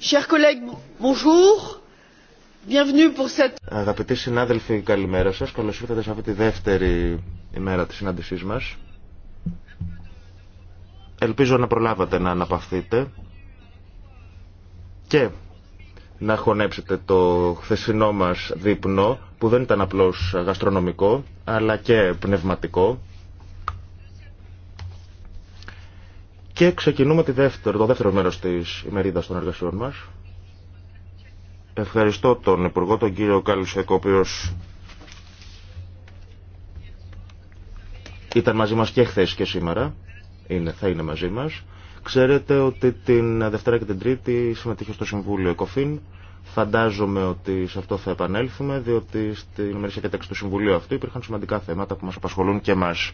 Chers collègues, bonjour. Bienvenue Αγαπητοί συνάδελφοι, καλημέρα σας. Καλώς ήρθατε σε αυτή τη δεύτερη ημέρα της συνάντησής μας. Ελπίζω να προλάβατε να αναπαυθείτε και να χωνέψετε το χθεσινό μας δείπνο που δεν ήταν απλώς γαστρονομικό αλλά και πνευματικό Και ξεκινούμε τη δεύτερο, το δεύτερο μέρος της ημερίδας των εργασιών μα. Ευχαριστώ τον Υπουργό, τον κύριο Καλουσέκο, ο ήταν μαζί μας και χθε και σήμερα. Είναι, θα είναι μαζί μας. Ξέρετε ότι την Δευτέρα και την Τρίτη συμμετείχε στο Συμβούλιο ΕΚΟΦΗΝ. Φαντάζομαι ότι σε αυτό θα επανέλθουμε, διότι στην ημερήσια κατάξη του Συμβουλίου αυτού υπήρχαν σημαντικά θέματα που μας απασχολούν και εμάς.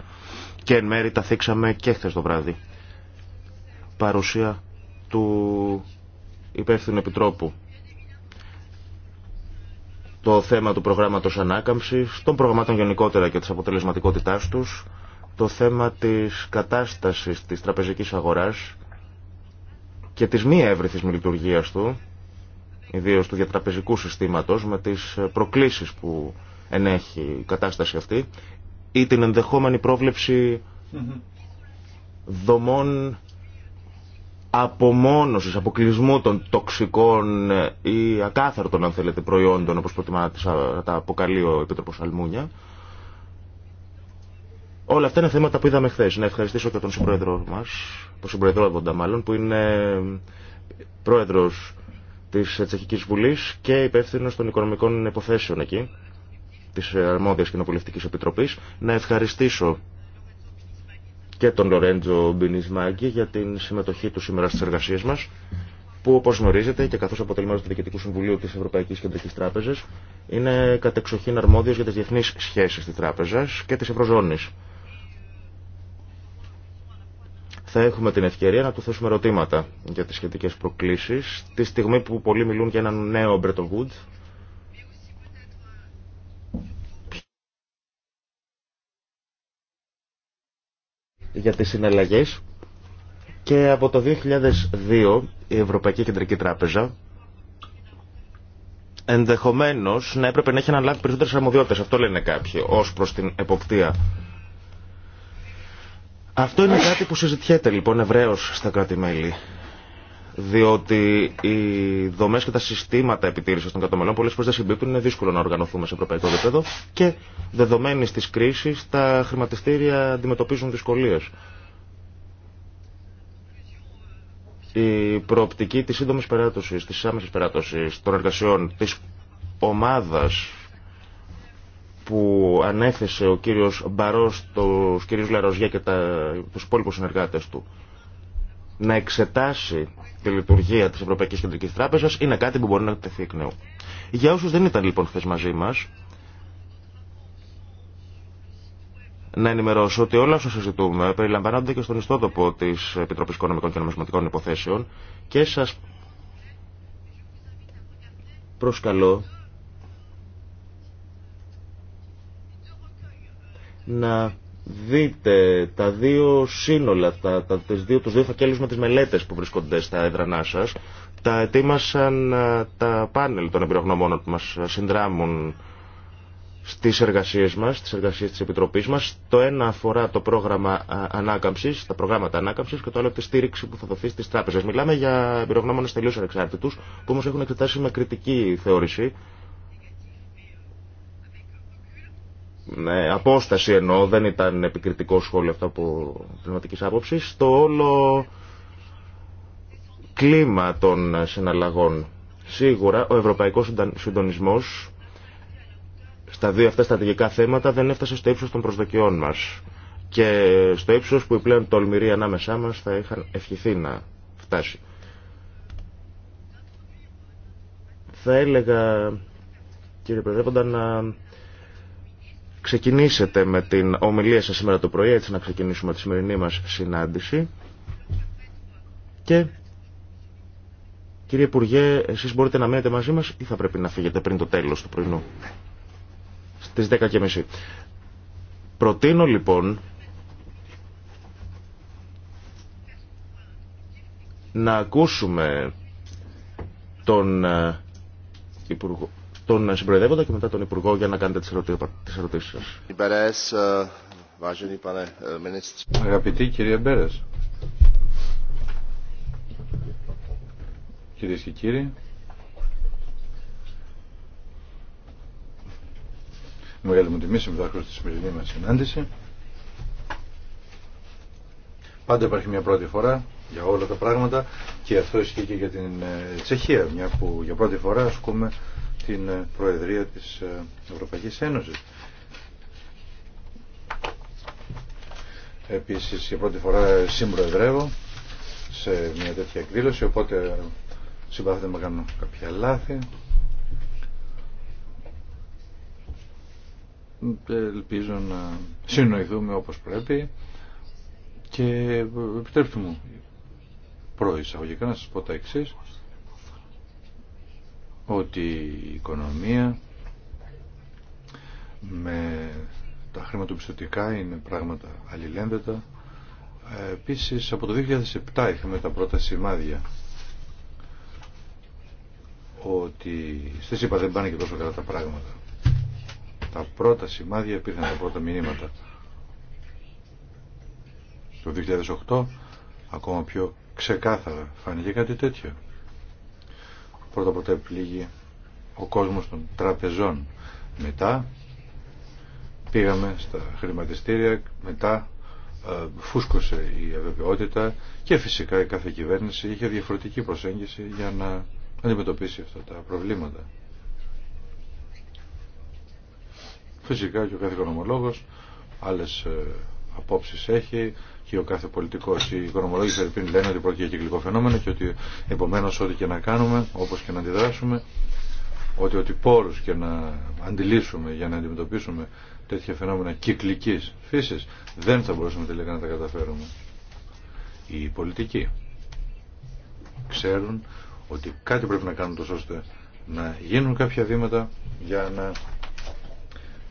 Και εν μέρη τα θίξαμε και χθε το βράδυ παρουσία του υπεύθυνου επιτρόπου το θέμα του προγράμματος ανάκαμψης, των προγραμμάτων γενικότερα και της αποτελεσματικότητάς τους, το θέμα της κατάστασης της τραπεζικής αγοράς και της μη εύρυθης μη λειτουργίας του, ιδίως του διατραπεζικού συστήματος, με τις προκλήσεις που ενέχει η κατάσταση αυτή, ή την ενδεχόμενη πρόβλεψη δομών απομόνωσης, αποκλεισμού των τοξικών ε, ή ακάθαρτων αν θέλετε προϊόντων όπως προτιμά να τα αποκαλεί ο Επίτροπος Αλμούνια. Όλα αυτά είναι θέματα που είδαμε χθε. Να ευχαριστήσω και τον συμπρόεδρο μας, τον συμπροεδρόδοντα μάλλον, που είναι πρόεδρος της ε, Τσεχικής Βουλής και υπεύθυνο των οικονομικών υποθέσεων εκεί, της ε, Αρμόδιας κοινοβουλευτική Επιτροπής. Να ευχαριστήσω και τον Λορέντζο Μπινισμάκη για την συμμετοχή του σήμερα στι εργασίε μα, που όπω γνωρίζετε και καθώ αποτελεί μέρο του Διοικητικού Συμβουλίου τη Ευρωπαϊκή Κεντρική Τράπεζα, είναι κατεξοχήν αρμόδιο για τι διεθνεί σχέσει τη Τράπεζα και τη Ευρωζώνη. Θα έχουμε την ευκαιρία να του θέσουμε ερωτήματα για τι σχετικέ προκλήσει τη στιγμή που πολλοί μιλούν για έναν νέο Bretton Woods για τις συναλλαγές και από το 2002 η Ευρωπαϊκή Κεντρική Τράπεζα ενδεχομένως να έπρεπε να έχει αναλάβει περισσότερες αρμοδιότητες, αυτό λένε κάποιοι, ως προς την εποπτεία. Αυτό είναι κάτι που συζητιέται λοιπόν ευρέως στα κράτη-μέλη διότι οι δομέ και τα συστήματα επιτήρηση των κατομελών πολλέ φορέ δεν συμπίπτουν, είναι δύσκολο να οργανωθούμε σε ευρωπαϊκό επίπεδο και δεδομένη τη κρίση τα χρηματιστήρια αντιμετωπίζουν δυσκολίε. Η προοπτική τη σύντομη περάτωση, τη άμεση περάτωση των εργασιών τη ομάδα που ανέθεσε ο κύριος Μπαρός, τους κύριους Λαροζιέ και τα, τους υπόλοιπους συνεργάτες του να εξετάσει τη λειτουργία της Ευρωπαϊκής Κεντρικής Τράπεζας είναι κάτι που μπορεί να τεθεί εκ νέου. Για όσους δεν ήταν λοιπόν χθε μαζί μας, να ενημερώσω ότι όλα όσα συζητούμε περιλαμβάνονται και στον ιστότοπο της Επιτροπής Οικονομικών και Νομισματικών Υποθέσεων και σας προσκαλώ να δείτε τα δύο σύνολα, τα, τις δύο, τους δύο φακέλους με τις μελέτες που βρίσκονται στα έδρανά σας. Τα ετοίμασαν ε, τα πάνελ των εμπειρογνωμόνων που μας συνδράμουν στις εργασίες μας, στις εργασίες της Επιτροπής μας. Το ένα αφορά το πρόγραμμα ε, ανάκαμψης, τα προγράμματα ανάκαμψης και το άλλο τη στήριξη που θα δοθεί στις τράπεζες. Μιλάμε για εμπειρογνώμονες τελείως ανεξάρτητους που όμως έχουν εξετάσει με κριτική θεώρηση με ναι, απόσταση εννοώ, δεν ήταν επικριτικό σχόλιο αυτό από πνευματική άποψη. στο όλο κλίμα των συναλλαγών. Σίγουρα ο ευρωπαϊκός συντονισμός στα δύο αυτά στρατηγικά θέματα δεν έφτασε στο ύψος των προσδοκιών μας και στο ύψος που οι πλέον τολμηροί ανάμεσά μας θα είχαν ευχηθεί να φτάσει. Θα έλεγα, κύριε Πρεδρέποντα, να ξεκινήσετε με την ομιλία σας σήμερα το πρωί, έτσι να ξεκινήσουμε τη σημερινή μας συνάντηση. Και κύριε Υπουργέ, εσείς μπορείτε να μείνετε μαζί μας ή θα πρέπει να φύγετε πριν το τέλος του πρωινού. Στις 10.30. Προτείνω λοιπόν να ακούσουμε τον ε, Υπουργό τον συμπροεδρεύοντα και μετά τον Υπουργό για να κάνετε τις ερωτήσεις σας. Ε, ε, Αγαπητοί κυρία Μπέρες, κυρίες και κύριοι, μεγάλη μου τιμή συμμετέχω στη σημερινή μας συνάντηση. Πάντα υπάρχει μια πρώτη φορά για όλα τα πράγματα και αυτό ισχύει και για την ε, Τσεχία, μια που για πρώτη φορά ασκούμε την ε, Προεδρία της ε, Ευρωπαϊκής Ένωσης. Επίσης για πρώτη φορά ε, συμπροεδρεύω σε μια τέτοια εκδήλωση, οπότε συμπάθετε να κάνω κάποια λάθη. Ελπίζω να συνοηθούμε όπως πρέπει και επιτρέψτε μου προεισαγωγικά να σας πω τα εξής ότι η οικονομία με τα χρηματοπιστωτικά είναι πράγματα αλληλένδετα. Ε, επίσης από το 2007 είχαμε τα πρώτα σημάδια ότι στη ΣΥΠΑ δεν πάνε και τόσο καλά τα πράγματα. Τα πρώτα σημάδια υπήρχαν τα πρώτα μηνύματα. Το 2008 ακόμα πιο ξεκάθαρα φάνηκε κάτι τέτοιο πρώτα πρώτα επιλήγει ο κόσμος των τραπεζών. Μετά πήγαμε στα χρηματιστήρια, μετά ε, φούσκωσε η αβεβαιότητα και φυσικά η κάθε κυβέρνηση είχε διαφορετική προσέγγιση για να αντιμετωπίσει αυτά τα προβλήματα. Φυσικά και ο κάθε οικονομολόγος άλλες ε, απόψεις έχει, και ο κάθε πολιτικό. Οι οικονομολόγοι Φερρυπίν λένε ότι πρόκειται για κυκλικό φαινόμενο και ότι επομένω ό,τι και να κάνουμε, όπω και να αντιδράσουμε, ότι ό,τι πόρου και να αντιλήσουμε για να αντιμετωπίσουμε τέτοια φαινόμενα κυκλική φύση, δεν θα μπορούσαμε τελικά να τα καταφέρουμε. Οι πολιτικοί ξέρουν ότι κάτι πρέπει να κάνουν τόσο ώστε να γίνουν κάποια βήματα για να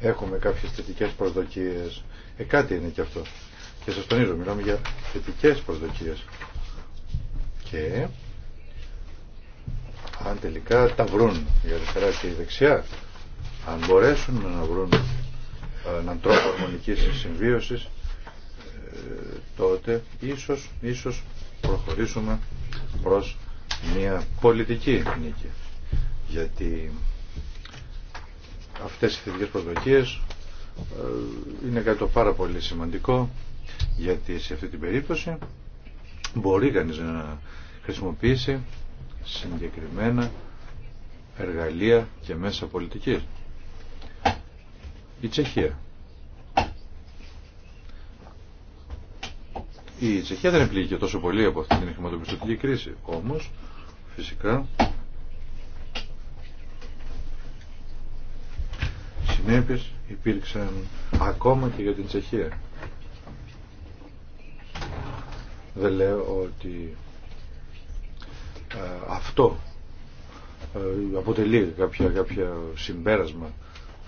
έχουμε κάποιες θετικές προσδοκίες. Ε, κάτι είναι και αυτό. Και σας τονίζω, μιλάμε για θετικές προσδοκίες. Και αν τελικά τα βρουν η αριστερά και η δεξιά, αν μπορέσουν να βρουν ε, έναν τρόπο αρμονικής συμβίωσης, ε, τότε ίσως, ίσως προχωρήσουμε προς μια πολιτική νίκη. Γιατί αυτές οι θετικές προσδοκίες ε, είναι κάτι το πάρα πολύ σημαντικό γιατί σε αυτή την περίπτωση μπορεί κανείς να χρησιμοποιήσει συγκεκριμένα εργαλεία και μέσα πολιτικής. Η Τσεχία. Η Τσεχία δεν επλήγηκε τόσο πολύ από αυτή την χρηματοπιστωτική κρίση. Όμως, φυσικά, συνέπειες υπήρξαν ακόμα και για την Τσεχία. Δεν λέω ότι ε, αυτό ε, αποτελεί κάποια, κάποια συμπέρασμα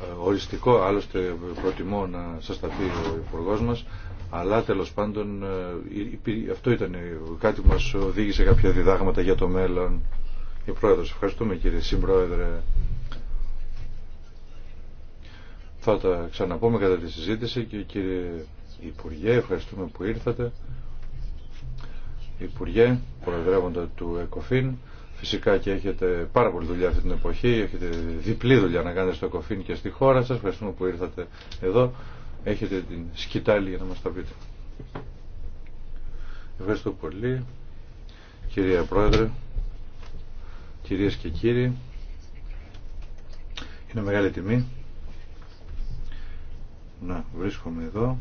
ε, οριστικό, άλλωστε προτιμώ να σας τα πει ο υπουργό μας, αλλά τέλος πάντων αυτό ήταν κάτι που μας οδήγησε κάποια διδάγματα για το μέλλον. Η Πρόεδρος, ευχαριστούμε κύριε Συμπρόεδρε. Θα τα ξαναπούμε κατά τη συζήτηση και κύριε Υπουργέ, ευχαριστούμε που ήρθατε. Υπουργέ, Προεδρεύοντα του ΕΚΟΦΗΝ. Φυσικά και έχετε πάρα πολλή δουλειά αυτή την εποχή, έχετε διπλή δουλειά να κάνετε στο ΕΚΟΦΗΝ και στη χώρα σας. Ευχαριστούμε που ήρθατε εδώ. Έχετε την σκητάλη για να μας τα πείτε. Ευχαριστώ πολύ. Κυρία Πρόεδρε, κυρίε και κύριοι, είναι μεγάλη τιμή να βρίσκομαι εδώ.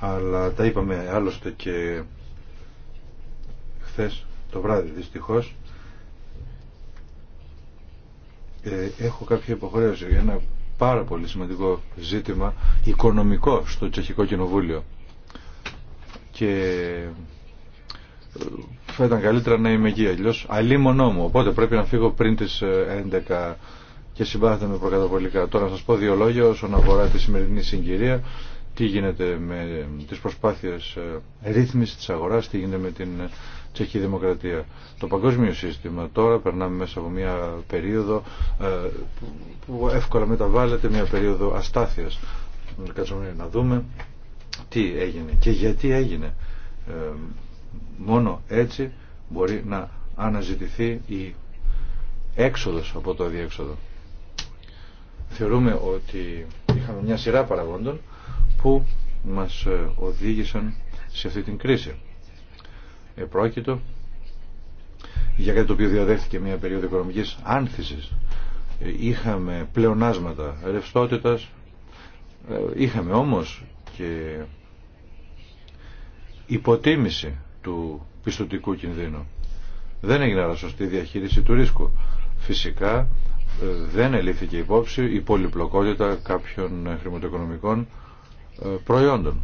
αλλά τα είπαμε άλλωστε και χθες το βράδυ δυστυχώς ε, έχω κάποια υποχρέωση για ένα πάρα πολύ σημαντικό ζήτημα οικονομικό στο Τσεχικό Κοινοβούλιο και ε, θα ήταν καλύτερα να είμαι εκεί αλλιώς αλίμονό μου οπότε πρέπει να φύγω πριν τις 11 ε, και με προκαταβολικά τώρα να σας πω δύο λόγια όσον αφορά τη σημερινή συγκυρία τι γίνεται με τις προσπάθειες ε, ρύθμισης της αγοράς, τι γίνεται με την ε, Τσεχική Δημοκρατία. Το παγκόσμιο σύστημα τώρα περνάμε μέσα από μια περίοδο ε, που εύκολα μεταβάλλεται, μια περίοδο αστάθειας. να δούμε τι έγινε και γιατί έγινε. Μόνο έτσι μπορεί να αναζητηθεί η έξοδος από το διέξοδο. Θεωρούμε ότι είχαμε μια σειρά παραγόντων που μας ε, οδήγησαν σε αυτή την κρίση. Επρόκειτο για κάτι το οποίο διαδέχθηκε μια περίοδο οικονομικής άνθησης. Ε, είχαμε πλεονάσματα ρευστότητα, ε, είχαμε όμως και υποτίμηση του πιστοτικού κινδύνου. Δεν έγινε αλλά σωστή διαχείριση του ρίσκου. Φυσικά δεν ελήφθηκε υπόψη η πολυπλοκότητα κάποιων χρηματοοικονομικών ε, προϊόντων.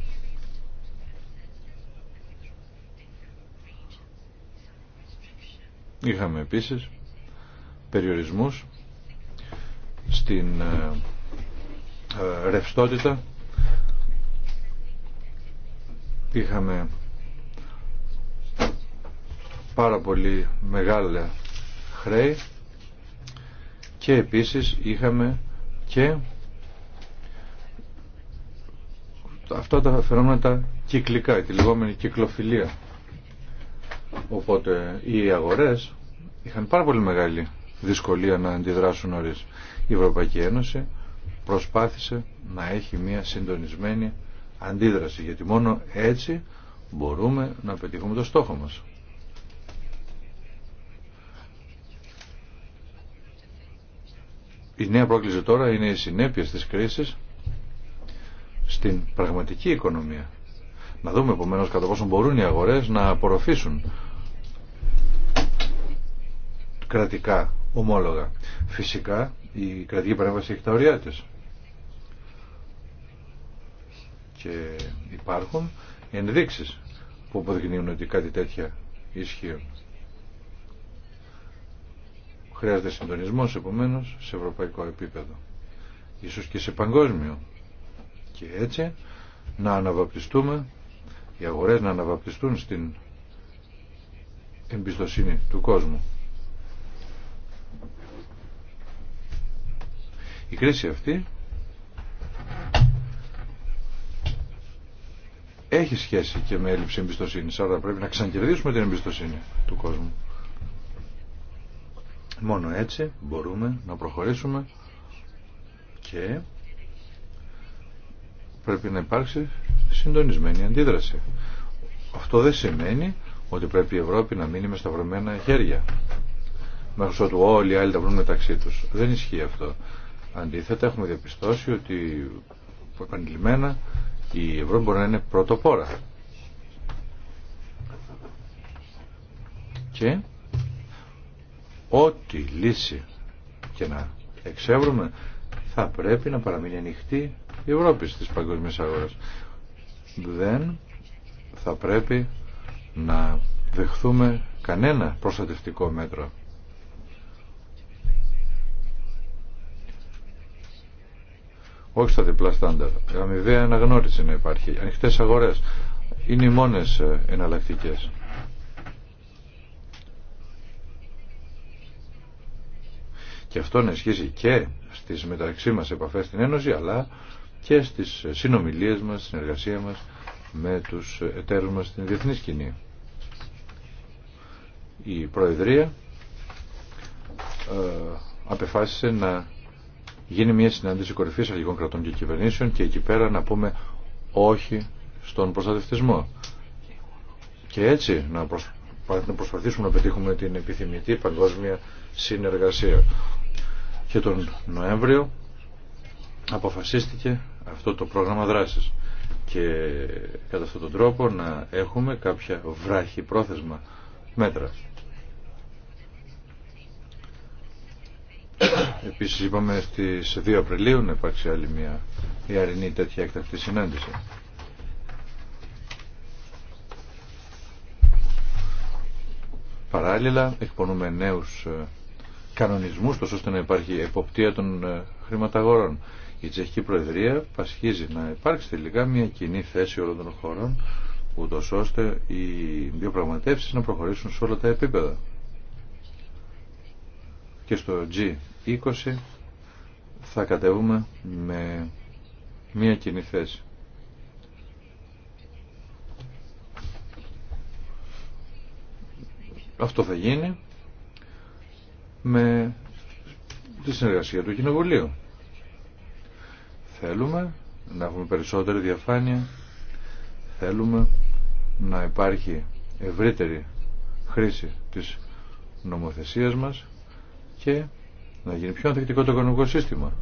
Είχαμε επίσης περιορισμούς στην ε, ε, ρευστότητα. Είχαμε πάρα πολύ μεγάλα χρέη και επίσης είχαμε και αυτά τα φαινόμενα τα κυκλικά, τη λεγόμενη κυκλοφιλία. Οπότε οι αγορές είχαν πάρα πολύ μεγάλη δυσκολία να αντιδράσουν νωρίς. Η Ευρωπαϊκή Ένωση προσπάθησε να έχει μια συντονισμένη αντίδραση, γιατί μόνο έτσι μπορούμε να πετύχουμε το στόχο μας. Η νέα πρόκληση τώρα είναι οι συνέπειες της κρίσης στην πραγματική οικονομία. Να δούμε επομένως κατά πόσο μπορούν οι αγορές να απορροφήσουν κρατικά ομόλογα. Φυσικά η κρατική παρέμβαση έχει τα ωριά της. Και υπάρχουν ενδείξεις που αποδεικνύουν ότι κάτι τέτοια ισχύουν. Χρειάζεται συντονισμός επομένως σε ευρωπαϊκό επίπεδο. Ίσως και σε παγκόσμιο και έτσι να αναβαπτιστούμε, οι αγορές να αναβαπτιστούν στην εμπιστοσύνη του κόσμου. Η κρίση αυτή έχει σχέση και με έλλειψη εμπιστοσύνης, αλλά πρέπει να ξανακερδίσουμε την εμπιστοσύνη του κόσμου. Μόνο έτσι μπορούμε να προχωρήσουμε και πρέπει να υπάρξει συντονισμένη αντίδραση. Αυτό δεν σημαίνει ότι πρέπει η Ευρώπη να μείνει με σταυρωμένα χέρια. Μέχρι ότου όλοι οι άλλοι τα βρουν μεταξύ τους. Δεν ισχύει αυτό. Αντίθετα έχουμε διαπιστώσει ότι επανειλημμένα η Ευρώπη μπορεί να είναι πρωτοπόρα. Και ό,τι λύση και να εξεύρουμε θα πρέπει να παραμείνει ανοιχτή Ευρώπης της παγκοσμίας αγοράς. Δεν θα πρέπει να δεχθούμε κανένα προστατευτικό μέτρο. Όχι στα διπλά στάνταρ. Αμοιβαία αναγνώριση να υπάρχει. Ανοιχτές αγορές. Είναι οι μόνες ε, εναλλακτικέ. Και αυτό να ισχύσει και στις μεταξύ μας επαφές στην Ένωση, αλλά και στις συνομιλίες μας, στην συνεργασία μας με τους εταίρους μας στην διεθνή σκηνή. Η Προεδρία ε, απεφάσισε να γίνει μια συνάντηση κορυφής αρχικών κρατών και κυβερνήσεων και εκεί πέρα να πούμε όχι στον προστατευτισμό. Και έτσι να, προσπαθήσουμε να πετύχουμε την επιθυμητή παγκόσμια συνεργασία. Και τον Νοέμβριο αποφασίστηκε αυτό το πρόγραμμα δράσης και κατά αυτόν τον τρόπο να έχουμε κάποια βράχη πρόθεσμα μέτρα. Επίσης είπαμε στις 2 Απριλίου να υπάρξει άλλη μια ιαρινή τέτοια εκτακτή συνάντηση. Παράλληλα εκπονούμε νέους ε, κανονισμούς τόσο ώστε να υπάρχει εποπτεία των ε, χρηματαγορών η Τσεχική Προεδρία πασχίζει να υπάρξει τελικά μια κοινή θέση όλων των χωρών ούτω ώστε οι διαπραγματεύσει να προχωρήσουν σε όλα τα επίπεδα. Και στο G20 θα κατεβούμε με μια κοινή θέση. Αυτό θα γίνει με τη συνεργασία του Κοινοβουλίου. Θέλουμε να έχουμε περισσότερη διαφάνεια, θέλουμε να υπάρχει ευρύτερη χρήση της νομοθεσίας μας και να γίνει πιο ανθεκτικό το οικονομικό σύστημα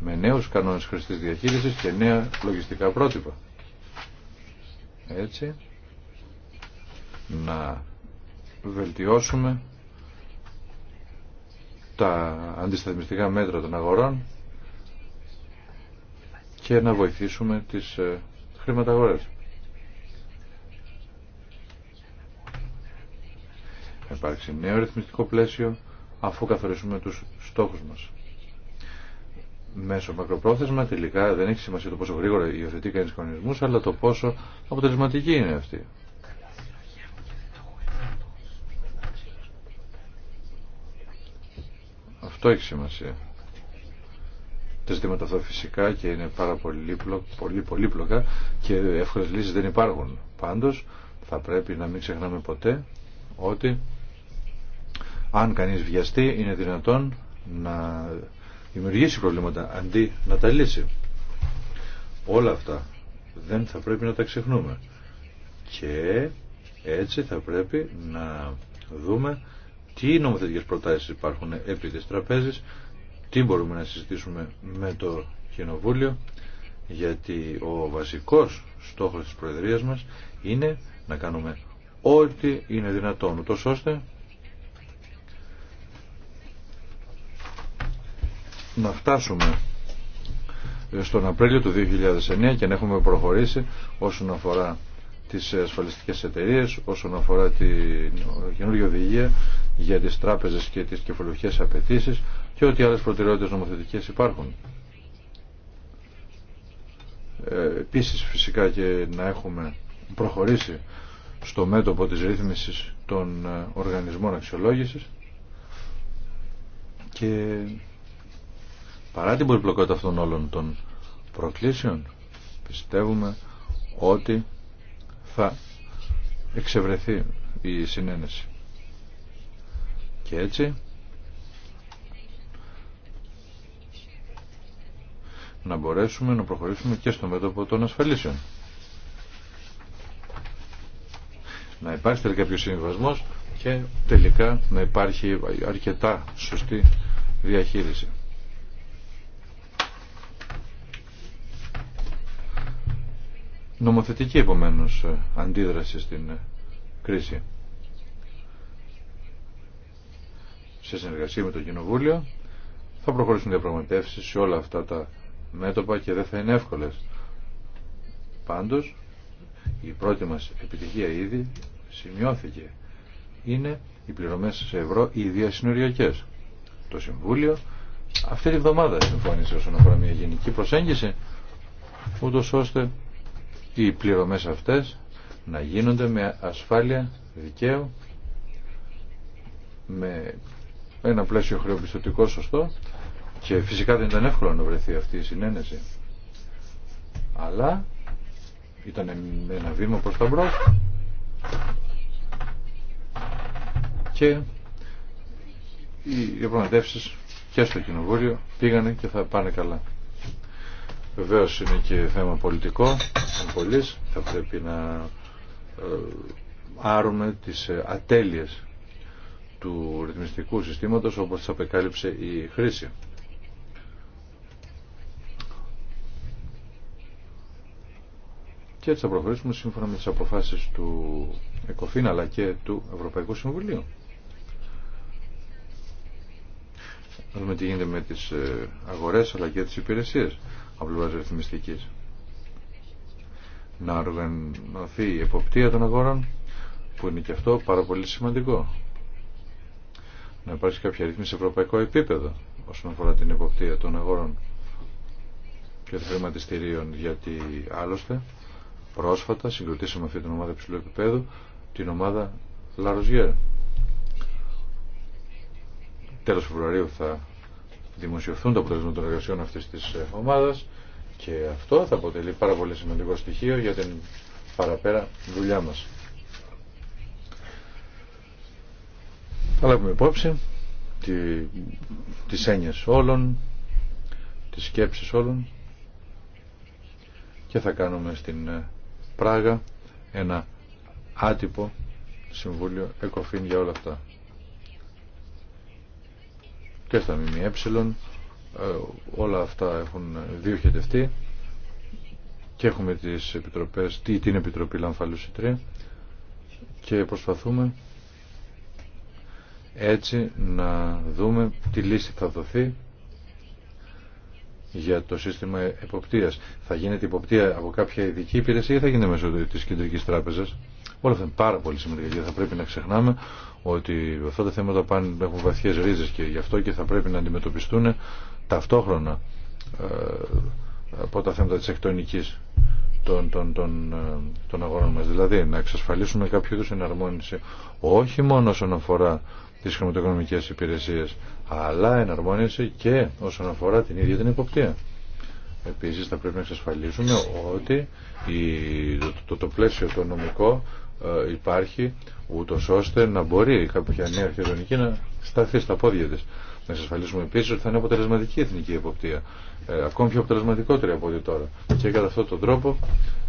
με νέους κανόνες χρηστής διαχείρισης και νέα λογιστικά πρότυπα. Έτσι, να βελτιώσουμε τα αντισταθμιστικά μέτρα των αγορών και να βοηθήσουμε τις ε, χρηματαγορές. Θα υπάρξει νέο ρυθμιστικό πλαίσιο αφού καθορίσουμε τους στόχους μας. Μέσω μακροπρόθεσμα τελικά δεν έχει σημασία το πόσο γρήγορα υιοθετεί κανείς κανονισμούς αλλά το πόσο αποτελεσματική είναι αυτή. Αυτό έχει σημασία τα ζητήματα αυτά φυσικά και είναι πάρα πολύ, πολύ πολύπλοκα και εύκολες λύσεις δεν υπάρχουν. Πάντως θα πρέπει να μην ξεχνάμε ποτέ ότι αν κανείς βιαστεί είναι δυνατόν να δημιουργήσει προβλήματα αντί να τα λύσει. Όλα αυτά δεν θα πρέπει να τα ξεχνούμε. Και έτσι θα πρέπει να δούμε τι νομοθετικές προτάσεις υπάρχουν επί της τραπέζης τι μπορούμε να συζητήσουμε με το Κοινοβούλιο γιατί ο βασικός στόχος της Προεδρίας μας είναι να κάνουμε ό,τι είναι δυνατόν ούτως ώστε να φτάσουμε στον Απρίλιο του 2009 και να έχουμε προχωρήσει όσον αφορά τις ασφαλιστικές εταιρείες, όσον αφορά την καινούργια οδηγία για τις τράπεζες και τις κεφαλουχές απαιτήσει, και ότι άλλες προτεραιότητες νομοθετικές υπάρχουν. Ε, επίσης φυσικά και να έχουμε προχωρήσει στο μέτωπο της ρύθμισης των ε, οργανισμών αξιολόγησης και παρά την πολυπλοκότητα αυτών όλων των προκλήσεων πιστεύουμε ότι θα εξευρεθεί η συνένεση. Και έτσι να μπορέσουμε να προχωρήσουμε και στο μέτωπο των ασφαλίσεων. Να υπάρχει τελικά κάποιο συμβασμό και τελικά να υπάρχει αρκετά σωστή διαχείριση. Νομοθετική επομένως αντίδραση στην κρίση. Σε συνεργασία με το Κοινοβούλιο θα προχωρήσουν διαπραγματεύσει σε όλα αυτά τα μέτωπα ναι, και δεν θα είναι εύκολες. Πάντως, η πρώτη μας επιτυχία ήδη σημειώθηκε. Είναι οι πληρωμές σε ευρώ οι διασυνοριακές. Το Συμβούλιο αυτή τη βδομάδα συμφώνησε όσον αφορά μια γενική προσέγγιση ούτω ώστε οι πληρωμές αυτές να γίνονται με ασφάλεια δικαίου με ένα πλαίσιο χρεοπιστωτικό σωστό και φυσικά δεν ήταν εύκολο να βρεθεί αυτή η συνένεση. Αλλά ήταν ένα βήμα προς τα μπρος και οι επανατεύσεις και στο Κοινοβούλιο πήγανε και θα πάνε καλά. Βεβαίως είναι και θέμα πολιτικό, πολλής, θα πρέπει να ε, άρουμε τις ε, ατέλειες του ρυθμιστικού συστήματος όπως τις απεκάλυψε η χρήση. και έτσι θα προχωρήσουμε σύμφωνα με τις αποφάσεις του ΕΚΟΦΗΝ αλλά και του Ευρωπαϊκού Συμβουλίου. Να δούμε τι γίνεται με τις ε, αγορές αλλά και τις υπηρεσίες απλούς ρυθμιστικής. Να οργανωθεί η εποπτεία των αγορών που είναι και αυτό πάρα πολύ σημαντικό. Να υπάρξει κάποια ρύθμιση σε ευρωπαϊκό επίπεδο όσον αφορά την εποπτεία των αγορών και των χρηματιστηρίων γιατί άλλωστε Πρόσφατα συγκροτήσαμε αυτή την ομάδα υψηλού επίπεδου, την ομάδα Λαροζιέρα. Τέλος Φεβρουαρίου θα δημοσιευθούν τα αποτελέσματα των εργασιών αυτής της ε, ομάδας και αυτό θα αποτελεί πάρα πολύ σημαντικό στοιχείο για την παραπέρα δουλειά μας. Θα λάβουμε υπόψη τη, τις έννοιες όλων, τις σκέψεις όλων και θα κάνουμε στην ε, Πράγα ένα άτυπο συμβούλιο ΕΚΟΦΗΝ για όλα αυτά. Και στα ΜΜΕ ε, όλα αυτά έχουν διοχετευτεί και έχουμε τις επιτροπές, την Επιτροπή Λαμφαλούση 3 και προσπαθούμε έτσι να δούμε τι λύση θα δοθεί για το σύστημα εποπτείας. Θα γίνεται υποπτία από κάποια ειδική υπηρεσία ή θα γίνεται μέσω τη κεντρική τράπεζα. Όλα αυτά είναι πάρα πολύ σημαντικά γιατί θα πρέπει να ξεχνάμε ότι αυτά τα θέματα πάνε, έχουν βαθιέ ρίζε και γι' αυτό και θα πρέπει να αντιμετωπιστούν ταυτόχρονα ε, από τα θέματα τη εκτονική των, των, των, ε, των αγορών μα. Δηλαδή να εξασφαλίσουμε κάποιο είδου εναρμόνιση όχι μόνο όσον αφορά τι χρηματοοικονομικέ υπηρεσίε αλλά εναρμόνιση και όσον αφορά την ίδια την υποπτία. Επίσης θα πρέπει να εξασφαλίσουμε ότι το, πλαίσιο το νομικό ε, υπάρχει ούτω ώστε να μπορεί κάποια νέα αρχαιοδονική να σταθεί στα πόδια της. Να εξασφαλίσουμε επίσης ότι θα είναι αποτελεσματική η εθνική εποπτεία. Ε, ακόμη πιο αποτελεσματικότερη από ό,τι τώρα. Και κατά αυτόν τον τρόπο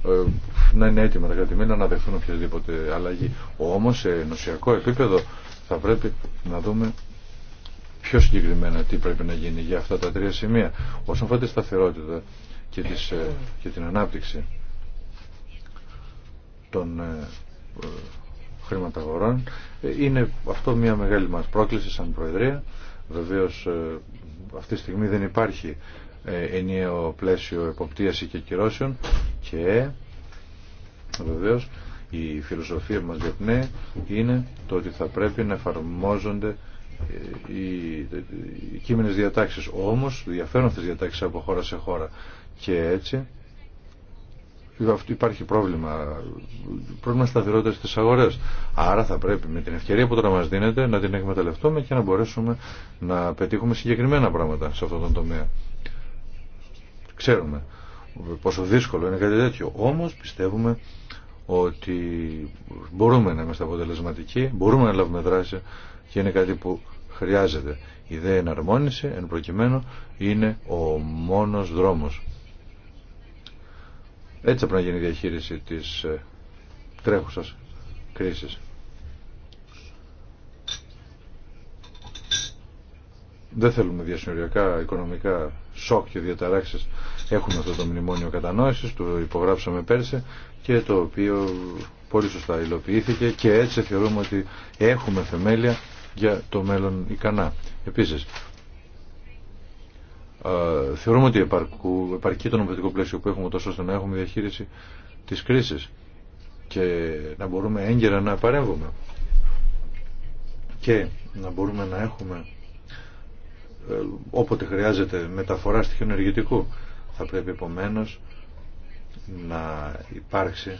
ε, να είναι έτοιμα τα κρατημένα να δεχθούν οποιαδήποτε αλλαγή. Όμως σε ενωσιακό επίπεδο θα πρέπει να δούμε πιο συγκεκριμένα τι πρέπει να γίνει για αυτά τα τρία σημεία όσον αφορά τη σταθερότητα και, ε, και την ανάπτυξη των ε, ε, χρηματαγορών είναι αυτό μια μεγάλη μας πρόκληση σαν Προεδρία βεβαίως αυτή τη στιγμή δεν υπάρχει ενιαίο πλαίσιο εποπτείαση και κυρώσεων και βεβαίως η φιλοσοφία μας διαπνέει είναι το ότι θα πρέπει να εφαρμόζονται ε, οι κείμενες διατάξεις. Όμως διαφέρουν αυτές διατάξεις από χώρα σε χώρα. Και έτσι υπάρχει πρόβλημα, πρόβλημα σταθερότητα στις αγορές. Άρα θα πρέπει με την ευκαιρία που τώρα μας δίνεται να την εκμεταλλευτούμε και να μπορέσουμε να πετύχουμε συγκεκριμένα πράγματα σε αυτόν τον τομέα. Ξέρουμε πόσο δύσκολο είναι κάτι τέτοιο. Όμως πιστεύουμε ότι μπορούμε να είμαστε αποτελεσματικοί, μπορούμε να λάβουμε δράση και είναι κάτι που χρειάζεται. Η δε εναρμόνιση, εν προκειμένου, είναι ο μόνος δρόμος. Έτσι θα πρέπει να γίνει η διαχείριση της ε, τρέχουσας κρίσης. Δεν θέλουμε διασυνοριακά οικονομικά σοκ και διαταράξεις Έχουμε αυτό το μνημόνιο κατανόησης, το υπογράψαμε πέρσι και το οποίο πολύ σωστά υλοποιήθηκε και έτσι θεωρούμε ότι έχουμε θεμέλια για το μέλλον ικανά. Επίσης, θεωρούμε ότι επαρκεί το νομοθετικό πλαίσιο που έχουμε τόσο ώστε να έχουμε διαχείριση της κρίσης και να μπορούμε έγκαιρα να παρέμβουμε και να μπορούμε να έχουμε ε, όποτε χρειάζεται μεταφορά στοιχείων ενεργητικού θα πρέπει επομένως να υπάρξει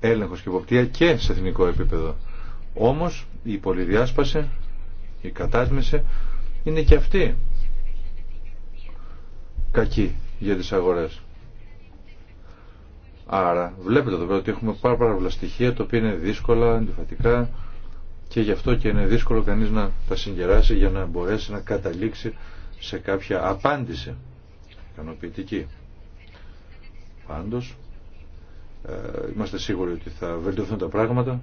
έλεγχος και υποπτία και σε εθνικό επίπεδο. Όμως η πολυδιάσπαση, η κατάσμηση είναι και αυτή κακή για τις αγορές. Άρα βλέπετε εδώ πέρα ότι έχουμε πάρα πάρα πολλά στοιχεία τα οποία είναι δύσκολα, αντιφατικά και γι' αυτό και είναι δύσκολο κανείς να τα συγκεράσει για να μπορέσει να καταλήξει σε κάποια απάντηση ικανοποιητική. Πάντως, ε, είμαστε σίγουροι ότι θα βελτιωθούν τα πράγματα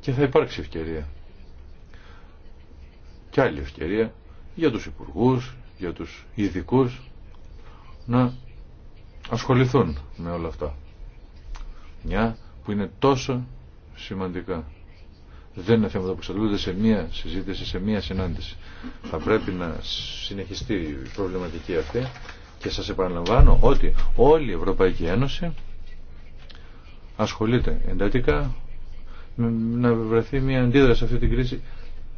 και θα υπάρξει ευκαιρία και άλλη ευκαιρία για τους υπουργούς, για τους ειδικού να ασχοληθούν με όλα αυτά. Μια που είναι τόσο σημαντικά δεν είναι θέματα που εξαντλούνται σε μία συζήτηση, σε μία συνάντηση. Θα πρέπει να συνεχιστεί η προβληματική αυτή και σας επαναλαμβάνω ότι όλη η Ευρωπαϊκή Ένωση ασχολείται εντατικά να βρεθεί μια αντίδραση σε αυτή την κρίση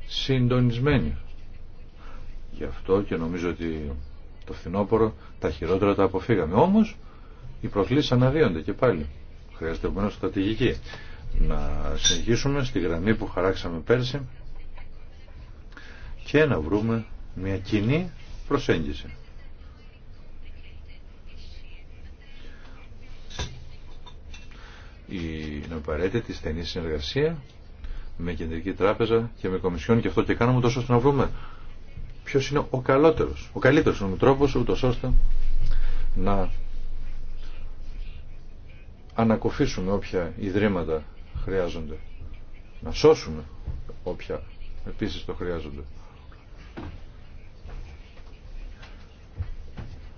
συντονισμένη. Γι' αυτό και νομίζω ότι το φθινόπωρο τα χειρότερα τα αποφύγαμε. Όμως οι προκλήσεις αναδύονται και πάλι. Χρειάζεται επομένως στρατηγική να συνεχίσουμε στη γραμμή που χαράξαμε πέρσι και να βρούμε μια κοινή προσέγγιση. Είναι απαραίτητη στενή συνεργασία με κεντρική τράπεζα και με κομισιόν και αυτό και κάνουμε τόσο ώστε να βρούμε ποιο είναι ο καλότερος, ο καλύτερος ο τρόπος ούτως ώστε να ανακοφίσουμε όποια ιδρύματα χρειάζονται. Να σώσουμε όποια επίσης το χρειάζονται.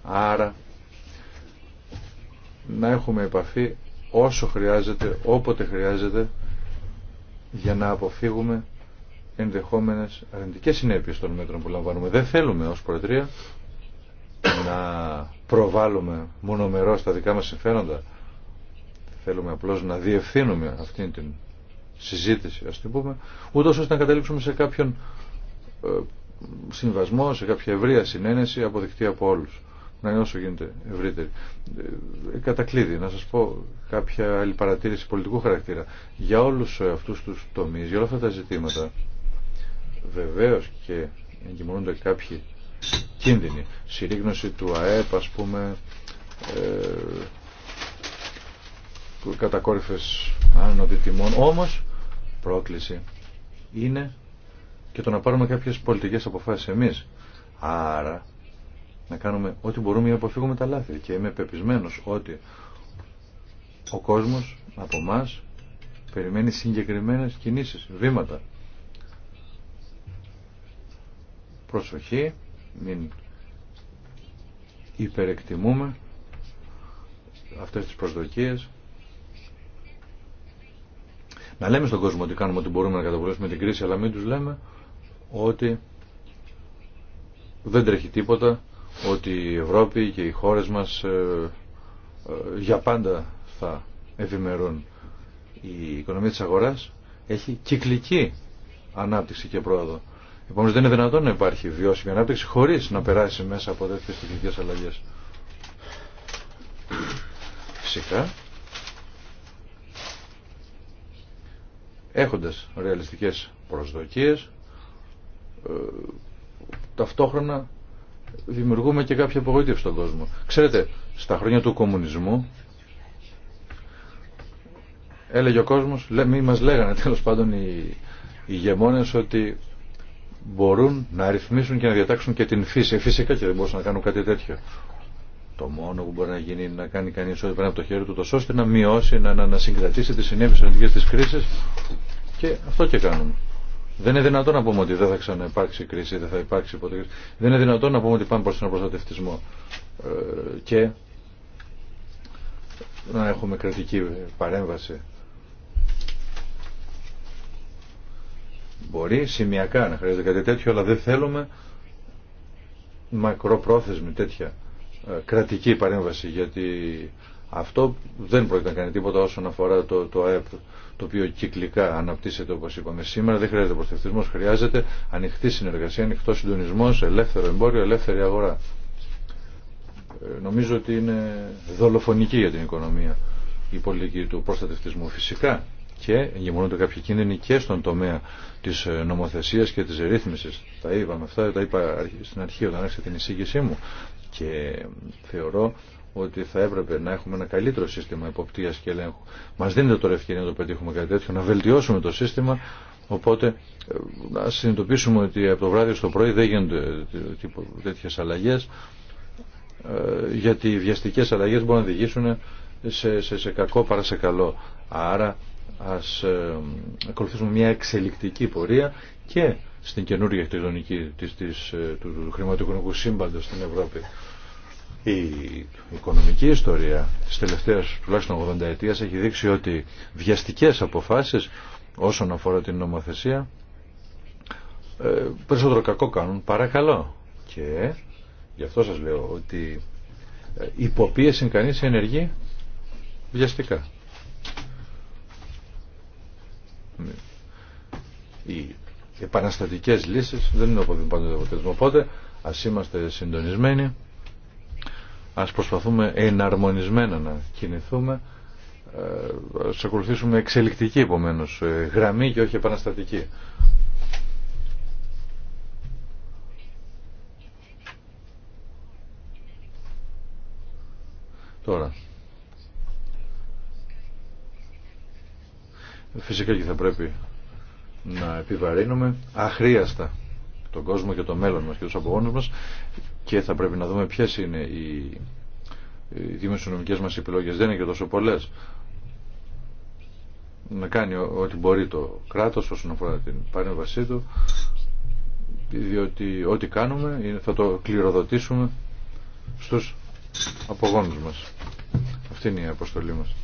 Άρα να έχουμε επαφή όσο χρειάζεται, όποτε χρειάζεται για να αποφύγουμε ενδεχόμενες αρνητικές συνέπειες των μέτρων που λαμβάνουμε. Δεν θέλουμε ως Προεδρία να προβάλλουμε μονομερό τα δικά μας συμφέροντα Θέλουμε απλώς να διευθύνουμε αυτήν την συζήτηση, ας την πούμε, ούτως ώστε να καταλήξουμε σε κάποιον ε, συμβασμό, σε κάποια ευρεία συνένεση αποδεικτή από όλους. Να είναι όσο γίνεται ευρύτερη. Ε, κατακλείδη, να σας πω κάποια άλλη παρατήρηση πολιτικού χαρακτήρα. Για όλους αυτούς τους τομείς, για όλα αυτά τα ζητήματα, βεβαίως και εγκυμονούνται κάποιοι κίνδυνοι. Συρρήγνωση του ΑΕΠ, ας πούμε, ε, κατακόρυφες άνοδοι τιμών. Όμως, πρόκληση είναι και το να πάρουμε κάποιες πολιτικές αποφάσεις εμείς. Άρα, να κάνουμε ό,τι μπορούμε για να αποφύγουμε τα λάθη. Και είμαι πεπισμένος ότι ο κόσμος από εμά περιμένει συγκεκριμένες κινήσεις, βήματα. Προσοχή, μην υπερεκτιμούμε αυτές τις προσδοκίες να λέμε στον κόσμο ότι κάνουμε ότι μπορούμε να καταπολεμήσουμε την κρίση, αλλά μην τους λέμε ότι δεν τρέχει τίποτα, ότι η Ευρώπη και οι χώρες μας ε, ε, για πάντα θα ευημερούν. Η οικονομία της αγοράς έχει κυκλική ανάπτυξη και πρόοδο. Επομένως δεν είναι δυνατόν να υπάρχει βιώσιμη ανάπτυξη χωρίς να περάσει μέσα από τέτοιες τεχνικές αλλαγές. Φυσικά έχοντας ρεαλιστικές προσδοκίες ε, ταυτόχρονα δημιουργούμε και κάποια απογοήτευση στον κόσμο. Ξέρετε, στα χρόνια του κομμουνισμού έλεγε ο κόσμος, μη μας λέγανε τέλος πάντων οι, οι γεμόνες ότι μπορούν να ρυθμίσουν και να διατάξουν και την φύση. Ε, φυσικά και δεν μπορούσαν να κάνουν κάτι τέτοιο. Το μόνο που μπορεί να γίνει είναι να κάνει κανείς ό,τι πρέπει από το χέρι του, τόσο ώστε να μειώσει, να, να, να συγκρατήσει τις συνέπειες της κρίσης και αυτό και κάνουμε. Δεν είναι δυνατόν να πούμε ότι δεν θα ξαναυπάρξει κρίση, δεν θα υπάρξει ποτέ κρίση. Δεν είναι δυνατόν να πούμε ότι πάμε προς τον προστατευτισμό ε, και να έχουμε κρατική παρέμβαση. Μπορεί σημειακά να χρειάζεται κάτι τέτοιο, αλλά δεν θέλουμε μακροπρόθεσμη τέτοια ε, κρατική παρέμβαση γιατί αυτό δεν πρόκειται να κάνει τίποτα όσον αφορά το, το ΑΕΠ το οποίο κυκλικά αναπτύσσεται όπως είπαμε σήμερα. Δεν χρειάζεται προστευτισμός, χρειάζεται ανοιχτή συνεργασία, ανοιχτό συντονισμός, ελεύθερο εμπόριο, ελεύθερη αγορά. Ε, νομίζω ότι είναι δολοφονική για την οικονομία η πολιτική του προστατευτισμού φυσικά και γεμονούνται κάποιοι κίνδυνοι και στον τομέα της ε, νομοθεσίας και της ρύθμισης. Τα είπαμε αυτά, τα είπα στην αρχή όταν άρχισε την εισήγησή μου και ε, θεωρώ ότι θα έπρεπε να έχουμε ένα καλύτερο σύστημα εποπτείας και ελέγχου. Μα δίνεται τώρα ευκαιρία να το πετύχουμε κάτι τέτοιο, να βελτιώσουμε το σύστημα, οπότε ε, να συνειδητοποιήσουμε ότι από το βράδυ στο πρωί δεν γίνονται τέτοιε αλλαγέ ε, γιατί οι βιαστικέ αλλαγέ μπορούν να διηγήσουν σε, σε, σε κακό παρά σε καλό. Άρα ας ε, ακολουθήσουμε μια εξελικτική πορεία και στην καινούργια αρχιτεκτονική της, του χρηματοοικονομικού σύμπαντος στην Ευρώπη. Η οικονομική ιστορία της τελευταίας τουλάχιστον 80 ετίας έχει δείξει ότι βιαστικές αποφάσεις όσον αφορά την νομοθεσία περισσότερο κακό κάνουν παρά καλό. Και γι' αυτό σας λέω ότι υποπίεση κανείς ενεργεί βιαστικά. Οι επαναστατικές λύσεις δεν είναι πάντοτε αποτελεσμα. Οπότε ας είμαστε συντονισμένοι Ας προσπαθούμε εναρμονισμένα να κινηθούμε, ε, ας ακολουθήσουμε εξελικτική επομένως ε, γραμμή και όχι επαναστατική. Τώρα. Φυσικά και θα πρέπει να επιβαρύνουμε αχρίαστα τον κόσμο και το μέλλον μας και τους απογόνους μας και θα πρέπει να δούμε ποιες είναι οι, οι δημοσιονομικές μας επιλογές. Δεν είναι και τόσο πολλές. Να κάνει ό,τι μπορεί το κράτος όσον αφορά την παρέμβασή του διότι ό,τι κάνουμε θα το κληροδοτήσουμε στους απογόνους μας. Αυτή είναι η αποστολή μας.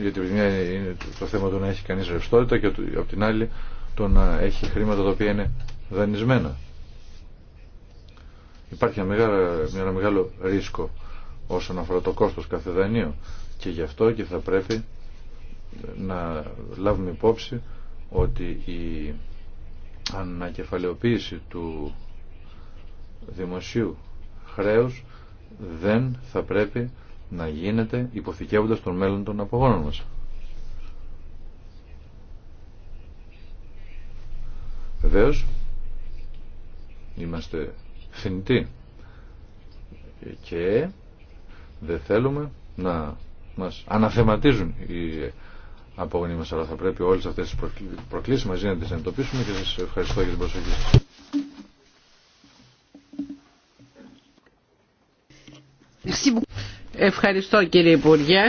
Γιατί μια είναι το θέμα του να έχει κανείς ρευστότητα και από την άλλη το να έχει χρήματα τα οποία είναι δανεισμένα. Υπάρχει ένα μεγάλο, ένα μεγάλο ρίσκο όσον αφορά το κόστος κάθε δανείο και γι' αυτό και θα πρέπει να λάβουμε υπόψη ότι η ανακεφαλαιοποίηση του δημοσίου χρέους δεν θα πρέπει να γίνεται υποθηκεύοντας τον μέλλον των απογόνων μας. βεβαίως είμαστε θνητοί και δεν θέλουμε να μας αναθεματίζουν οι απόγονοι μας αλλά θα πρέπει όλες αυτές τις προκλήσεις μαζί να τις αντιμετωπίσουμε και σας ευχαριστώ για την προσοχή σας. Ευχαριστώ κύριε Υπουργέ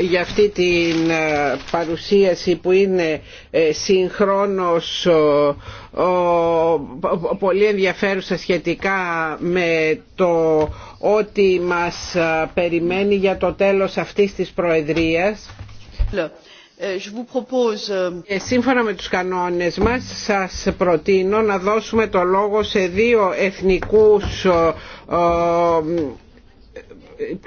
για αυτή την ε, παρουσίαση που είναι ε, συγχρόνως πολύ ενδιαφέρουσα σχετικά με το ότι μας ε, περιμένει για το τέλος αυτής της προεδρίας. Euh, euh, σύμφωνα με τους κανόνες μας σας προτείνω να δώσουμε το λόγο σε δύο εθνικούς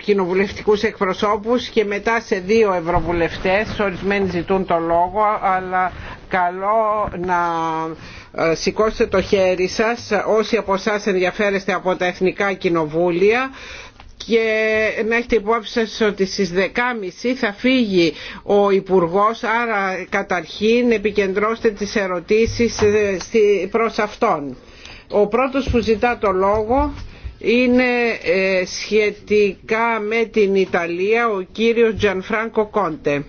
κοινοβουλευτικούς εκπροσώπους και μετά σε δύο ευρωβουλευτές. Ορισμένοι ζητούν το λόγο, αλλά καλό να ε, σηκώσετε το χέρι σας όσοι από εσά ενδιαφέρεστε από τα εθνικά κοινοβούλια και να έχετε υπόψη σας ότι στις 10.30 θα φύγει ο Υπουργός άρα καταρχήν επικεντρώστε τις ερωτήσεις ε, προς αυτόν. Ο πρώτος που ζητά το λόγο είναι ε, σχετικά με την Ιταλία ο κύριος Τζανφράνκο Κόντε.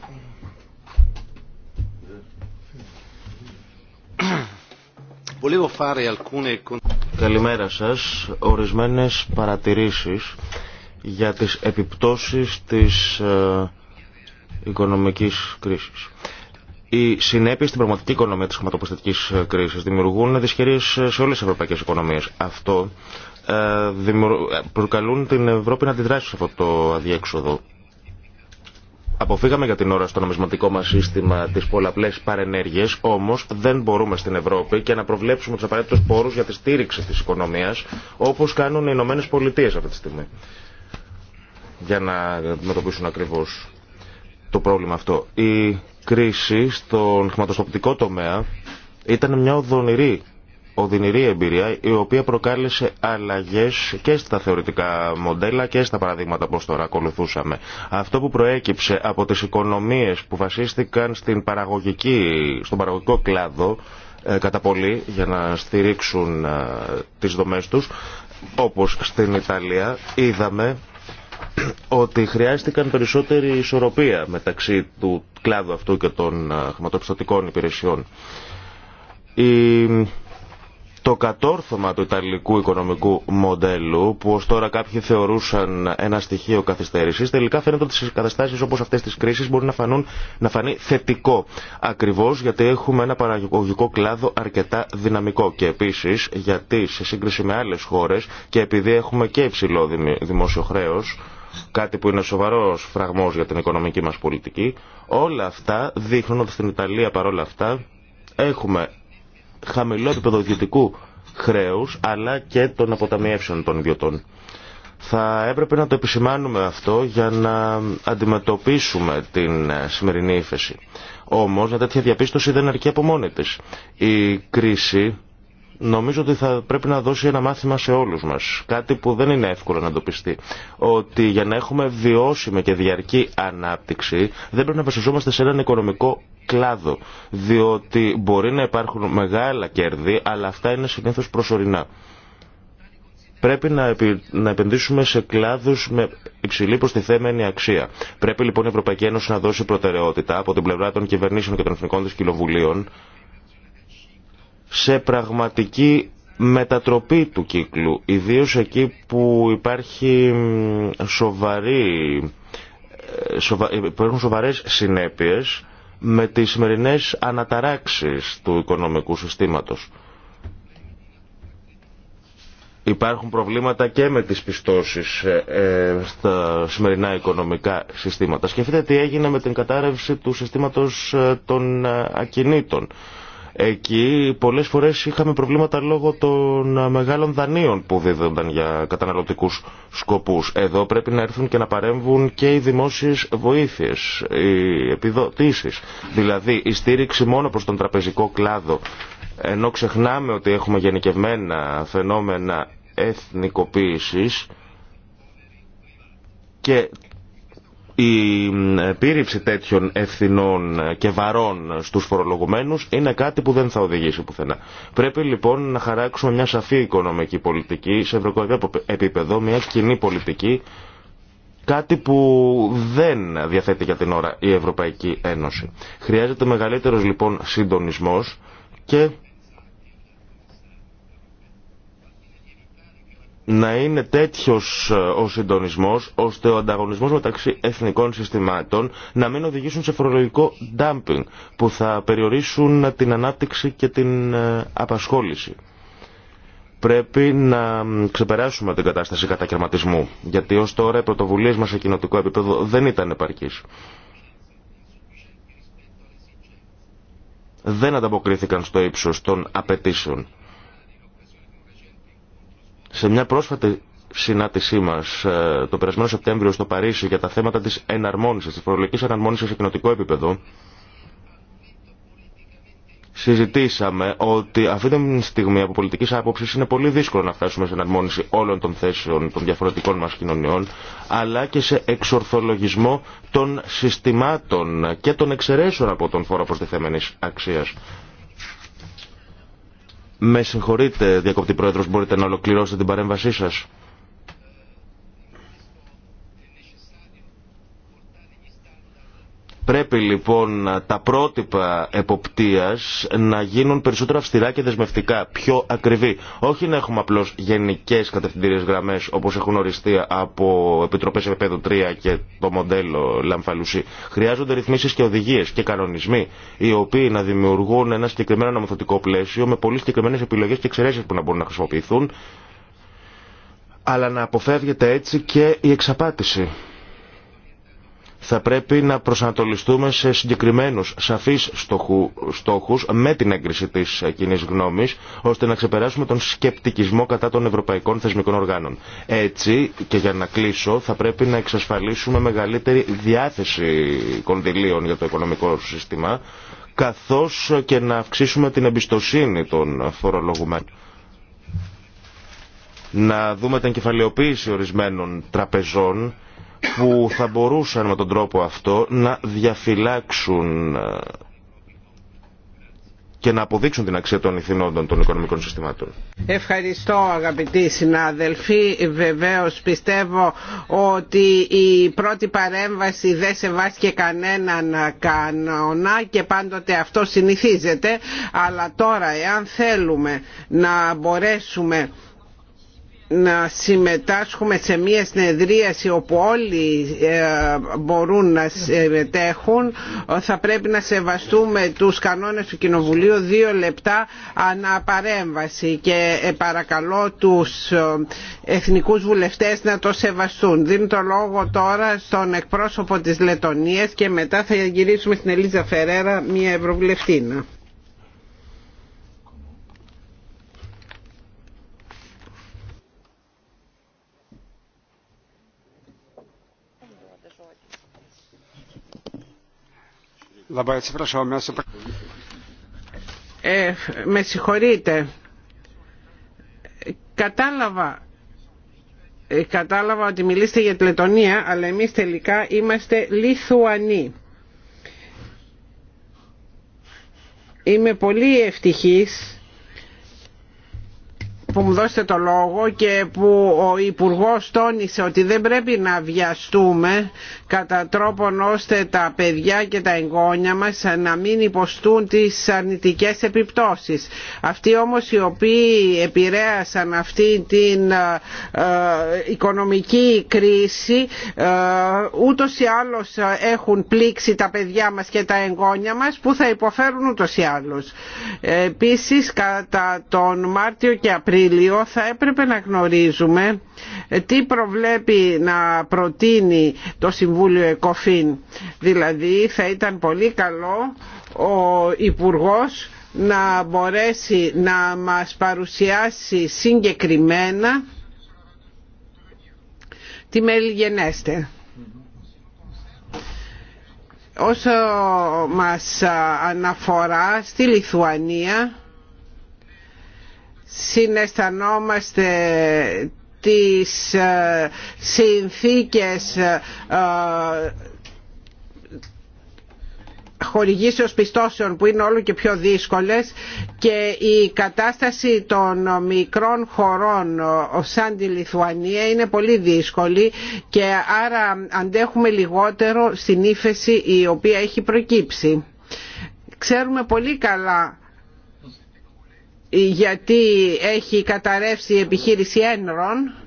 Καλημέρα σας. Ορισμένες παρατηρήσεις για τις επιπτώσεις της ε, οικονομικής κρίσης. Οι συνέπειε στην πραγματική οικονομία τη χρηματοπιστωτική ε, κρίση δημιουργούν δυσχερίε σε όλε τι ευρωπαϊκέ οικονομίε. Αυτό ε, προκαλούν την Ευρώπη να αντιδράσει σε αυτό το αδιέξοδο. Αποφύγαμε για την ώρα στο νομισματικό μα σύστημα τι πολλαπλέ παρενέργειε, όμω δεν μπορούμε στην Ευρώπη και να προβλέψουμε του απαραίτητου πόρου για τη στήριξη τη οικονομία, όπω κάνουν οι Ηνωμένε Πολιτείε αυτή τη στιγμή. Για να αντιμετωπίσουν ακριβώ το πρόβλημα αυτό. Η κρίση στον χρηματοστοπτικό τομέα ήταν μια οδονηρή οδυνηρή εμπειρία η οποία προκάλεσε αλλαγές και στα θεωρητικά μοντέλα και στα παραδείγματα που τώρα ακολουθούσαμε. Αυτό που προέκυψε από τις οικονομίες που βασίστηκαν στην παραγωγική, στον παραγωγικό κλάδο ε, κατά πολύ για να στηρίξουν ε, τις δομές τους όπως στην Ιταλία είδαμε ότι χρειάστηκαν περισσότερη ισορροπία μεταξύ του κλάδου αυτού και των ε, χρηματοπιστωτικών υπηρεσιών το κατόρθωμα του ιταλικού οικονομικού μοντέλου, που ω τώρα κάποιοι θεωρούσαν ένα στοιχείο καθυστέρηση, τελικά φαίνεται ότι στι καταστάσει όπω αυτέ τη κρίση μπορεί να, φανούν, να φανεί θετικό. Ακριβώ γιατί έχουμε ένα παραγωγικό κλάδο αρκετά δυναμικό. Και επίση γιατί σε σύγκριση με άλλε χώρε και επειδή έχουμε και υψηλό δημόσιο χρέο, κάτι που είναι σοβαρό φραγμό για την οικονομική μα πολιτική, όλα αυτά δείχνουν ότι στην Ιταλία παρόλα αυτά έχουμε χαμηλό επίπεδο ιδιωτικού χρέους αλλά και των αποταμιεύσεων των ιδιωτών. Θα έπρεπε να το επισημάνουμε αυτό για να αντιμετωπίσουμε την σημερινή ύφεση. Όμως, μια τέτοια διαπίστωση δεν αρκεί από μόνη της. Η κρίση νομίζω ότι θα πρέπει να δώσει ένα μάθημα σε όλους μας. Κάτι που δεν είναι εύκολο να το πιστεί. Ότι για να έχουμε βιώσιμη και διαρκή ανάπτυξη δεν πρέπει να βασιζόμαστε σε έναν οικονομικό κλάδο. Διότι μπορεί να υπάρχουν μεγάλα κέρδη, αλλά αυτά είναι συνήθως προσωρινά. Πρέπει να, να επενδύσουμε σε κλάδου με υψηλή προστιθέμενη αξία. Πρέπει λοιπόν η Ευρωπαϊκή Ένωση να δώσει προτεραιότητα από την πλευρά των κυβερνήσεων και των εθνικών τη κοινοβουλίων σε πραγματική μετατροπή του κύκλου, ιδίως εκεί που υπάρχει σοβαρή, ε, ε, υπάρχουν σοβαρές συνέπειες με τις σημερινές αναταράξεις του οικονομικού συστήματος. Υπάρχουν προβλήματα και με τις πιστώσεις ε, στα σημερινά οικονομικά συστήματα. Σκεφτείτε τι έγινε με την κατάρρευση του συστήματος των ακινήτων. Εκεί πολλές φορές είχαμε προβλήματα λόγω των μεγάλων δανείων που δίδονταν για καταναλωτικούς σκοπούς. Εδώ πρέπει να έρθουν και να παρέμβουν και οι δημόσιες βοήθειες, οι επιδοτήσεις. Δηλαδή η στήριξη μόνο προς τον τραπεζικό κλάδο, ενώ ξεχνάμε ότι έχουμε γενικευμένα φαινόμενα εθνικοποίησης και η πήρυψη τέτοιων ευθυνών και βαρών στους φορολογουμένους είναι κάτι που δεν θα οδηγήσει πουθενά. Πρέπει λοιπόν να χαράξουμε μια σαφή οικονομική πολιτική σε ευρωπαϊκό επίπεδο, μια κοινή πολιτική, κάτι που δεν διαθέτει για την ώρα η Ευρωπαϊκή Ένωση. Χρειάζεται μεγαλύτερος λοιπόν συντονισμός και να είναι τέτοιος ε, ο συντονισμός ώστε ο ανταγωνισμός μεταξύ εθνικών συστημάτων να μην οδηγήσουν σε φορολογικό dumping που θα περιορίσουν την ανάπτυξη και την ε, απασχόληση. Πρέπει να ξεπεράσουμε την κατάσταση κατακαιρματισμού, γιατί ως τώρα οι πρωτοβουλίες μας σε κοινοτικό επίπεδο δεν ήταν επαρκείς. Δεν ανταποκρίθηκαν στο ύψος των απαιτήσεων σε μια πρόσφατη συνάντησή μα ε, το περασμένο Σεπτέμβριο στο Παρίσι για τα θέματα τη εναρμόνιση, τη φορολογική εναρμόνιση σε κοινοτικό επίπεδο, συζητήσαμε ότι αυτή τη στιγμή από πολιτική άποψη είναι πολύ δύσκολο να φτάσουμε σε εναρμόνιση όλων των θέσεων των διαφορετικών μα κοινωνιών, αλλά και σε εξορθολογισμό των συστημάτων και των εξαιρέσεων από τον φόρο προστιθέμενη αξία. Με συγχωρείτε, διακόπτη πρόεδρος, μπορείτε να ολοκληρώσετε την παρέμβασή σας. Πρέπει λοιπόν τα πρότυπα εποπτείας να γίνουν περισσότερο αυστηρά και δεσμευτικά, πιο ακριβή. Όχι να έχουμε απλώς γενικές κατευθυντήριες γραμμές όπως έχουν οριστεί από επιτροπές επίπεδου 3 και το μοντέλο Λαμφαλουσί. Χρειάζονται ρυθμίσεις και οδηγίες και κανονισμοί οι οποίοι να δημιουργούν ένα συγκεκριμένο νομοθετικό πλαίσιο με πολύ συγκεκριμένε επιλογές και εξαιρέσεις που να μπορούν να χρησιμοποιηθούν αλλά να αποφεύγεται έτσι και η εξαπάτηση θα πρέπει να προσανατολιστούμε σε συγκεκριμένους σαφείς στόχους με την έγκριση τη κοινή γνώμη, ώστε να ξεπεράσουμε τον σκεπτικισμό κατά των ευρωπαϊκών θεσμικών οργάνων. Έτσι και για να κλείσω θα πρέπει να εξασφαλίσουμε μεγαλύτερη διάθεση κονδυλίων για το οικονομικό σύστημα καθώς και να αυξήσουμε την εμπιστοσύνη των φορολογουμένων να δούμε την κεφαλαιοποίηση ορισμένων τραπεζών που θα μπορούσαν με τον τρόπο αυτό να διαφυλάξουν ε, και να αποδείξουν την αξία των ηθινόντων των οικονομικών συστημάτων. Ευχαριστώ αγαπητοί συνάδελφοι. Βεβαίως πιστεύω ότι η πρώτη παρέμβαση δεν σεβάστηκε κανέναν κανόνα και πάντοτε αυτό συνηθίζεται. Αλλά τώρα εάν θέλουμε να μπορέσουμε να συμμετάσχουμε σε μια συνεδρίαση όπου όλοι ε, μπορούν να συμμετέχουν θα πρέπει να σεβαστούμε τους κανόνες του Κοινοβουλίου δύο λεπτά αναπαρέμβαση και ε, παρακαλώ τους ε, εθνικούς βουλευτές να το σεβαστούν. Δίνω το λόγο τώρα στον εκπρόσωπο της Λετωνίας και μετά θα γυρίσουμε στην Ελίζα Φερέρα μια ευρωβουλευτήνα. Ε, με συγχωρείτε. Κατάλαβα ε, κατάλαβα ότι μιλήσετε για τη Λετωνία, αλλά εμείς τελικά είμαστε Λιθουανοί. Είμαι πολύ ευτυχής που μου δώσετε το λόγο και που ο Υπουργός τόνισε ότι δεν πρέπει να βιαστούμε κατά τρόπον ώστε τα παιδιά και τα εγγόνια μας να μην υποστούν τις αρνητικές επιπτώσεις. Αυτοί όμως οι οποίοι επηρέασαν αυτή την ε, ε, οικονομική κρίση ε, ούτως ή άλλως έχουν πλήξει τα παιδιά μας και τα εγγόνια μας που θα υποφέρουν ούτως ή άλλως. Επίσης κατά τον Μάρτιο και Απρίλιο Απρίλιο θα έπρεπε να γνωρίζουμε τι προβλέπει να προτείνει το Συμβούλιο ΕΚΟΦΗΝ. Δηλαδή θα ήταν πολύ καλό ο Υπουργός να μπορέσει να μας παρουσιάσει συγκεκριμένα τη μελγενέστε όσο μας αναφορά στη Λιθουανία συναισθανόμαστε τις ε, συνθήκες ε, χορηγήσεως πιστώσεων που είναι όλο και πιο δύσκολες και η κατάσταση των μικρών χωρών σαν τη Λιθουανία είναι πολύ δύσκολη και άρα αντέχουμε λιγότερο στην ύφεση η οποία έχει προκύψει. Ξέρουμε πολύ καλά γιατί έχει καταρρεύσει η επιχείρηση Enron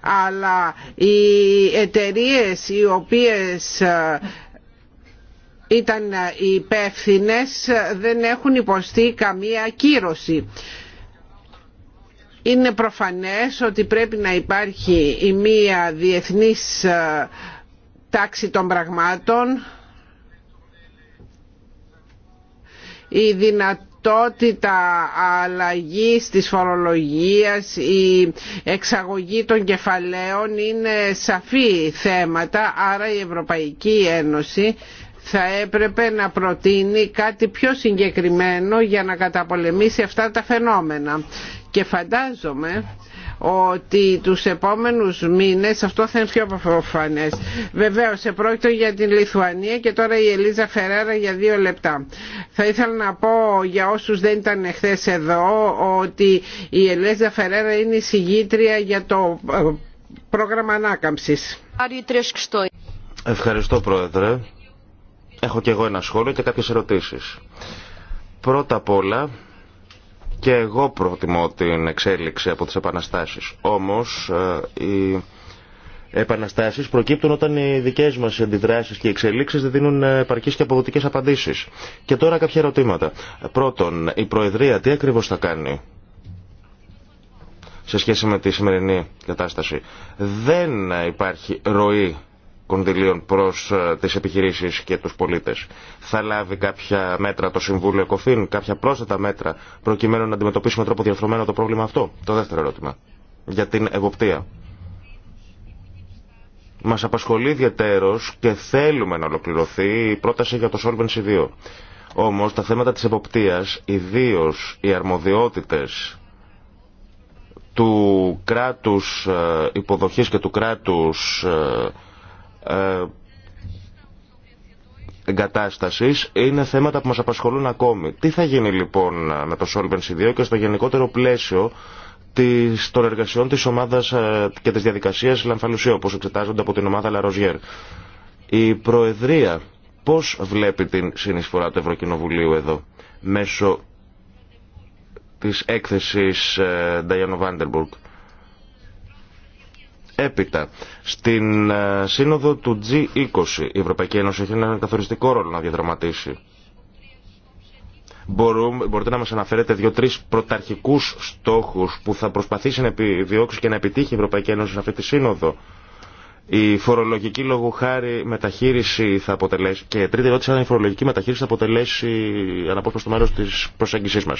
αλλά οι εταιρείες οι οποίες ε, ήταν υπεύθυνε δεν έχουν υποστεί καμία κύρωση. Είναι προφανές ότι πρέπει να υπάρχει η μία διεθνής ε, τάξη των πραγμάτων, η δυνατότητα ταυτότητα αλλαγή της φορολογίας, η εξαγωγή των κεφαλαίων είναι σαφή θέματα, άρα η Ευρωπαϊκή Ένωση θα έπρεπε να προτείνει κάτι πιο συγκεκριμένο για να καταπολεμήσει αυτά τα φαινόμενα. Και φαντάζομαι ότι τους επόμενους μήνες αυτό θα είναι πιο προφανές. Βεβαίως, επρόκειτο για την Λιθουανία και τώρα η Ελίζα Φερέρα για δύο λεπτά. Θα ήθελα να πω για όσους δεν ήταν εχθές εδώ ότι η Ελίζα Φερέρα είναι η συγγήτρια για το ε, πρόγραμμα ανάκαμψης. Ευχαριστώ Πρόεδρε. Έχω και εγώ ένα σχόλιο και κάποιες ερωτήσεις. Πρώτα απ' όλα, και εγώ προτιμώ την εξέλιξη από τις επαναστάσεις. Όμως ε, οι επαναστάσεις προκύπτουν όταν οι δικές μας αντιδράσεις και οι εξελίξεις δεν δίνουν ε, επαρκείς και αποδοτικές απαντήσεις. Και τώρα κάποια ερωτήματα. Πρώτον, η Προεδρία τι ακριβώς θα κάνει σε σχέση με τη σημερινή κατάσταση. Δεν υπάρχει ροή κονδυλίων προς ε, τις επιχειρήσεις και τους πολίτες. Θα λάβει κάποια μέτρα το Συμβούλιο Κοφίν, κάποια πρόσθετα μέτρα, προκειμένου να αντιμετωπίσουμε τρόπο διαρθρωμένο το πρόβλημα αυτό. Το δεύτερο ερώτημα. Για την εποπτεία. Μας απασχολεί ιδιαιτέρω και θέλουμε να ολοκληρωθεί η πρόταση για το Solvency 2. Όμως τα θέματα της εποπτείας, ιδίω οι αρμοδιότητες του κράτους ε, υποδοχής και του κράτους ε, ε, εγκατάστασης είναι θέματα που μας απασχολούν ακόμη. Τι θα γίνει λοιπόν με το Solvency 2 και στο γενικότερο πλαίσιο της, των εργασιών της ομάδας ε, και της διαδικασίας Λαμφαλουσίου, όπως εξετάζονται από την ομάδα Λαροζιέρ. Η Προεδρία πώς βλέπει την συνεισφορά του Ευρωκοινοβουλίου εδώ, μέσω της έκθεσης ε, Diana Βάντερμπουργκ. Έπειτα, στην ε, σύνοδο του G20 η Ευρωπαϊκή Ένωση έχει έναν καθοριστικό ρόλο να διαδραματίσει. Μπορούμε, μπορείτε να μας αναφέρετε δύο-τρεις πρωταρχικούς στόχους που θα προσπαθήσει να επιδιώξει και να επιτύχει η Ευρωπαϊκή Ένωση σε αυτή τη σύνοδο. Η φορολογική λόγου χάρη μεταχείριση θα αποτελέσει, και τρίτη ερώτηση αν η φορολογική μεταχείριση θα αποτελέσει αναπόσπαστο μέρο τη προσέγγιση μα.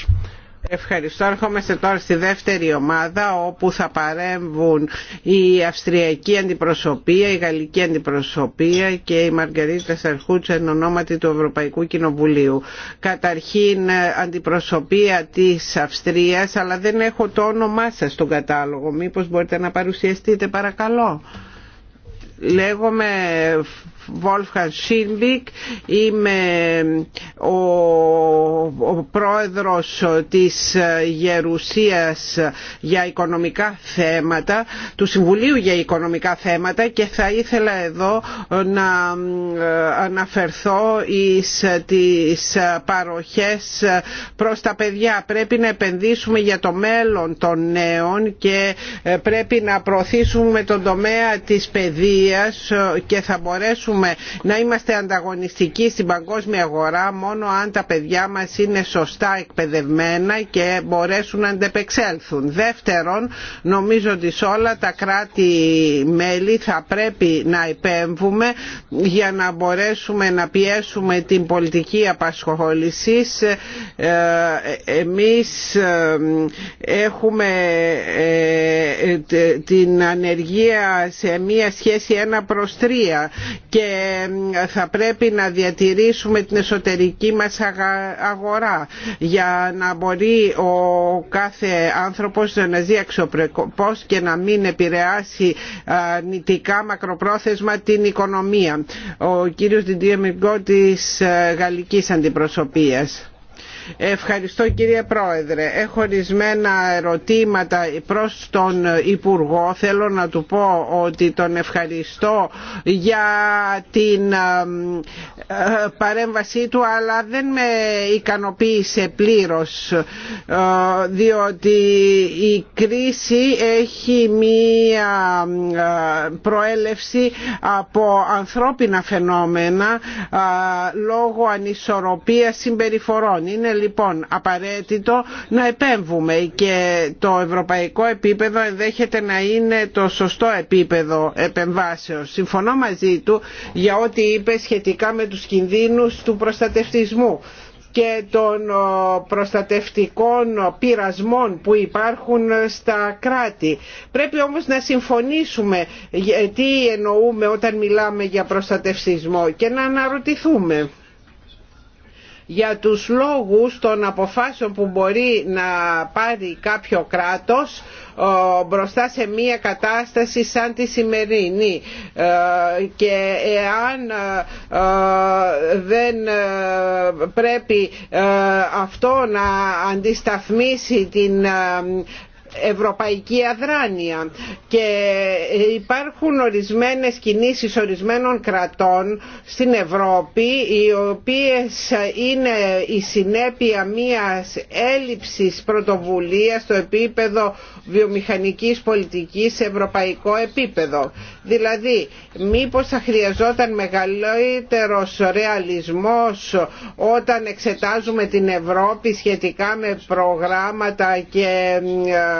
Ευχαριστώ. Έρχομαστε τώρα στη δεύτερη ομάδα όπου θα παρέμβουν η Αυστριακή Αντιπροσωπεία, η Γαλλική Αντιπροσωπεία και η Μαργαρίτα Σαρχούτσα εν ονόματι του Ευρωπαϊκού Κοινοβουλίου. Καταρχήν ε, Αντιπροσωπεία της Αυστρίας, αλλά δεν έχω το όνομά σας στον κατάλογο. Μήπως μπορείτε να παρουσιαστείτε παρακαλώ λέγομαι Βόλφχαν Σίλμπικ, είμαι ο πρόεδρος της Γερουσίας για οικονομικά θέματα, του Συμβουλίου για οικονομικά θέματα και θα ήθελα εδώ να ε, αναφερθώ εις τις παροχές προς τα παιδιά. Πρέπει να επενδύσουμε για το μέλλον των νέων και ε, πρέπει να προωθήσουμε τον τομέα της παιδείας και θα μπορέσουμε να είμαστε ανταγωνιστικοί στην παγκόσμια αγορά μόνο αν τα παιδιά μας είναι σωστά εκπαιδευμένα και μπορέσουν να αντεπεξέλθουν. Δεύτερον, νομίζω ότι σε όλα τα κράτη-μέλη θα πρέπει να επέμβουμε για να μπορέσουμε να πιέσουμε την πολιτική απασχόλησης. Ε, εμείς ε, έχουμε ε, την ανεργία σε μία σχέση ένα προς τρία και θα πρέπει να διατηρήσουμε την εσωτερική μας αγορά για να μπορεί ο κάθε άνθρωπος να ζει αξιοπρεπώς και να μην επηρεάσει νητικά μακροπρόθεσμα την οικονομία. Ο κύριος Διντιέμιγκο της ε, Γαλλικής Αντιπροσωπείας. Ευχαριστώ κύριε Πρόεδρε. Έχω ορισμένα ερωτήματα προς τον Υπουργό. Θέλω να του πω ότι τον ευχαριστώ για την ε, ε, παρέμβασή του αλλά δεν με ικανοποίησε πλήρως ε, διότι η κρίση έχει μία προέλευση από ανθρώπινα φαινόμενα λόγω ανισορροπίας συμπεριφορών. Είναι λοιπόν απαραίτητο να επέμβουμε και το ευρωπαϊκό επίπεδο ενδέχεται να είναι το σωστό επίπεδο επεμβάσεως. Συμφωνώ μαζί του για ό,τι είπε σχετικά με τους κινδύνους του προστατευτισμού και των προστατευτικών πειρασμών που υπάρχουν στα κράτη. Πρέπει όμως να συμφωνήσουμε τι εννοούμε όταν μιλάμε για προστατευτισμό και να αναρωτηθούμε για τους λόγους των αποφάσεων που μπορεί να πάρει κάποιο κράτος μπροστά σε μια κατάσταση σαν τη σημερινή ε, και εάν ε, ε, δεν πρέπει αυτό να αντισταθμίσει την ευρωπαϊκή αδράνεια και υπάρχουν ορισμένες κινήσεις ορισμένων κρατών στην Ευρώπη οι οποίες είναι η συνέπεια μίας έλλειψης πρωτοβουλίας στο επίπεδο βιομηχανικής πολιτικής σε ευρωπαϊκό επίπεδο. Δηλαδή μήπως θα χρειαζόταν μεγαλύτερος ρεαλισμός όταν εξετάζουμε την Ευρώπη σχετικά με προγράμματα και ε,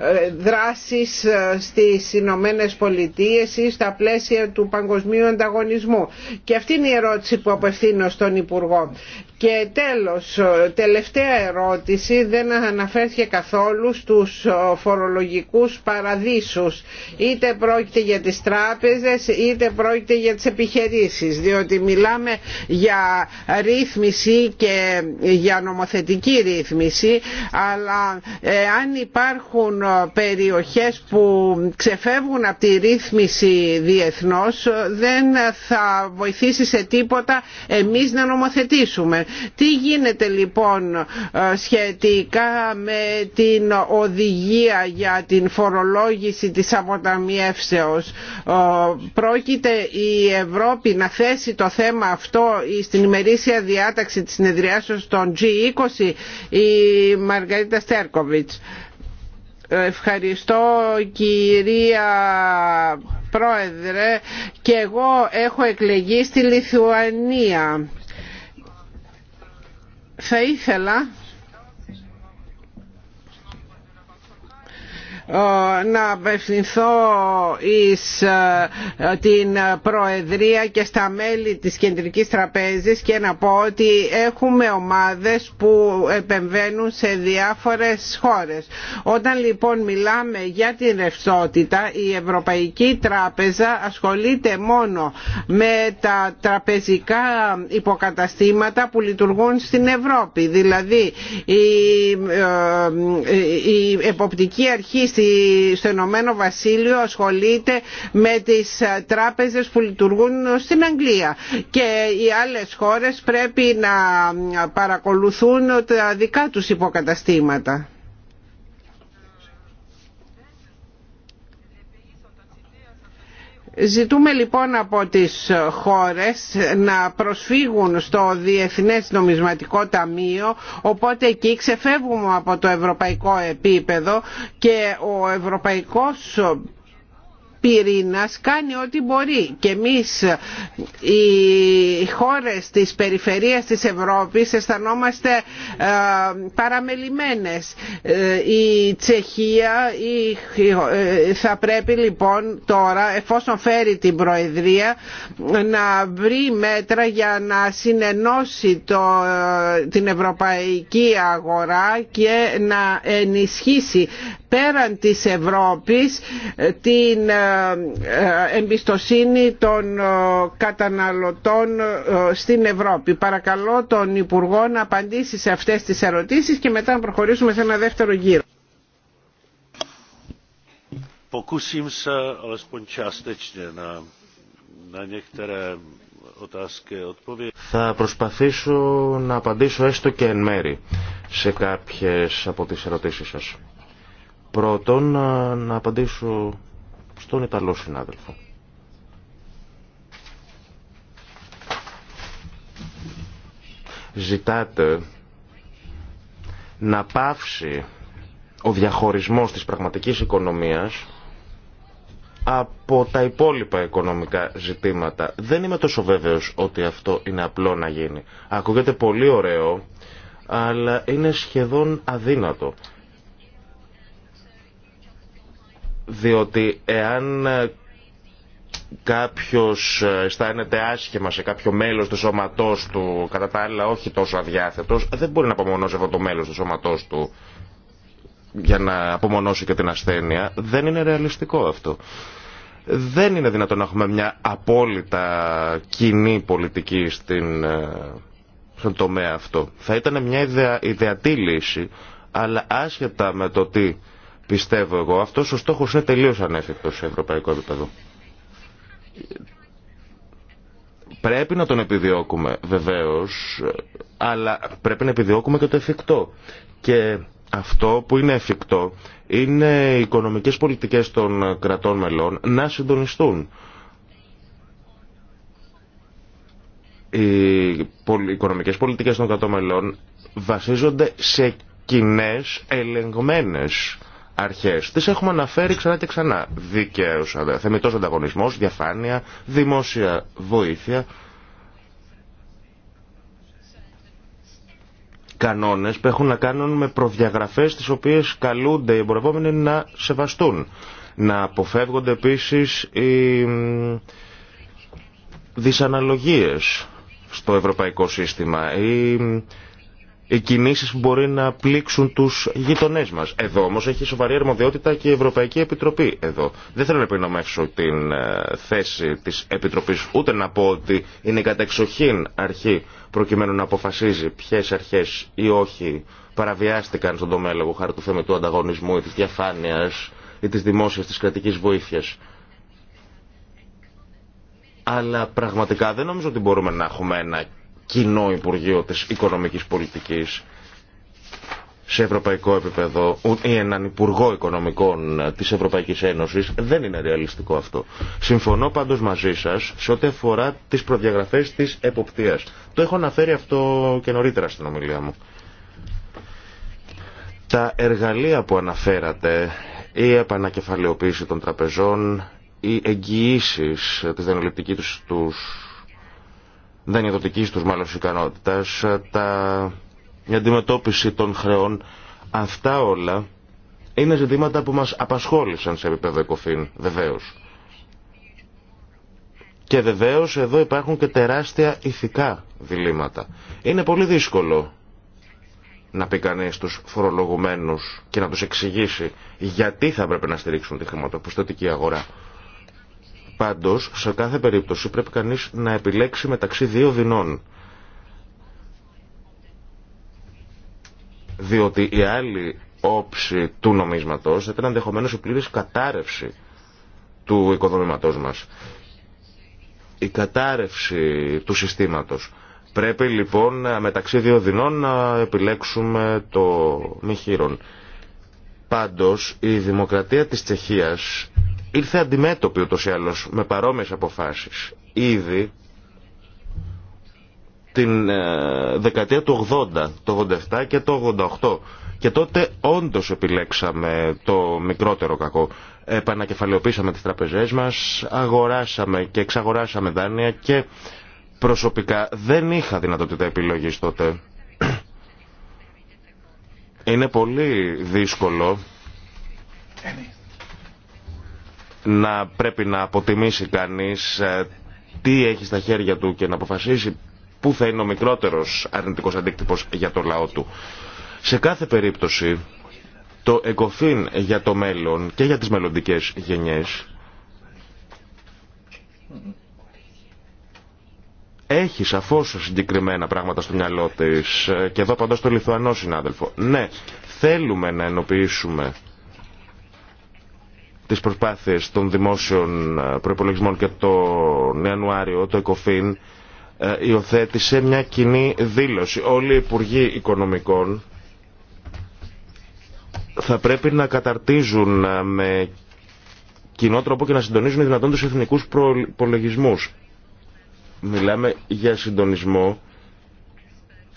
Ε, δράσεις ε, στις Ηνωμένε Πολιτείε ή στα πλαίσια του παγκοσμίου ανταγωνισμού. Και αυτή είναι η ερώτηση που απευθύνω στον Υπουργό. Και τέλος, ε, τελευταία ερώτηση, δεν αναφέρθηκε καθόλου στους φορολογικούς παραδείσους. Είτε πρόκειται για τις τράπεζες, είτε πρόκειται για τις επιχειρήσεις. Διότι μιλάμε για ρύθμιση και για νομοθετική ρύθμιση, αλλά αν υπάρχουν περιοχές που ξεφεύγουν από τη ρύθμιση διεθνώς δεν θα βοηθήσει σε τίποτα εμείς να νομοθετήσουμε. Τι γίνεται λοιπόν ε, σχετικά με την οδηγία για την φορολόγηση της αποταμιεύσεως. Ε, πρόκειται η Ευρώπη να θέσει το θέμα αυτό στην ημερήσια διάταξη της συνεδριάσεως των G20 η Μαργαρίτα Στέρκοβιτς. Ευχαριστώ κυρία Πρόεδρε και εγώ έχω εκλεγεί στη Λιθουανία. Θα ήθελα Ε, να απευθυνθώ εις ε, την Προεδρία και στα μέλη της Κεντρικής Τραπέζης και να πω ότι έχουμε ομάδες που επεμβαίνουν σε διάφορες χώρες. Όταν λοιπόν μιλάμε για την ρευστότητα η Ευρωπαϊκή Τράπεζα ασχολείται μόνο με τα τραπεζικά υποκαταστήματα που λειτουργούν στην Ευρώπη. Δηλαδή η, ε, η εποπτική αρχή στο Ηνωμένο Βασίλειο ασχολείται με τις ε, τράπεζες που λειτουργούν στην Αγγλία και οι άλλες χώρες πρέπει να ε, παρακολουθούν τα δικά τους υποκαταστήματα. Ζητούμε λοιπόν από τις χώρες να προσφύγουν στο Διεθνές Νομισματικό Ταμείο οπότε εκεί ξεφεύγουμε από το ευρωπαϊκό επίπεδο και ο ευρωπαϊκός κάνει ό,τι μπορεί και εμείς οι χώρες της περιφερείας της Ευρώπης αισθανόμαστε ε, παραμελημένες. Ε, η Τσεχία ε, θα πρέπει λοιπόν τώρα εφόσον φέρει την Προεδρία να βρει μέτρα για να συνενώσει το, την ευρωπαϊκή αγορά και να ενισχύσει πέραν της Ευρώπης ε, την ε, ε, εμπιστοσύνη των καταναλωτών στην Ευρώπη. Παρακαλώ τον Υπουργό να απαντήσει σε αυτές τις ερωτήσεις και μετά να προχωρήσουμε σε ένα δεύτερο γύρο. Θα προσπαθήσω να απαντήσω έστω και εν μέρη σε κάποιες από τις ερωτήσεις σας. Πρώτον, να απαντήσω στον Ιταλό συνάδελφο. Ζητάτε να πάυσει ο διαχωρισμός της πραγματικής οικονομίας από τα υπόλοιπα οικονομικά ζητήματα. Δεν είμαι τόσο βέβαιος ότι αυτό είναι απλό να γίνει. Ακούγεται πολύ ωραίο, αλλά είναι σχεδόν αδύνατο. Διότι εάν ε, κάποιος ε, αισθάνεται άσχημα σε κάποιο μέλος του σώματός του, κατά τα άλλα όχι τόσο αδιάθετος, δεν μπορεί να απομονώσει αυτό το μέλος του σώματός του για να απομονώσει και την ασθένεια. Δεν είναι ρεαλιστικό αυτό. Δεν είναι δυνατόν να έχουμε μια απόλυτα κοινή πολιτική στην, ε, στον τομέα αυτό. Θα ήταν μια ιδεα, ιδεατή λύση, αλλά άσχετα με το τι πιστεύω εγώ. Αυτός ο στόχος είναι τελείως ανέφικτος σε ευρωπαϊκό επίπεδο. Πρέπει να τον επιδιώκουμε βεβαίως, αλλά πρέπει να επιδιώκουμε και το εφικτό. Και αυτό που είναι εφικτό είναι οι οικονομικές πολιτικές των κρατών μελών να συντονιστούν. Οι οικονομικές πολιτικές των κρατών μελών βασίζονται σε κοινέ ελεγμένες αρχές. Τις έχουμε αναφέρει ξανά και ξανά. Δικαίω, θεμητός ανταγωνισμός, διαφάνεια, δημόσια βοήθεια. Κανόνες που έχουν να κάνουν με προδιαγραφές τις οποίες καλούνται οι εμπορευόμενοι να σεβαστούν. Να αποφεύγονται επίσης οι δυσαναλογίες στο ευρωπαϊκό σύστημα οι κινήσεις που μπορεί να πλήξουν τους γειτονές μας. Εδώ όμως έχει σοβαρή αρμοδιότητα και η Ευρωπαϊκή Επιτροπή εδώ. Δεν θέλω να επινομεύσω την ε, θέση της Επιτροπής ούτε να πω ότι είναι η κατεξοχήν αρχή προκειμένου να αποφασίζει ποιες αρχές ή όχι παραβιάστηκαν στον τομέα λόγω χάρη του θέμα του ανταγωνισμού ή της διαφάνειας ή της δημόσιας της κρατικής βοήθειας. Αλλά πραγματικά δεν νομίζω ότι μπορούμε να έχουμε ένα κοινό Υπουργείο της Οικονομικής Πολιτικής σε ευρωπαϊκό επίπεδο ή έναν Υπουργό Οικονομικών ε, της Ευρωπαϊκής Ένωσης δεν είναι ρεαλιστικό αυτό. Συμφωνώ πάντως μαζί σας σε ό,τι αφορά τις προδιαγραφές της εποπτείας. Το έχω αναφέρει αυτό και νωρίτερα στην ομιλία μου. Τα εργαλεία που αναφέρατε, η επανακεφαλαιοποίηση των τραπεζών, οι εγγυήσεις ε, της δανειοληπτικής τους δεν είναι δοτική του μάλλον ικανότητα, τα... η αντιμετώπιση των χρεών, αυτά όλα είναι ζητήματα που μας απασχόλησαν σε επίπεδο εκοφήν, βεβαίω. Και βεβαίω εδώ υπάρχουν και τεράστια ηθικά διλήμματα. Είναι πολύ δύσκολο να πει κανεί του φορολογουμένου και να τους εξηγήσει γιατί θα έπρεπε να στηρίξουν τη χρηματοπιστωτική αγορά. Πάντως, σε κάθε περίπτωση πρέπει κανείς να επιλέξει μεταξύ δύο δεινών. Διότι η άλλη όψη του νομίσματος θα ήταν ενδεχομένω η πλήρης κατάρρευση του οικοδομήματός μας. Η κατάρρευση του συστήματος. Πρέπει λοιπόν ε, μεταξύ δύο δεινών να επιλέξουμε το μη χείρον. Πάντως η δημοκρατία της Τσεχίας ήρθε αντιμέτωπη ούτως ή άλλως με παρόμοιες αποφάσεις ήδη την ε, δεκαετία του 80, το 87 και το 88. Και τότε όντως επιλέξαμε το μικρότερο κακό. Επανακεφαλαιοποίησαμε τις τραπεζές μας, αγοράσαμε και εξαγοράσαμε δάνεια και προσωπικά δεν είχα δυνατότητα επιλογής τότε. Είναι πολύ δύσκολο. Ε, ναι να πρέπει να αποτιμήσει κανείς ε, τι έχει στα χέρια του και να αποφασίσει πού θα είναι ο μικρότερος αρνητικός αντίκτυπος για το λαό του. Σε κάθε περίπτωση το εγκοφήν για το μέλλον και για τις μελλοντικές γενιές έχει σαφώς συγκεκριμένα πράγματα στο μυαλό της ε, και εδώ απαντώ στο Λιθουανό συνάδελφο. Ναι, θέλουμε να ενοποιήσουμε τις προσπάθειες των δημόσιων ε, προπολογισμών και το Ιανουάριο το ΕΚΟΦΗΝ ε, υιοθέτησε μια κοινή δήλωση. Όλοι οι Υπουργοί Οικονομικών θα πρέπει να καταρτίζουν ε, με κοινό τρόπο και να συντονίζουν οι δυνατόν τους εθνικούς προϋπολογισμούς. Μιλάμε για συντονισμό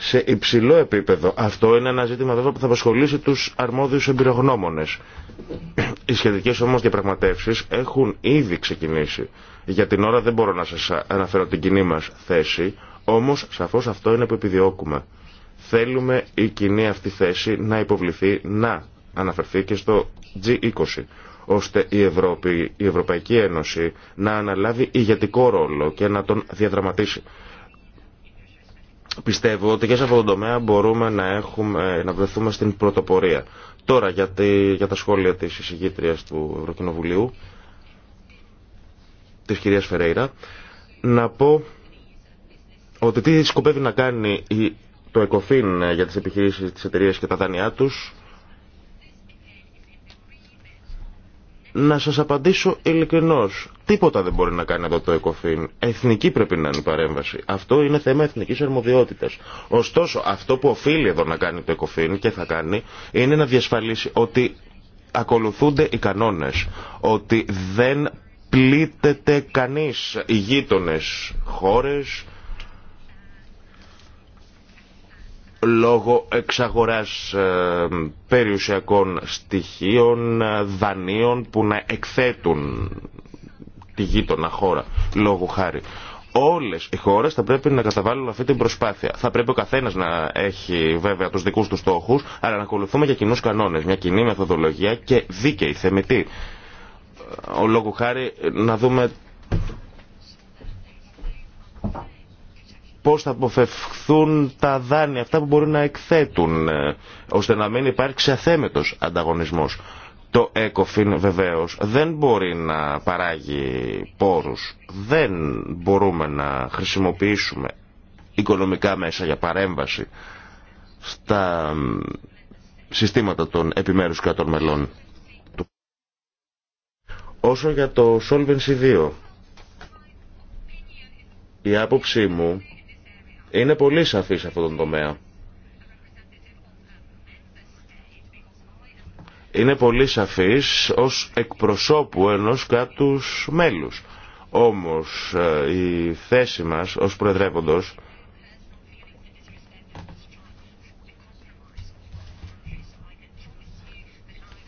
σε υψηλό επίπεδο. Αυτό είναι ένα ζήτημα βέβαια που θα απασχολήσει τους αρμόδιους εμπειρογνώμονες. Οι σχετικές όμως διαπραγματεύσεις έχουν ήδη ξεκινήσει. Για την ώρα δεν μπορώ να σας αναφέρω την κοινή μας θέση, όμως σαφώς αυτό είναι που επιδιώκουμε. Θέλουμε η κοινή αυτή θέση να υποβληθεί, να αναφερθεί και στο G20 ώστε η, Ευρώπη, η Ευρωπαϊκή Ένωση να αναλάβει ηγετικό ρόλο και να τον διαδραματίσει. Πιστεύω ότι και σε αυτό το τομέα μπορούμε να, έχουμε, ε, να βρεθούμε στην πρωτοπορία. Τώρα για, για τα σχόλια της εισηγήτριας του Ευρωκοινοβουλίου, της κυρίας Φερέιρα, να πω ότι τι σκοπεύει να κάνει το ΕΚΟΦΗΝ για τις επιχειρήσεις της εταιρείας και τα δάνειά τους να σας απαντήσω ειλικρινώς. Τίποτα δεν μπορεί να κάνει εδώ το ΕΚΟΦΗΝ. Εθνική πρέπει να είναι η παρέμβαση. Αυτό είναι θέμα εθνικής αρμοδιότητας. Ωστόσο, αυτό που οφείλει εδώ να κάνει το ΕΚΟΦΗΝ και θα κάνει, είναι να διασφαλίσει ότι ακολουθούνται οι κανόνες. Ότι δεν πλήττεται κανείς οι γείτονες χώρες, λόγω εξαγοράς ε, περιουσιακών στοιχείων, ε, δανείων που να εκθέτουν τη γείτονα χώρα, λόγω χάρη. Όλες οι χώρες θα πρέπει να καταβάλουν αυτή την προσπάθεια. Θα πρέπει ο καθένας να έχει βέβαια τους δικούς του στόχους, αλλά να ακολουθούμε για κοινούς κανόνες, μια κοινή μεθοδολογία και δίκαιη, θεμητή. Ε, ο λόγου χάρη να δούμε πώς θα αποφευχθούν τα δάνεια αυτά που μπορεί να εκθέτουν ε, ώστε να μην υπάρξει αθέμετος ανταγωνισμός. Το ECOFIN βεβαίως δεν μπορεί να παράγει πόρους, δεν μπορούμε να χρησιμοποιήσουμε οικονομικά μέσα για παρέμβαση στα συστήματα των επιμέρους κρατών μελών. Όσο για το Solvency 2, η άποψή μου είναι πολύ σαφή σε αυτόν τον τομέα. Είναι πολύ σαφής ως εκπροσώπου ενός κάτους μέλους. Όμως ε, η θέση μας ως προεδρεύοντος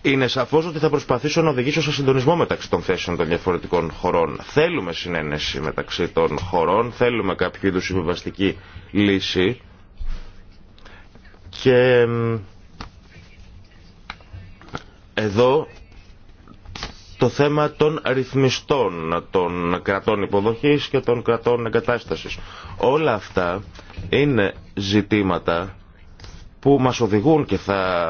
Είναι σαφώ ότι θα προσπαθήσω να οδηγήσω σε συντονισμό μεταξύ των θέσεων των διαφορετικών χωρών. Θέλουμε συνένεση μεταξύ των χωρών, θέλουμε κάποιο είδου συμβιβαστική λύση και εδώ το θέμα των ρυθμιστών, των κρατών υποδοχής και των κρατών εγκατάστασης. Όλα αυτά είναι ζητήματα που μας οδηγούν και θα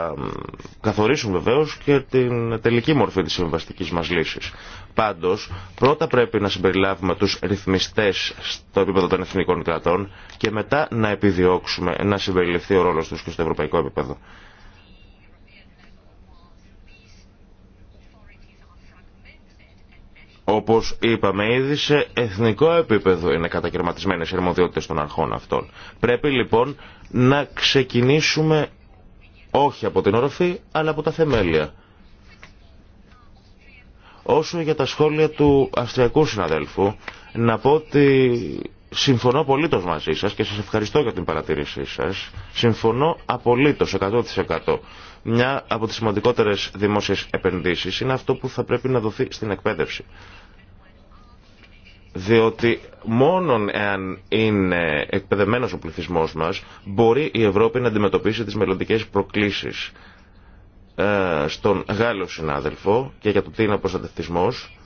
καθορίσουν βεβαίως και την τελική μορφή της συμβαστικής μας λύσης. Πάντως, πρώτα πρέπει να συμπεριλάβουμε τους ρυθμιστές στο επίπεδο των εθνικών κρατών και μετά να επιδιώξουμε να συμπεριληφθεί ο ρόλος τους και στο ευρωπαϊκό επίπεδο. Όπως είπαμε ήδη σε εθνικό επίπεδο είναι κατακαιρματισμένες οι αρμοδιότητες των αρχών αυτών. Πρέπει λοιπόν να ξεκινήσουμε όχι από την οροφή αλλά από τα θεμέλια. Όσο για τα σχόλια του αυστριακού συναδέλφου, να πω ότι συμφωνώ απολύτως μαζί σας και σας ευχαριστώ για την παρατήρησή σας. Συμφωνώ απολύτως 100%. Μια από τις σημαντικότερες δημόσιες επενδύσεις είναι αυτό που θα πρέπει να δοθεί στην εκπαίδευση. Διότι μόνον εάν είναι εκπαιδευμένος ο πληθυσμός μας μπορεί η Ευρώπη να αντιμετωπίσει τις μελλοντικές προκλήσεις. Ε, στον Γάλλο συνάδελφο και για το τι είναι προστατευτισμός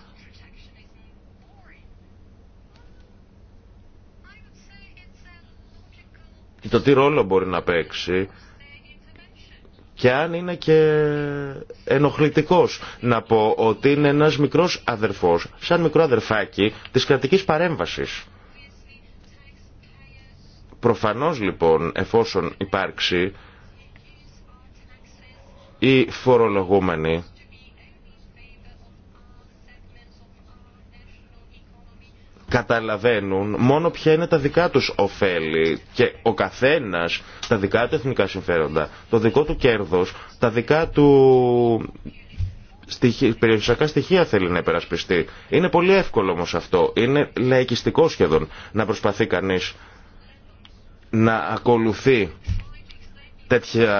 και το τι ρόλο μπορεί να παίξει και αν είναι και ενοχλητικός να πω ότι είναι ένας μικρός αδερφός, σαν μικρό αδερφάκι της κρατικής παρέμβασης. Προφανώς λοιπόν εφόσον υπάρξει οι φορολογούμενοι καταλαβαίνουν μόνο ποια είναι τα δικά τους ωφέλη και ο καθένας τα δικά του εθνικά συμφέροντα, το δικό του κέρδος, τα δικά του περιοριστικά στοιχεία θέλει να υπερασπιστεί. Είναι πολύ εύκολο όμως αυτό, είναι λαϊκιστικό σχεδόν να προσπαθεί κανείς να ακολουθεί τέτοια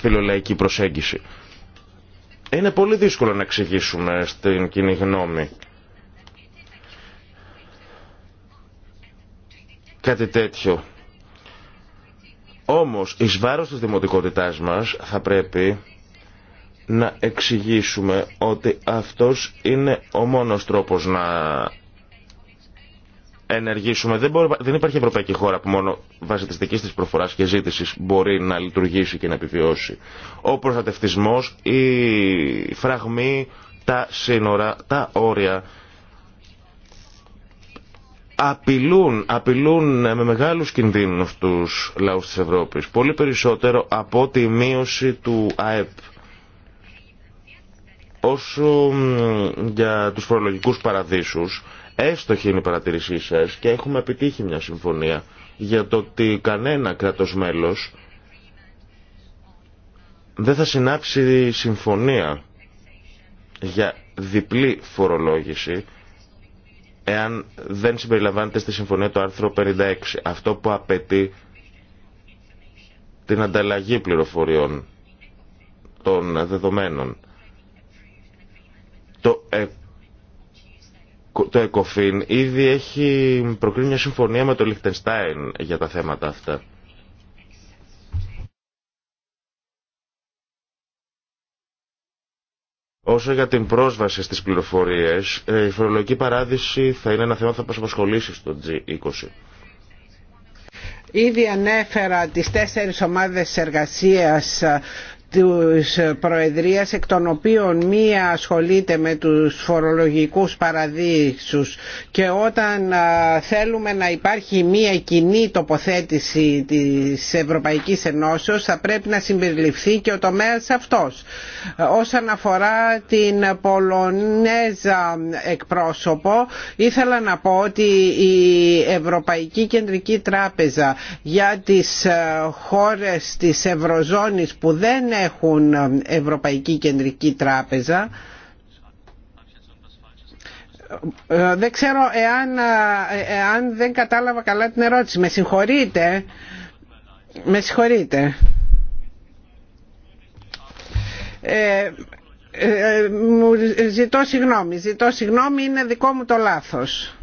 φιλολαϊκή προσέγγιση. Είναι πολύ δύσκολο να εξηγήσουμε στην κοινή γνώμη κάτι τέτοιο. Όμως, εις βάρος της δημοτικότητάς μας θα πρέπει να εξηγήσουμε ότι αυτός είναι ο μόνος τρόπος να ενεργήσουμε. Δεν, δεν υπάρχει ευρωπαϊκή χώρα που μόνο βάσει τη δικής της προφορά και ζήτησης μπορεί να λειτουργήσει και να επιβιώσει. Ο προστατευτισμός, η φραγμή, τα σύνορα, τα όρια απειλούν, απειλούν ε, με μεγάλους κινδύνους τους λαούς της Ευρώπης. Πολύ περισσότερο από τη μείωση του ΑΕΠ. Όσο για τους φορολογικούς παραδείσους, έστοχη είναι η παρατηρήσή σας και έχουμε επιτύχει μια συμφωνία για το ότι κανένα κράτος μέλος δεν θα συνάψει συμφωνία για διπλή φορολόγηση εάν δεν συμπεριλαμβάνεται στη συμφωνία το άρθρο 56, αυτό που απαιτεί την ανταλλαγή πληροφοριών των δεδομένων. Το, ε, ΕΚΟΦΗΝ ήδη έχει προκρίνει μια συμφωνία με το Λιχτενστάιν για τα θέματα αυτά. Όσο για την πρόσβαση στις πληροφορίες, ε, η φορολογική παράδειση θα είναι ένα θέμα που θα στο G20. Ήδη ανέφερα τις τέσσερις ομάδες εργασίας ε, της Προεδρίας εκ των οποίων μία ασχολείται με τους φορολογικούς παραδείσους και όταν θέλουμε να υπάρχει μία κοινή τοποθέτηση της Ευρωπαϊκής Ενώσεως θα πρέπει να συμπεριληφθεί και ο τομέας αυτός. Όσον αφορά την Πολωνέζα εκπρόσωπο ήθελα να πω ότι η Ευρωπαϊκή Κεντρική Τράπεζα για τις ε, χώρες της Ευρωζώνης που δεν έχουν ε, Ευρωπαϊκή Κεντρική Τράπεζα ε, δεν ξέρω εάν, ε, εάν δεν κατάλαβα καλά την ερώτηση. Με συγχωρείτε. Με συγχωρείτε. ζητώ συγγνώμη. Ζητώ συγγνώμη, είναι δικό μου το λάθος.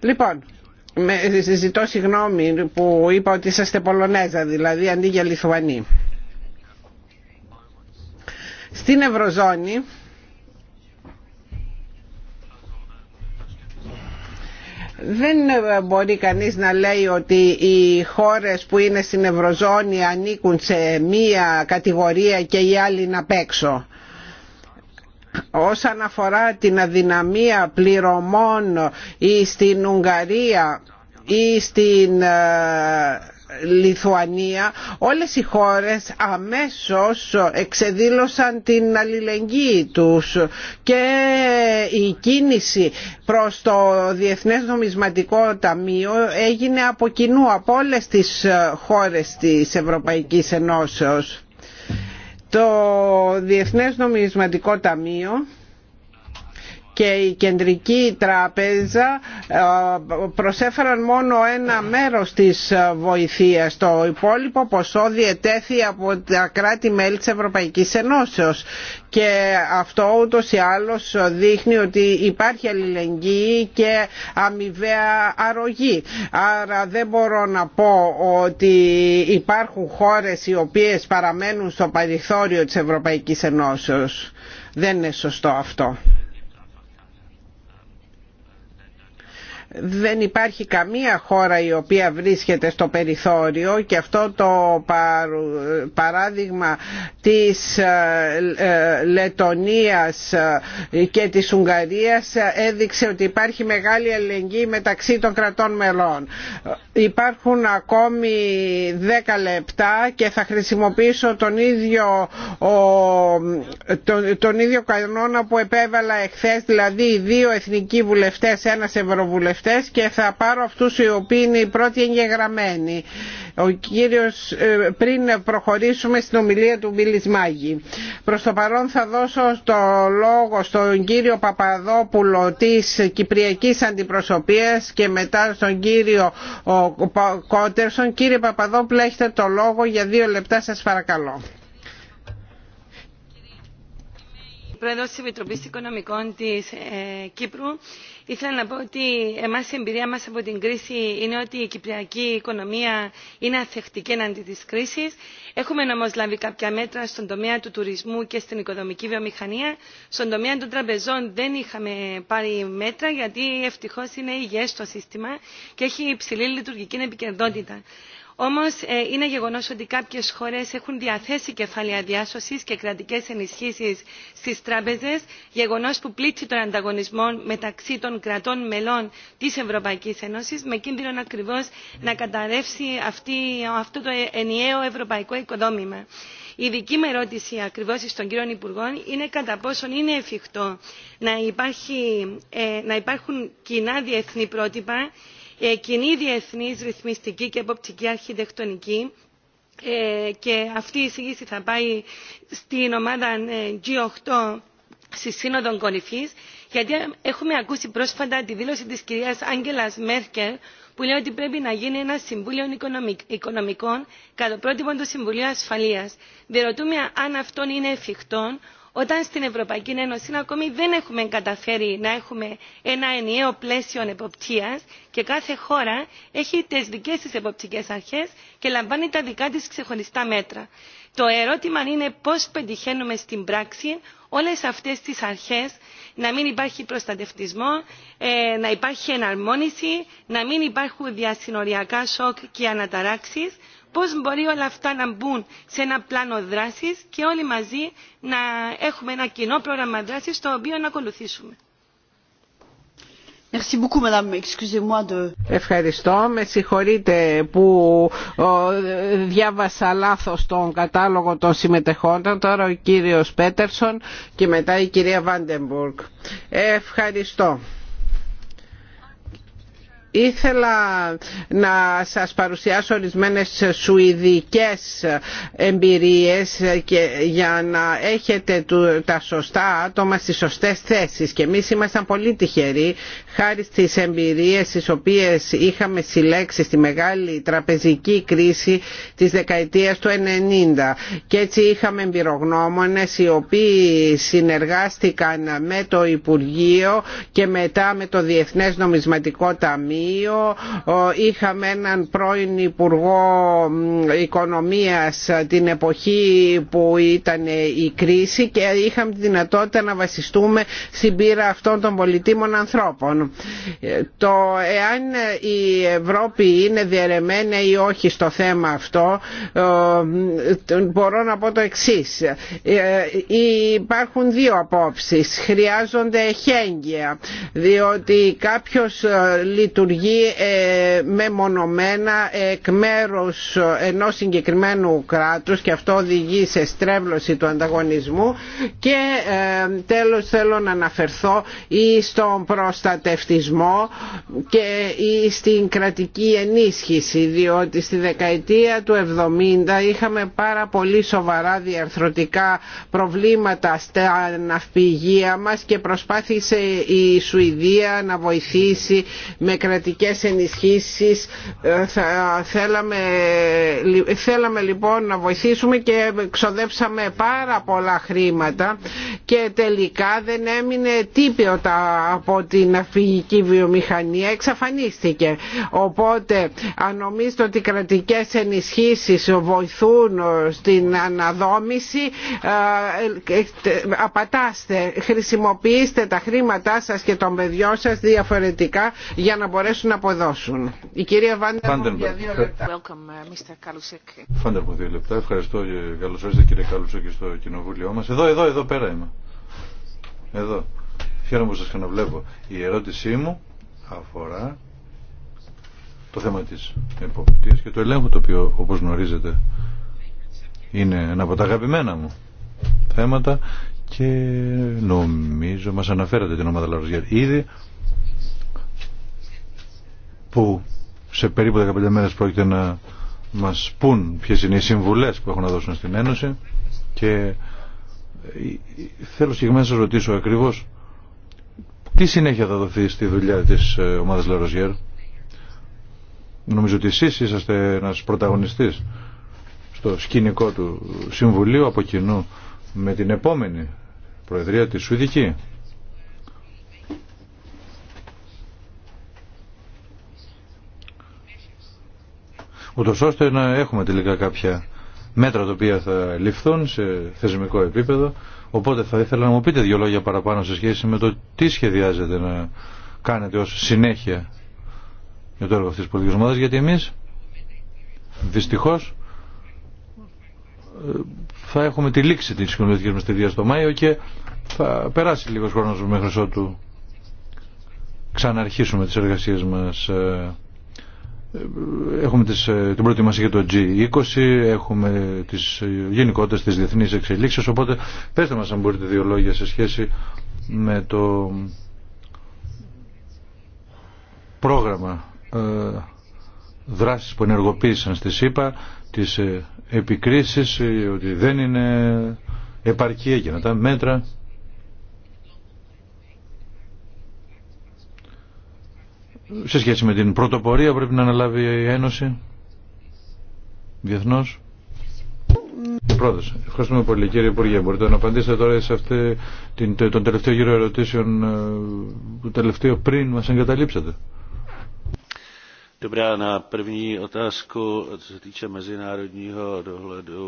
Λοιπόν, με, ζητώ συγγνώμη που είπα ότι είσαστε Πολωνέζα, δηλαδή αντί για Λιθουανή. Στην Ευρωζώνη δεν μπορεί κανείς να λέει ότι οι χώρες που είναι στην Ευρωζώνη ανήκουν σε μία κατηγορία και οι άλλοι να πέξω όσον αφορά την αδυναμία πληρωμών ή στην Ουγγαρία ή στην ε, Λιθουανία όλες οι χώρες αμέσως εξεδήλωσαν την αλληλεγγύη τους και η κίνηση προς το Διεθνές Νομισματικό Ταμείο έγινε από κοινού από όλες τις ε, χώρες της Ευρωπαϊκής Ενώσεως το Διεθνές Νομισματικό Ταμείο και η Κεντρική Τράπεζα ε, προσέφεραν μόνο ένα μέρος της ε, βοηθείας. Το υπόλοιπο ποσό διετέθη από τα κράτη-μέλη της Ευρωπαϊκής Ενώσεως και αυτό ούτως ή άλλως δείχνει ότι υπάρχει αλληλεγγύη και αμοιβαία αρρωγή. Άρα δεν μπορώ να πω ότι υπάρχουν χώρες οι οποίες παραμένουν στο περιθώριο της Ευρωπαϊκής Ενώσεως. Δεν είναι σωστό αυτό. δεν υπάρχει καμία χώρα η οποία βρίσκεται στο περιθώριο και αυτό το παράδειγμα της ε, ε, Λετωνίας ε, και της Ουγγαρίας έδειξε ότι υπάρχει μεγάλη αλληλεγγύη μεταξύ των κρατών μελών. Υπάρχουν ακόμη 10 λεπτά και θα χρησιμοποιήσω τον ίδιο, τον, τον ίδιο κανόνα που επέβαλα εχθές, δηλαδή οι δύο εθνικοί βουλευτές, ένας ευρωβουλευτής και θα πάρω αυτούς οι οποίοι είναι οι πρώτοι εγγεγραμμένοι. Ο κύριος, ε, πριν προχωρήσουμε στην ομιλία του Μπίλη Μάγη. Προς το παρόν θα δώσω το λόγο στον κύριο Παπαδόπουλο τη Κυπριακής Αντιπροσωπείας και μετά στον κύριο Κότερσον. Κύριε Παπαδόπουλο έχετε το λόγο για δύο λεπτά σα παρακαλώ. Πρόεδρος της της ε, Κύπρου Ήθελα να πω ότι εμάς η εμπειρία μας από την κρίση είναι ότι η κυπριακή οικονομία είναι αθεκτική εναντί της κρίσης. Έχουμε όμως λάβει κάποια μέτρα στον τομέα του τουρισμού και στην οικοδομική βιομηχανία. Στον τομέα των τραπεζών δεν είχαμε πάρει μέτρα γιατί ευτυχώς είναι υγιές το σύστημα και έχει υψηλή λειτουργική επικερδότητα. Όμως ε, είναι γεγονός ότι κάποιες χώρες έχουν διαθέσει κεφάλαια διάσωσης και κρατικές ενισχύσεις στις τράπεζες, γεγονός που πλήττει τον ανταγωνισμό μεταξύ των κρατών μελών της Ευρωπαϊκής Ένωσης, με κίνδυνο ακριβώς να καταρρεύσει αυτό το ενιαίο ευρωπαϊκό οικοδόμημα. Η δική μου ερώτηση ακριβώς στον κύριο Υπουργό είναι κατά πόσον είναι εφικτό να ε, υπάρχουν κοινά διεθνή πρότυπα η ε, κοινή διεθνής ρυθμιστική και εποπτική αρχιτεκτονική ε, και αυτή η εισήγηση θα πάει στην ομάδα ε, G8 στη Σύνοδο Κορυφή, γιατί έχουμε ακούσει πρόσφατα τη δήλωση τη κυρία Άγγελα Μέρκελ, που λέει ότι πρέπει να γίνει ένα Συμβούλιο Οικονομικών κατά πρότυπο του Συμβουλίου Ασφαλεία. Διερωτούμε αν αυτό είναι εφικτό, όταν στην Ευρωπαϊκή Ένωση ακόμη δεν έχουμε καταφέρει να έχουμε ένα ενιαίο πλαίσιο εποπτείας και κάθε χώρα έχει τις δικές της εποπτικές αρχές και λαμβάνει τα δικά της ξεχωριστά μέτρα. Το ερώτημα είναι πώς πετυχαίνουμε στην πράξη όλες αυτές τις αρχές να μην υπάρχει προστατευτισμό, ε, να υπάρχει εναρμόνιση, να μην υπάρχουν διασυνοριακά σοκ και αναταράξεις, πώς μπορεί όλα αυτά να μπουν σε ένα πλάνο δράσης και όλοι μαζί να έχουμε ένα κοινό πρόγραμμα δράσης το οποίο να ακολουθήσουμε. Ευχαριστώ. Με συγχωρείτε που διάβασα λάθος τον κατάλογο των συμμετεχόντων. Τώρα ο κύριος Πέτερσον και μετά η κυρία Βάντεμπουργκ. Ευχαριστώ. Ήθελα να σας παρουσιάσω ορισμένες σουηδικές εμπειρίες και για να έχετε τα σωστά άτομα στις σωστές θέσεις και εμείς ήμασταν πολύ τυχεροί χάρη στις εμπειρίες τις οποίες είχαμε συλλέξει στη μεγάλη τραπεζική κρίση της δεκαετίας του 90 και έτσι είχαμε εμπειρογνώμονες οι οποίοι συνεργάστηκαν με το Υπουργείο και μετά με το Διεθνές Νομισματικό Ταμείο Είχαμε έναν πρώην Υπουργό Οικονομίας ε, την εποχή που ήταν ε, η κρίση και είχαμε τη δυνατότητα να βασιστούμε στην πείρα αυτών των πολιτήμων ανθρώπων. Ε, το εάν η Ευρώπη είναι διαιρεμένη ή όχι στο θέμα αυτό μπορώ να πω το εξής. Υπάρχουν δύο απόψεις. Χρειάζονται εχέγγυα διότι κάποιος λειτουργεί λειτουργεί ε, μεμονωμένα εκ μέρους ενός συγκεκριμένου κράτους και αυτό οδηγεί σε στρέβλωση του ανταγωνισμού και ε, τέλος θέλω να αναφερθώ ή στον προστατευτισμό και ή στην κρατική ενίσχυση διότι στη δεκαετία του 70 είχαμε πάρα πολύ σοβαρά διαρθρωτικά προβλήματα στα ναυπηγεία μας και προσπάθησε η Σουηδία να βοηθήσει με κρατική κρατικές ενισχύσεις. Ε, θα θέλαμε, θέλαμε λοιπόν να βοηθήσουμε και ξοδέψαμε πάρα πολλά χρήματα και τελικά δεν έμεινε τίποτα από την αφηγική βιομηχανία, εξαφανίστηκε. Οπότε αν νομίζετε ότι κρατικές ενισχύσεις βοηθούν στην αναδόμηση, ε, ε, απατάστε, χρησιμοποιήστε τα χρήματά σας και των παιδιών σας διαφορετικά για να μπορέσουν να αποδώσουν. Η κυρία Βάντερμπουργκ για δύο λεπτά. Uh, δύο λεπτά. Ευχαριστώ. Καλώς ήρθατε κύριε Καλουσέκη στο κοινοβούλιο μα. Εδώ, εδώ, εδώ πέρα είμαι. Εδώ. Χαίρομαι που σα ξαναβλέπω. Η ερώτησή μου αφορά το θέμα τη εποπτεία και το ελέγχου το οποίο όπω γνωρίζετε είναι ένα από τα αγαπημένα μου θέματα και νομίζω μας αναφέρατε την ομάδα Λαρουζιέρ ήδη που σε περίπου 15 μέρες πρόκειται να μας πούν ποιες είναι οι συμβουλές που έχουν να δώσουν στην Ένωση και ε, ε, θέλω συγκεκριμένα να σας ρωτήσω ακριβώς τι συνέχεια θα δοθεί στη δουλειά της ε, ομάδας Λαροζιέρ. Νομίζω ότι εσείς είσαστε ένας πρωταγωνιστής στο σκηνικό του Συμβουλίου από κοινού με την επόμενη Προεδρία της Σουηδική. ούτως ώστε να έχουμε τελικά κάποια μέτρα τα οποία θα ληφθούν σε θεσμικό επίπεδο. Οπότε θα ήθελα να μου πείτε δύο λόγια παραπάνω σε σχέση με το τι σχεδιάζετε να κάνετε ως συνέχεια για το έργο αυτής της πολιτικής ομάδας, γιατί εμείς δυστυχώς θα έχουμε τη λήξη της κοινωνικής μας θητείας στο Μάιο και θα περάσει λίγος χρόνος μέχρι ότου ξαναρχίσουμε τις εργασίες μας. Ε, Έχουμε τις, ε, την προετοιμασία για το G20, έχουμε τις ε, γενικότερες, τις διεθνείς εξελίξεις, οπότε πέστε μας αν μπορείτε δύο λόγια σε σχέση με το πρόγραμμα ε, που ενεργοποίησαν στη ΣΥΠΑ, τις ε, επικρίσεις, ότι δεν είναι επαρκή έγιναν τα μέτρα. σε σχέση με την πρωτοπορία πρέπει να αναλάβει η Ένωση διεθνώς. Ε, ευχαριστούμε πολύ κύριε Υπουργέ. Μπορείτε να απαντήσετε τώρα σε αυτή την, τον τελευταίο γύρο ερωτήσεων που ε, τελευταίο πριν μας εγκαταλείψατε. Dobrá, na první otázku, co se týče mezinárodního dohledu,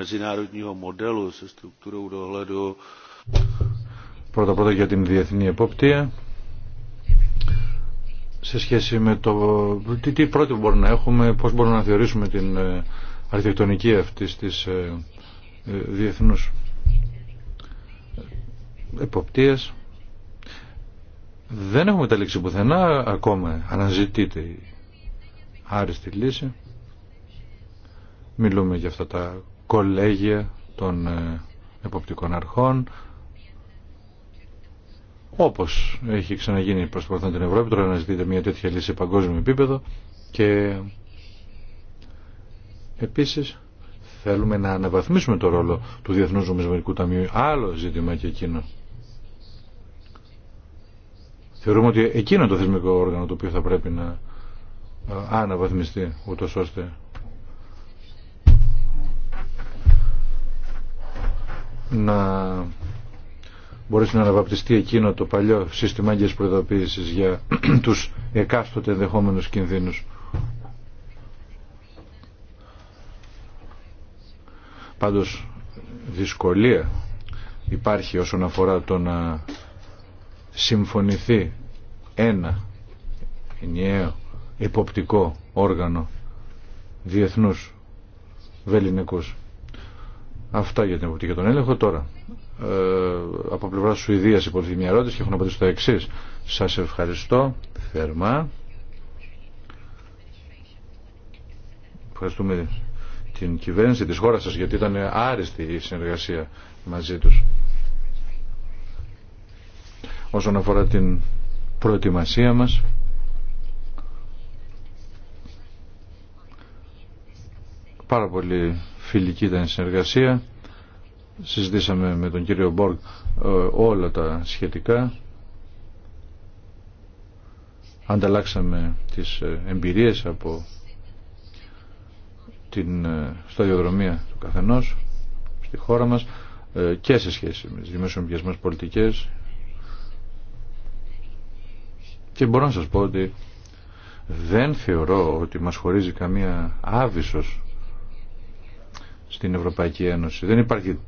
mezinárodního modelu se strukturou dohledu. Πρώτα πρώτα για την διεθνή εποπτεία σε σχέση με το τι, τι πρώτη μπορούμε να έχουμε, πώς μπορούμε να θεωρήσουμε την ε, αρχιτεκτονική αυτή της διεθνού ε, διεθνούς Δεν έχουμε τα πουθενά ακόμα. Αναζητείται η άριστη λύση. Μιλούμε για αυτά τα κολέγια των ε, εποπτικών αρχών, όπως έχει ξαναγίνει προς το την Ευρώπη, τώρα αναζητείται μια τέτοια λύση σε παγκόσμιο επίπεδο και επίσης θέλουμε να αναβαθμίσουμε το ρόλο του Διεθνούς Νομισματικού Ταμείου, άλλο ζήτημα και εκείνο. Θεωρούμε ότι εκείνο το θεσμικό όργανο το οποίο θα πρέπει να αναβαθμιστεί ούτω ώστε να μπορέσει να αναβαπτιστεί εκείνο το παλιό σύστημα άγγιας προειδοποίησης για τους εκάστοτε ενδεχόμενους κινδύνους. Πάντως δυσκολία υπάρχει όσον αφορά το να συμφωνηθεί ένα ενιαίο υποπτικό όργανο διεθνούς βεληνικούς. Αυτά για την και τον έλεγχο τώρα. Ε, από πλευρά Σουηδίας υπόλοιπη μια ερώτηση και έχω να απαντήσω το εξή. Σας ευχαριστώ θερμά. Ευχαριστούμε την κυβέρνηση της χώρας σας γιατί ήταν άριστη η συνεργασία μαζί τους. Όσον αφορά την προετοιμασία μας πάρα πολύ φιλική ήταν η συνεργασία συζητήσαμε με τον κύριο Μπόργκ ε, όλα τα σχετικά ανταλλάξαμε τις ε, εμπειρίες από την ε, σταδιοδρομία του καθενός στη χώρα μας και σε σχέση με τις δημιουργικέ μας πολιτικές και μπορώ να σας πω ότι δεν θεωρώ ότι μας χωρίζει καμία άβυσος στην Ευρωπαϊκή Ένωση. Δεν υπάρχει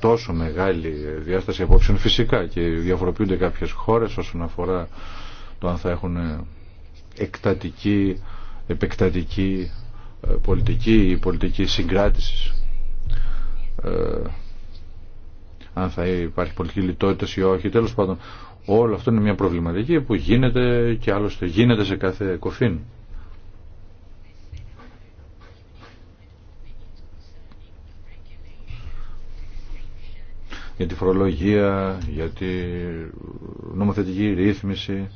τόσο μεγάλη διάσταση απόψεων φυσικά και διαφοροποιούνται κάποιες χώρες όσον αφορά το αν θα έχουν εκτατική, επεκτατική ε, πολιτική ή πολιτική συγκράτησης. Ε, αν θα υπάρχει πολιτική λιτότητα ή όχι. Τέλος πάντων, όλο αυτό είναι μια προβληματική που γίνεται και άλλωστε γίνεται σε κάθε κοφήν. για τη φορολογία, για τη νομοθετική ρύθμιση.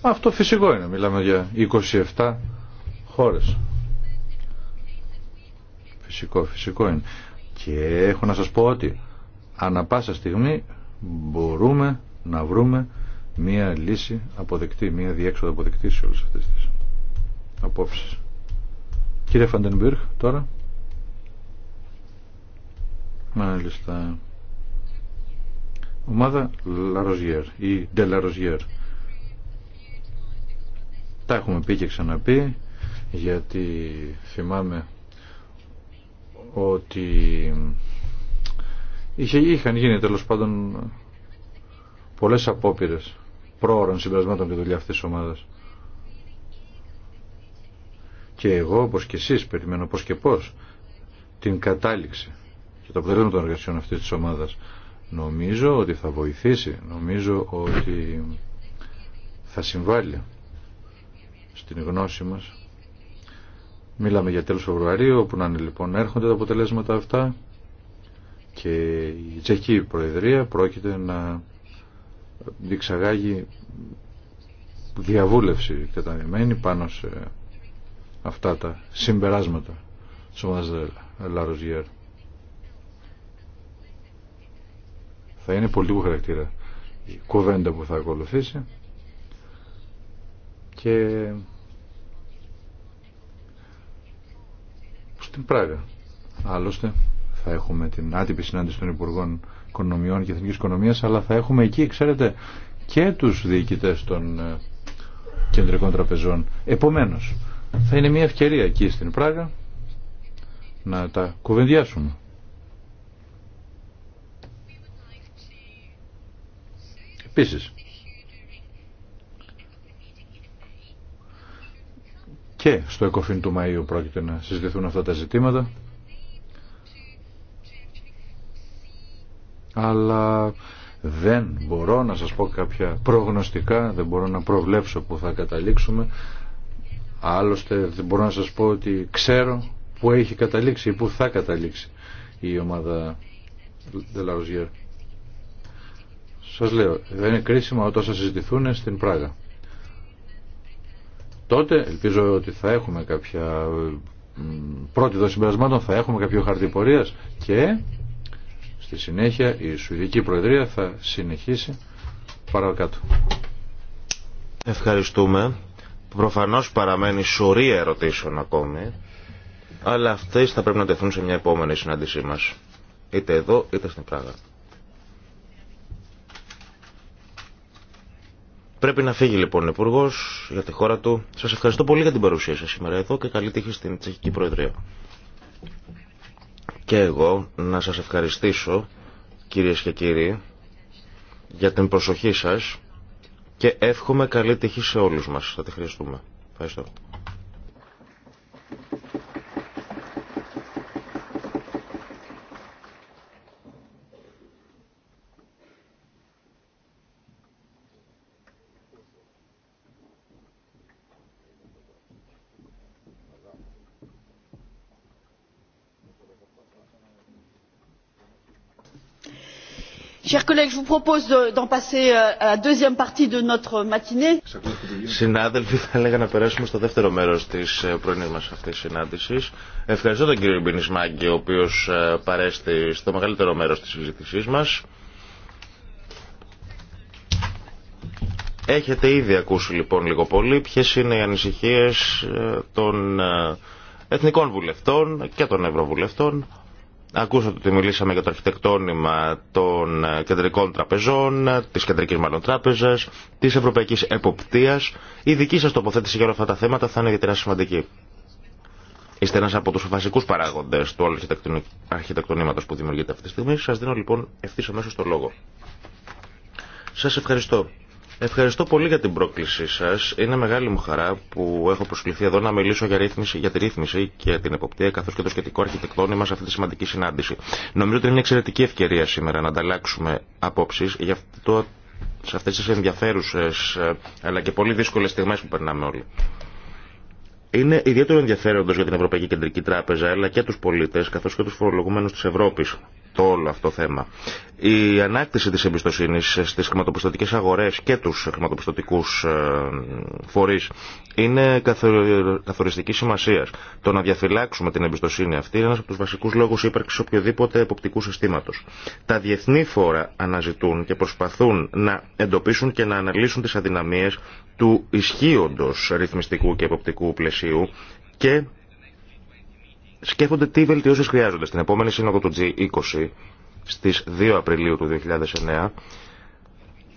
Αυτό φυσικό είναι. Μιλάμε για 27 χώρες. Φυσικό, φυσικό είναι. Και έχω να σας πω ότι ανα πάσα στιγμή μπορούμε να βρούμε μία λύση αποδεκτή, μία διέξοδο αποδεκτή σε όλες αυτές τις απόψεις. Κύριε Φαντενμπύρχ, τώρα. Μάλιστα. Ομάδα Λαροζιέρ ή Ντε Λαροζιέρ. Τα έχουμε πει και ξαναπεί γιατί θυμάμαι ότι είχαν γίνει τέλος πάντων πολλές απόπειρες πρόωρων συμπερασμάτων και δουλειά αυτής της ομάδας. Και εγώ όπως και εσείς περιμένω πώς και πώς την κατάληξη και τα αποτελέσματα των εργασιών αυτής της ομάδας. Νομίζω ότι θα βοηθήσει, νομίζω ότι θα συμβάλλει στην γνώση μας. Μίλαμε για τέλος Φεβρουαρίου, όπου να είναι λοιπόν έρχονται τα αποτελέσματα αυτά και η Τσεχική Προεδρία πρόκειται να διεξαγάγει διαβούλευση κατανεμένη πάνω σε αυτά τα συμπεράσματα της ομάδας Λαροζιέρ. Θα είναι πολιτικού χαρακτήρα η κουβέντα που θα ακολουθήσει και στην Πράγα. Άλλωστε θα έχουμε την άτυπη συνάντηση των Υπουργών Οικονομιών και Εθνικής Οικονομίας αλλά θα έχουμε εκεί, ξέρετε, και τους διοικητές των ε, κεντρικών τραπεζών. Επομένως, θα είναι μια ευκαιρία εκεί στην Πράγα να τα κουβεντιάσουμε. Επίσης, και στο ΕΚΟΦΗΝ του Μαΐου πρόκειται να συζητηθούν αυτά τα ζητήματα. Αλλά δεν μπορώ να σας πω κάποια προγνωστικά, δεν μπορώ να προβλέψω που θα καταλήξουμε. Άλλωστε δεν μπορώ να σας πω ότι ξέρω που έχει καταλήξει ή που θα καταλήξει η ομάδα σας λέω, δεν είναι κρίσιμα όταν σας συζητηθούν στην Πράγα. Τότε ελπίζω ότι θα έχουμε κάποια πρώτη των θα έχουμε κάποιο χαρτί πορείας και στη συνέχεια η Σουηδική Προεδρία θα συνεχίσει παρακάτω. Ευχαριστούμε. Προφανώς παραμένει σωρία ερωτήσεων ακόμη, αλλά αυτές θα πρέπει να τεθούν σε μια επόμενη συνάντησή μας. Είτε εδώ, είτε στην Πράγα. Πρέπει να φύγει λοιπόν ο Υπουργό για τη χώρα του. Σα ευχαριστώ πολύ για την παρουσία σα σήμερα εδώ και καλή τύχη στην Τσεχική Προεδρία. Και εγώ να σα ευχαριστήσω κυρίε και κύριοι για την προσοχή σα και εύχομαι καλή τύχη σε όλου μα. Θα τη χρειαστούμε. Ευχαριστώ. Chers collègues, je vous Συνάδελφοι, θα έλεγα να περάσουμε στο δεύτερο μέρο τη ε, πρωινή μα αυτής συνάντηση. Ευχαριστώ τον κύριο Μπινισμάκη, ο οποίο ε, παρέστη στο μεγαλύτερο μέρο τη συζήτησή μα. Έχετε ήδη ακούσει λοιπόν λίγο πολύ Ποιε είναι οι ανησυχίε ε, των εθνικών βουλευτών και των ευρωβουλευτών Ακούσατε ότι μιλήσαμε για το αρχιτεκτόνημα των ε, κεντρικών τραπεζών, της κεντρικής μάλλον τράπεζας, της ευρωπαϊκής εποπτείας. Η δική σας τοποθέτηση για όλα αυτά τα θέματα θα είναι ιδιαίτερα σημαντική. Είστε ένας από τους βασικούς παράγοντες του όλου αρχιτεκτονήματος που δημιουργείται αυτή τη στιγμή. Σας δίνω λοιπόν ευθύ αμέσως το λόγο. Σας ευχαριστώ. Ευχαριστώ πολύ για την πρόκλησή σας. Είναι μεγάλη μου χαρά που έχω προσκληθεί εδώ να μιλήσω για, ρύθμιση, τη ρύθμιση και την εποπτεία καθώς και το σχετικό αρχιτεκτόνημα σε αυτή τη σημαντική συνάντηση. Νομίζω ότι είναι μια εξαιρετική ευκαιρία σήμερα να ανταλλάξουμε απόψεις για αυτό, σε αυτές τις ενδιαφέρουσες αλλά και πολύ δύσκολες στιγμές που περνάμε όλοι. Είναι ιδιαίτερο ενδιαφέροντος για την Ευρωπαϊκή Κεντρική Τράπεζα αλλά και τους πολίτες καθώς και τους φορολογούμενους της Ευρώπης το όλο αυτό θέμα. Η ανάκτηση της εμπιστοσύνης στις χρηματοπιστωτικές αγορές και τους χρηματοπιστωτικούς ε, φορείς είναι καθοριστική σημασία. Το να διαφυλάξουμε την εμπιστοσύνη αυτή είναι ένας από τους βασικούς λόγους ύπαρξης οποιοδήποτε εποπτικού συστήματος. Τα διεθνή φόρα αναζητούν και προσπαθούν να εντοπίσουν και να αναλύσουν τις αδυναμίες του ισχύοντος ρυθμιστικού και εποπτικού πλαισίου και σκέφτονται τι βελτιώσει χρειάζονται. Στην επόμενη σύνοδο του G20 στις 2 Απριλίου του 2009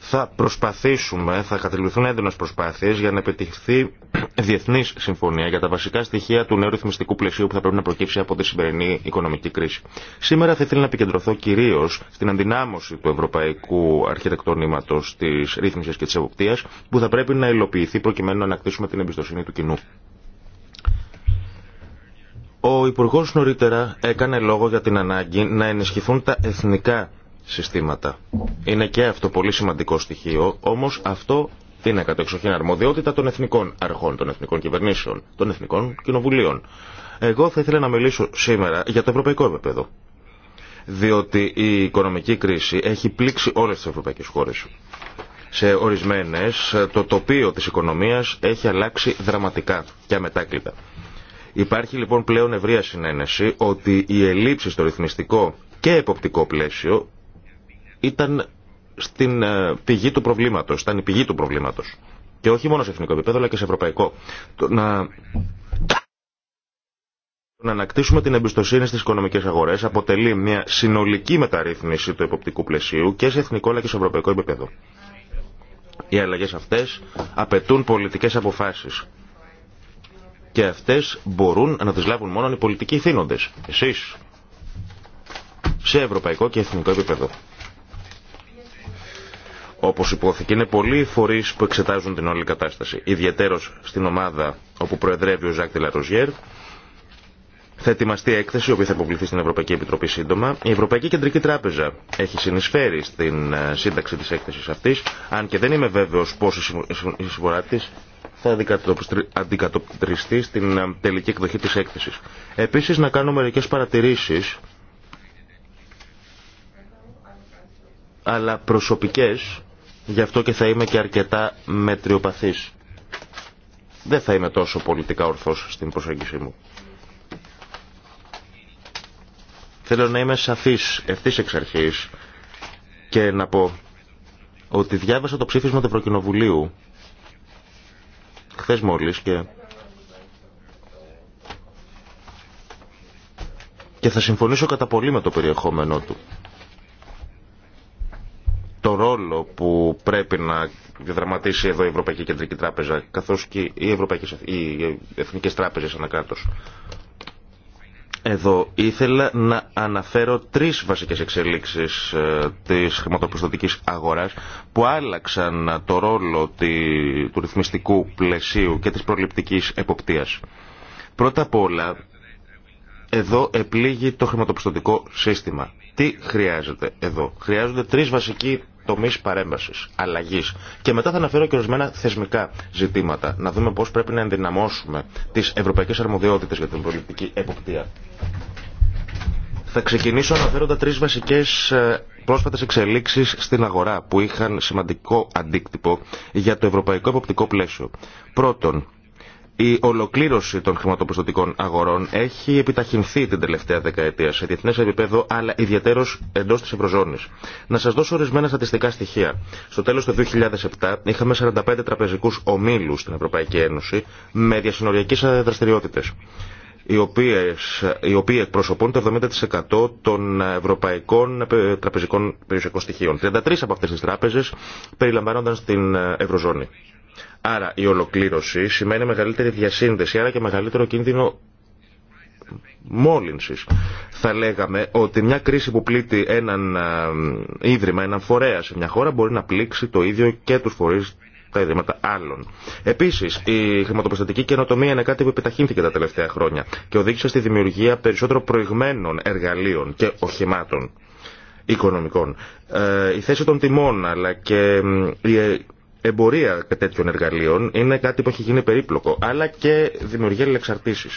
θα προσπαθήσουμε, θα κατηληφθούν έντονε προσπάθειε για να επιτυχθεί διεθνή συμφωνία για τα βασικά στοιχεία του νέου ρυθμιστικού πλαισίου που θα πρέπει να προκύψει από τη σημερινή οικονομική κρίση. Σήμερα θα ήθελα να επικεντρωθώ κυρίω στην αντινάμωση του ευρωπαϊκού αρχιτεκτονήματος τη Ρύθμιση και τη εποπτεία που θα πρέπει να υλοποιηθεί προκειμένου να ανακτήσουμε την εμπιστοσύνη του κοινού. Ο Υπουργό νωρίτερα έκανε λόγο για την ανάγκη να ενισχυθούν τα εθνικά συστήματα. Είναι και αυτό πολύ σημαντικό στοιχείο, όμω αυτό είναι εξοχήν αρμοδιότητα των εθνικών αρχών, των εθνικών κυβερνήσεων, των εθνικών κοινοβουλίων. Εγώ θα ήθελα να μιλήσω σήμερα για το ευρωπαϊκό επίπεδο. Διότι η οικονομική κρίση έχει πλήξει όλε τι ευρωπαϊκέ χώρε. Σε ορισμένε, το τοπίο τη οικονομία έχει αλλάξει δραματικά και αμετάκλητα. Υπάρχει λοιπόν πλέον ευρεία συνένεση ότι οι ελλείψεις στο ρυθμιστικό και εποπτικό πλαίσιο ήταν στην ε, πηγή του προβλήματος, ήταν η πηγή του προβλήματος. Και όχι μόνο σε εθνικό επίπεδο, αλλά και σε ευρωπαϊκό. Το να... ανακτήσουμε την εμπιστοσύνη στις οικονομικές αγορές αποτελεί μια συνολική μεταρρύθμιση του εποπτικού πλαισίου και σε εθνικό αλλά και σε ευρωπαϊκό επίπεδο. Οι αλλαγές αυτές απαιτούν πολιτικές αποφάσεις και αυτές μπορούν να τις λάβουν μόνο οι πολιτικοί θύνοντες, εσείς, σε ευρωπαϊκό και εθνικό επίπεδο. Όπως υπόθηκε, είναι πολλοί οι φορείς που εξετάζουν την όλη κατάσταση, ιδιαίτερος στην ομάδα όπου προεδρεύει ο Ζάκ Λαροζιέρ, θα ετοιμαστεί έκθεση, η οποία θα υποβληθεί στην Ευρωπαϊκή Επιτροπή σύντομα. Η Ευρωπαϊκή Κεντρική Τράπεζα έχει συνεισφέρει στην ε, σύνταξη τη έκθεση αυτή, αν και δεν είμαι βέβαιο πώ η συμφορά τη θα αντικατοπτριστεί στην ε, τελική εκδοχή τη έκθεση. Επίση, να κάνω μερικέ παρατηρήσει, αλλά προσωπικέ, γι' αυτό και θα είμαι και αρκετά μετριοπαθή. Δεν θα είμαι τόσο πολιτικά ορθός στην προσέγγιση μου. Θέλω να είμαι σαφής ευθύς εξ αρχής και να πω ότι διάβασα το ψήφισμα του Ευρωκοινοβουλίου χθες μόλις και... και θα συμφωνήσω κατά πολύ με το περιεχόμενό του. Το ρόλο που πρέπει να διαδραματίσει εδώ η Ευρωπαϊκή Κεντρική Τράπεζα καθώς και οι, Ευρωπαϊκές, οι Εθνικές Τράπεζες ανακράτως εδώ ήθελα να αναφέρω τρεις βασικές εξελίξεις ε, της χρηματοπιστωτικής αγοράς που άλλαξαν το ρόλο του ρυθμιστικού πλαισίου και της προληπτικής εποπτείας. Πρώτα απ' όλα, εδώ επλήγει το χρηματοπιστωτικό σύστημα. Τι χρειάζεται εδώ. Χρειάζονται τρεις βασικοί τομεί παρέμβαση, αλλαγή. Και μετά θα αναφέρω και ορισμένα θεσμικά ζητήματα. Να δούμε πώ πρέπει να ενδυναμώσουμε τι ευρωπαϊκέ αρμοδιότητε για την πολιτική εποπτεία. Θα ξεκινήσω αναφέροντα τρει βασικέ ε, πρόσφατε εξελίξει στην αγορά που είχαν σημαντικό αντίκτυπο για το ευρωπαϊκό εποπτικό πλαίσιο. Πρώτον, η ολοκλήρωση των χρηματοπιστωτικών αγορών έχει επιταχυνθεί την τελευταία δεκαετία σε διεθνέ επίπεδο, αλλά ιδιαίτερω εντό τη Ευρωζώνη. Να σα δώσω ορισμένα στατιστικά στοιχεία. Στο τέλο του 2007 είχαμε 45 τραπεζικού ομίλου στην Ευρωπαϊκή Ένωση με διασυνοριακέ δραστηριότητε, οι, οποίοι εκπροσωπούν το 70% των ευρωπαϊκών τραπεζικών περιουσιακών στοιχείων. 33 από αυτέ τι τράπεζε περιλαμβάνονταν στην ε, Ευρωζώνη. Άρα η ολοκλήρωση σημαίνει μεγαλύτερη διασύνδεση, άρα και μεγαλύτερο κίνδυνο μόλυνσης. Θα λέγαμε ότι μια κρίση που πλήττει έναν ίδρυμα, έναν φορέα σε μια χώρα μπορεί να πλήξει το ίδιο και τους φορείς τα ιδρύματα άλλων. Επίσης, η χρηματοπιστωτική καινοτομία είναι κάτι που επιταχύνθηκε τα τελευταία χρόνια και οδήγησε στη δημιουργία περισσότερο προηγμένων εργαλείων και οχημάτων οικονομικών. Ε, η θέση των τιμών αλλά και εμπορία τέτοιων εργαλείων είναι κάτι που έχει γίνει περίπλοκο, αλλά και δημιουργεί αλληλεξαρτήσει.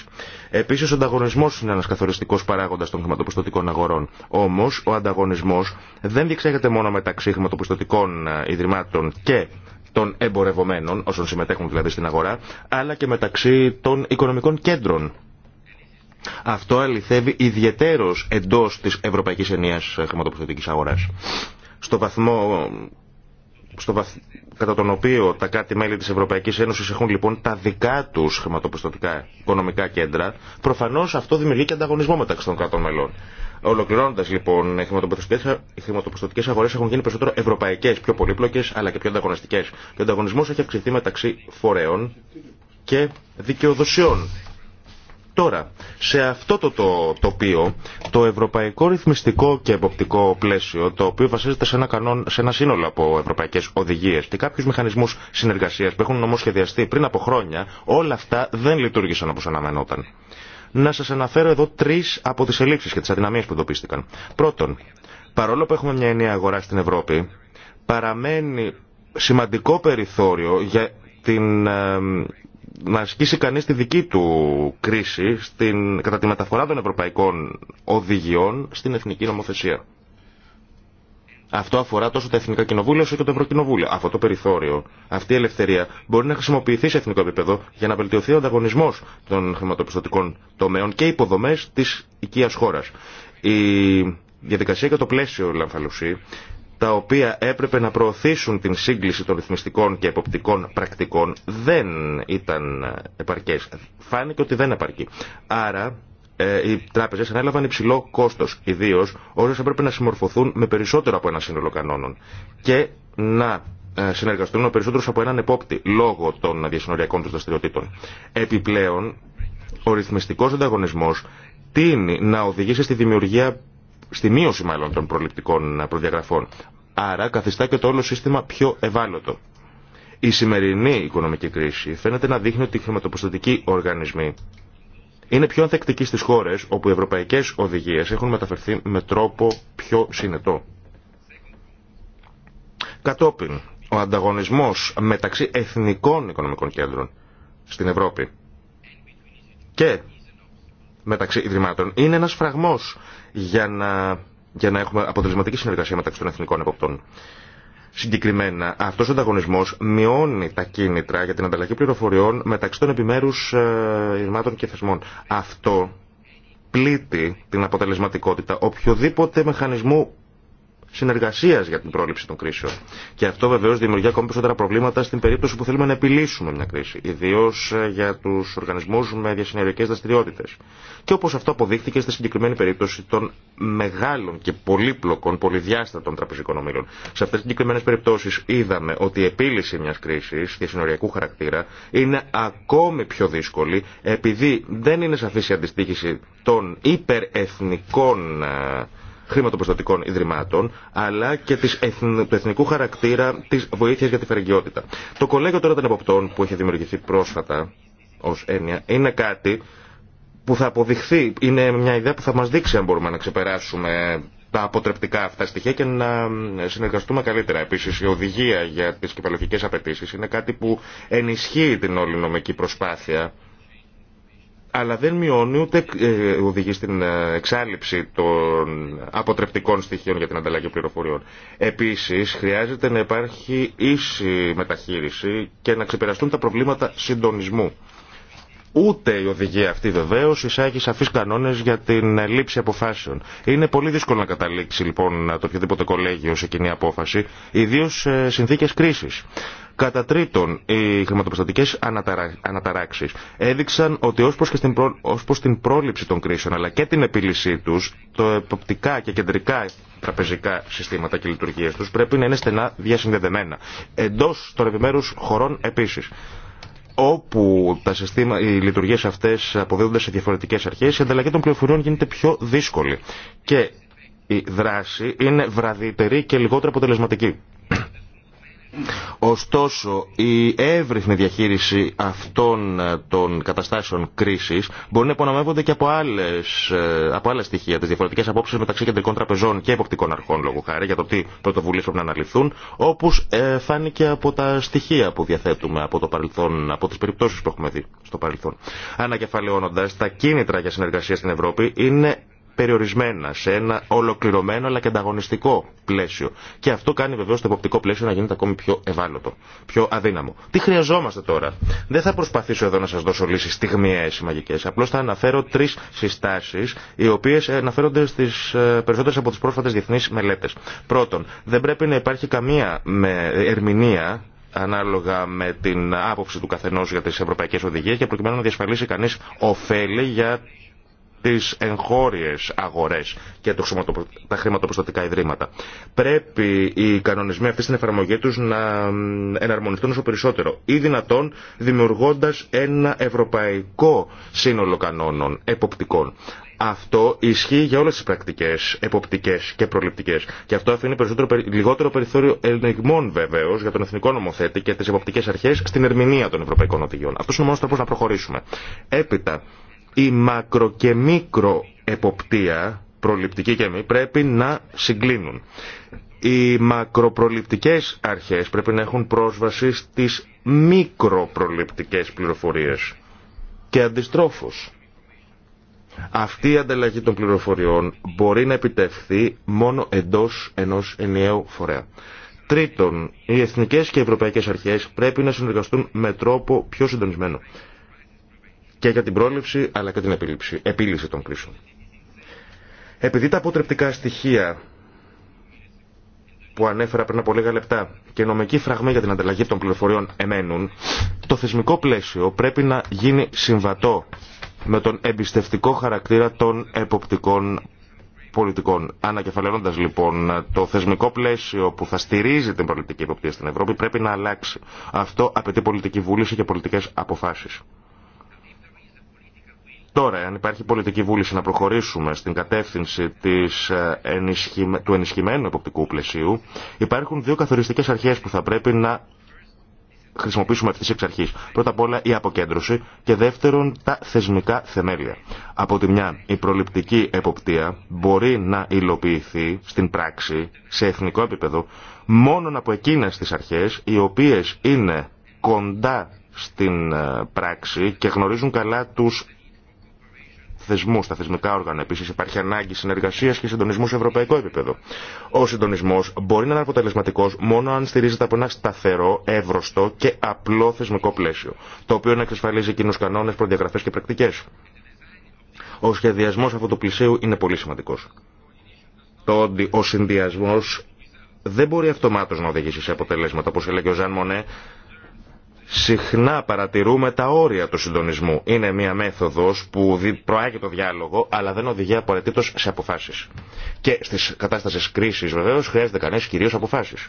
Επίση, ο ανταγωνισμό είναι ένα καθοριστικό παράγοντα των χρηματοπιστωτικών αγορών. Όμω, ο ανταγωνισμό δεν διεξάγεται μόνο μεταξύ χρηματοπιστωτικών ε, ιδρυμάτων και των εμπορευομένων, όσων συμμετέχουν δηλαδή στην αγορά, αλλά και μεταξύ των οικονομικών κέντρων. Αυτό αληθεύει ιδιαίτερο εντό τη Ευρωπαϊκή Ενία ε, Χρηματοπιστωτική Αγορά. Στο βαθμό στο βαθ κατά τον οποίο τα κράτη-μέλη της Ευρωπαϊκής Ένωσης έχουν λοιπόν τα δικά τους χρηματοπιστωτικά οικονομικά κέντρα, προφανώς αυτό δημιουργεί και ανταγωνισμό μεταξύ των κρατών μελών. Ολοκληρώνοντα λοιπόν, οι χρηματοπιστωτικέ αγορέ έχουν γίνει περισσότερο ευρωπαϊκέ, πιο πολύπλοκε αλλά και πιο ανταγωνιστικέ. Και ο ανταγωνισμό έχει αυξηθεί μεταξύ φορέων και δικαιοδοσιών Τώρα, σε αυτό το τοπίο, το ευρωπαϊκό ρυθμιστικό και εποπτικό πλαίσιο, το οποίο βασίζεται σε ένα, κανόν, σε ένα σύνολο από ευρωπαϊκέ οδηγίε και κάποιου μηχανισμού συνεργασία που έχουν νομοσχεδιαστεί πριν από χρόνια, όλα αυτά δεν λειτουργήσαν όπω αναμενόταν. Να σα αναφέρω εδώ τρει από τι ελλείψει και τι αδυναμίε που εντοπίστηκαν. Πρώτον, παρόλο που έχουμε μια ενιαία αγορά στην Ευρώπη, παραμένει σημαντικό περιθώριο για την ε, να ασκήσει κανείς τη δική του κρίση στην, κατά τη μεταφορά των ευρωπαϊκών οδηγιών στην εθνική νομοθεσία. Αυτό αφορά τόσο τα εθνικά κοινοβούλια όσο και το Ευρωκοινοβούλιο. Αυτό το περιθώριο, αυτή η ελευθερία μπορεί να χρησιμοποιηθεί σε εθνικό επίπεδο για να βελτιωθεί ο ανταγωνισμό των χρηματοπιστωτικών τομέων και υποδομέ τη οικία χώρα. Η διαδικασία και το πλαίσιο, λαμφαλουσί τα οποία έπρεπε να προωθήσουν την σύγκληση των ρυθμιστικών και εποπτικών πρακτικών δεν ήταν επαρκές. Φάνηκε ότι δεν επαρκεί. Άρα ε, οι τράπεζες ανέλαβαν υψηλό κόστος, ιδίως όσες έπρεπε να συμμορφωθούν με περισσότερο από ένα σύνολο κανόνων και να ε, συνεργαστούν με από έναν επόπτη λόγω των διασυνοριακών του δραστηριοτήτων. Επιπλέον, ο ρυθμιστικός ανταγωνισμός τίνει να οδηγήσει στη δημιουργία στη μείωση μάλλον των προληπτικών προδιαγραφών. Άρα καθιστά και το όλο σύστημα πιο ευάλωτο. Η σημερινή οικονομική κρίση φαίνεται να δείχνει ότι οι χρηματοπιστωτικοί οργανισμοί είναι πιο ανθεκτικοί στις χώρες όπου οι ευρωπαϊκές οδηγίες έχουν μεταφερθεί με τρόπο πιο συνετό. Κατόπιν, ο ανταγωνισμός μεταξύ εθνικών οικονομικών κέντρων στην Ευρώπη και μεταξύ ιδρυμάτων είναι ένας φραγμός για να, για να έχουμε αποτελεσματική συνεργασία μεταξύ των εθνικών εποπτών. Συγκεκριμένα, αυτός ο ανταγωνισμός μειώνει τα κίνητρα για την ανταλλαγή πληροφοριών μεταξύ των επιμέρους ειρμάτων και θεσμών. Αυτό πλήττει την αποτελεσματικότητα οποιοδήποτε μηχανισμού συνεργασία για την πρόληψη των κρίσεων. Και αυτό βεβαίω δημιουργεί ακόμη περισσότερα προβλήματα στην περίπτωση που θέλουμε να επιλύσουμε μια κρίση. Ιδίω ε, για του οργανισμού με διασυνοριακέ δραστηριότητε. Και όπω αυτό αποδείχθηκε στη συγκεκριμένη περίπτωση των μεγάλων και πολύπλοκων, πολυδιάστατων τραπεζικών ομήλων. Σε αυτέ τι συγκεκριμένε περιπτώσει είδαμε ότι η επίλυση μια κρίση διασυνοριακού χαρακτήρα είναι ακόμη πιο δύσκολη επειδή δεν είναι σαφή η αντιστοίχηση των υπερεθνικών ε, χρηματοπροστατικών ιδρυμάτων, αλλά και της του εθνικού χαρακτήρα της βοήθειας για τη φερεγγιότητα. Το κολέγιο τώρα των εποπτών που έχει δημιουργηθεί πρόσφατα ως έννοια είναι κάτι που θα αποδειχθεί, είναι μια ιδέα που θα μας δείξει αν μπορούμε να ξεπεράσουμε τα αποτρεπτικά αυτά στοιχεία και να συνεργαστούμε καλύτερα. Επίση, η οδηγία για τι κεφαλαιοχικέ απαιτήσει είναι κάτι που ενισχύει την όλη νομική προσπάθεια αλλά δεν μειώνει ούτε ε, οδηγεί στην ε, εξάλληψη των αποτρεπτικών στοιχείων για την ανταλλαγή πληροφοριών. Επίσης, χρειάζεται να υπάρχει ίση μεταχείριση και να ξεπεραστούν τα προβλήματα συντονισμού Ούτε η οδηγία αυτή βεβαίω εισάγει σαφεί κανόνε για την λήψη αποφάσεων. Είναι πολύ δύσκολο να καταλήξει λοιπόν το οποιοδήποτε κολέγιο σε κοινή απόφαση, ιδίω σε συνθήκε κρίση. Κατά τρίτον, οι χρηματοπιστωτικές αναταράξει έδειξαν ότι ω προ... την πρόληψη των κρίσεων αλλά και την επίλυσή του, το εποπτικά και κεντρικά τραπεζικά συστήματα και λειτουργίε του πρέπει να είναι στενά διασυνδεδεμένα. Εντό των επιμέρου χωρών επίση όπου τα συστήμα, οι λειτουργίες αυτές αποδίδονται σε διαφορετικές αρχές, η ανταλλαγή των πληροφοριών γίνεται πιο δύσκολη. Και η δράση είναι βραδύτερη και λιγότερο αποτελεσματική. Ωστόσο, η εύρυθμη διαχείριση αυτών ε, των καταστάσεων κρίση μπορεί να υπονομεύονται και από, άλλες, ε, από άλλα στοιχεία, τι διαφορετικέ απόψει μεταξύ κεντρικών τραπεζών και εποπτικών αρχών, λόγω χάρη, για το τι πρωτοβουλίε πρέπει να αναλυθούν, όπω ε, φάνηκε από τα στοιχεία που διαθέτουμε από, το παρελθόν, από τι περιπτώσει που έχουμε δει στο παρελθόν. Ανακεφαλαιώνοντα, τα κίνητρα για συνεργασία στην Ευρώπη είναι περιορισμένα σε ένα ολοκληρωμένο αλλά και ανταγωνιστικό πλαίσιο. Και αυτό κάνει βεβαίω το εποπτικό πλαίσιο να γίνεται ακόμη πιο ευάλωτο, πιο αδύναμο. Τι χρειαζόμαστε τώρα. Δεν θα προσπαθήσω εδώ να σα δώσω λύσει στιγμιαίε ή μαγικέ. Απλώ θα αναφέρω τρει συστάσει, οι οποίε αναφέρονται στι ε, περισσότερε από τι πρόσφατε διεθνεί μελέτε. Πρώτον, δεν πρέπει να υπάρχει καμία ερμηνεία ανάλογα με την άποψη του καθενό για τις ευρωπαϊκέ οδηγίε και προκειμένου να διασφαλίσει κανεί ωφέλη για τις εγχώριες αγορές και τα χρηματοπιστωτικά ιδρύματα. Πρέπει οι κανονισμοί αυτοί στην εφαρμογή τους να εναρμονιστούν όσο περισσότερο ή δυνατόν δημιουργώντας ένα ευρωπαϊκό σύνολο κανόνων εποπτικών. Αυτό ισχύει για όλες τις πρακτικές εποπτικές και προληπτικές. Και αυτό αφήνει περισσότερο, λιγότερο περιθώριο ελεγμών βεβαίως για τον εθνικό νομοθέτη και τις εποπτικές αρχές στην ερμηνεία των ευρωπαϊκών οδηγιών. Αυτός είναι ο μόνος τρόπος να προχωρήσουμε. Έπειτα, η μακρο και μικρο εποπτεία, προληπτική και μη, πρέπει να συγκλίνουν. Οι μακροπροληπτικές αρχές πρέπει να έχουν πρόσβαση στις μικροπροληπτικές πληροφορίες και αντιστρόφως. Αυτή η ανταλλαγή των πληροφοριών μπορεί να επιτευχθεί μόνο εντός ενός ενιαίου φορέα. Τρίτον, οι εθνικές και ευρωπαϊκές αρχές πρέπει να συνεργαστούν με τρόπο πιο συντονισμένο και για την πρόληψη αλλά και την επίλυψη, επίλυση των κρίσεων. Επειδή τα αποτρεπτικά στοιχεία που ανέφερα πριν από λίγα λεπτά και νομική φραγμή για την ανταλλαγή των πληροφοριών εμένουν, το θεσμικό πλαίσιο πρέπει να γίνει συμβατό με τον εμπιστευτικό χαρακτήρα των εποπτικών πολιτικών. Ανακεφαλαιώνοντα λοιπόν το θεσμικό πλαίσιο που θα στηρίζει την πολιτική εποπτεία στην Ευρώπη πρέπει να αλλάξει. Αυτό απαιτεί πολιτική βούληση και πολιτικέ αποφάσει. Τώρα, αν υπάρχει πολιτική βούληση να προχωρήσουμε στην κατεύθυνση της, ε, του ενισχυμένου εποπτικού πλαισίου, υπάρχουν δύο καθοριστικές αρχές που θα πρέπει να χρησιμοποιήσουμε αυτή εξ αρχή. Πρώτα απ' όλα η αποκέντρωση και δεύτερον τα θεσμικά θεμέλια. Από τη μια, η προληπτική εποπτεία μπορεί να υλοποιηθεί στην πράξη, σε εθνικό επίπεδο, μόνο από εκείνες τις αρχές, οι οποίες είναι κοντά στην ε, πράξη και γνωρίζουν καλά τους θεσμού, στα θεσμικά όργανα. Επίση, υπάρχει ανάγκη συνεργασία και συντονισμού σε ευρωπαϊκό επίπεδο. Ο συντονισμό μπορεί να είναι αποτελεσματικό μόνο αν στηρίζεται από ένα σταθερό, εύρωστο και απλό θεσμικό πλαίσιο, το οποίο να εξασφαλίζει κοινού κανόνε, προδιαγραφέ και πρακτικέ. Ο σχεδιασμό αυτού του πλησίου είναι πολύ σημαντικό. Το ότι ο συνδυασμό δεν μπορεί αυτομάτω να οδηγήσει σε αποτελέσματα. Όπω έλεγε ο Ζαν Μονέ, συχνά παρατηρούμε τα όρια του συντονισμού. Είναι μια μέθοδος που προάγει το διάλογο, αλλά δεν οδηγεί απαραίτητος σε αποφάσεις. Και στις κατάστασεις κρίσης βεβαίως χρειάζεται κανείς κυρίως αποφάσεις.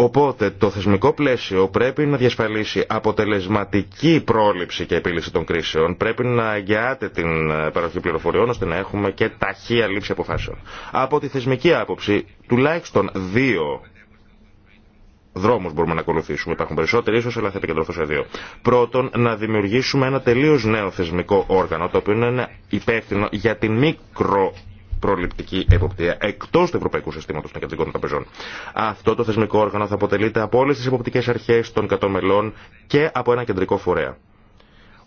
Οπότε το θεσμικό πλαίσιο πρέπει να διασφαλίσει αποτελεσματική πρόληψη και επίλυση των κρίσεων. Πρέπει να αγκαιάται την ε, παροχή πληροφοριών ώστε να έχουμε και ταχεία λήψη αποφάσεων. Από τη θεσμική άποψη, τουλάχιστον δύο δρόμου μπορούμε να ακολουθήσουμε. Υπάρχουν περισσότεροι ίσω, αλλά θα επικεντρωθώ σε δύο. Πρώτον, να δημιουργήσουμε ένα τελείω νέο θεσμικό όργανο, το οποίο είναι υπεύθυνο για τη μικροπροληπτική προληπτική εποπτεία εκτό του Ευρωπαϊκού Συστήματο των Κεντρικών Τραπεζών. Αυτό το θεσμικό όργανο θα αποτελείται από όλε τι εποπτικέ αρχέ των 100 μελών και από ένα κεντρικό φορέα.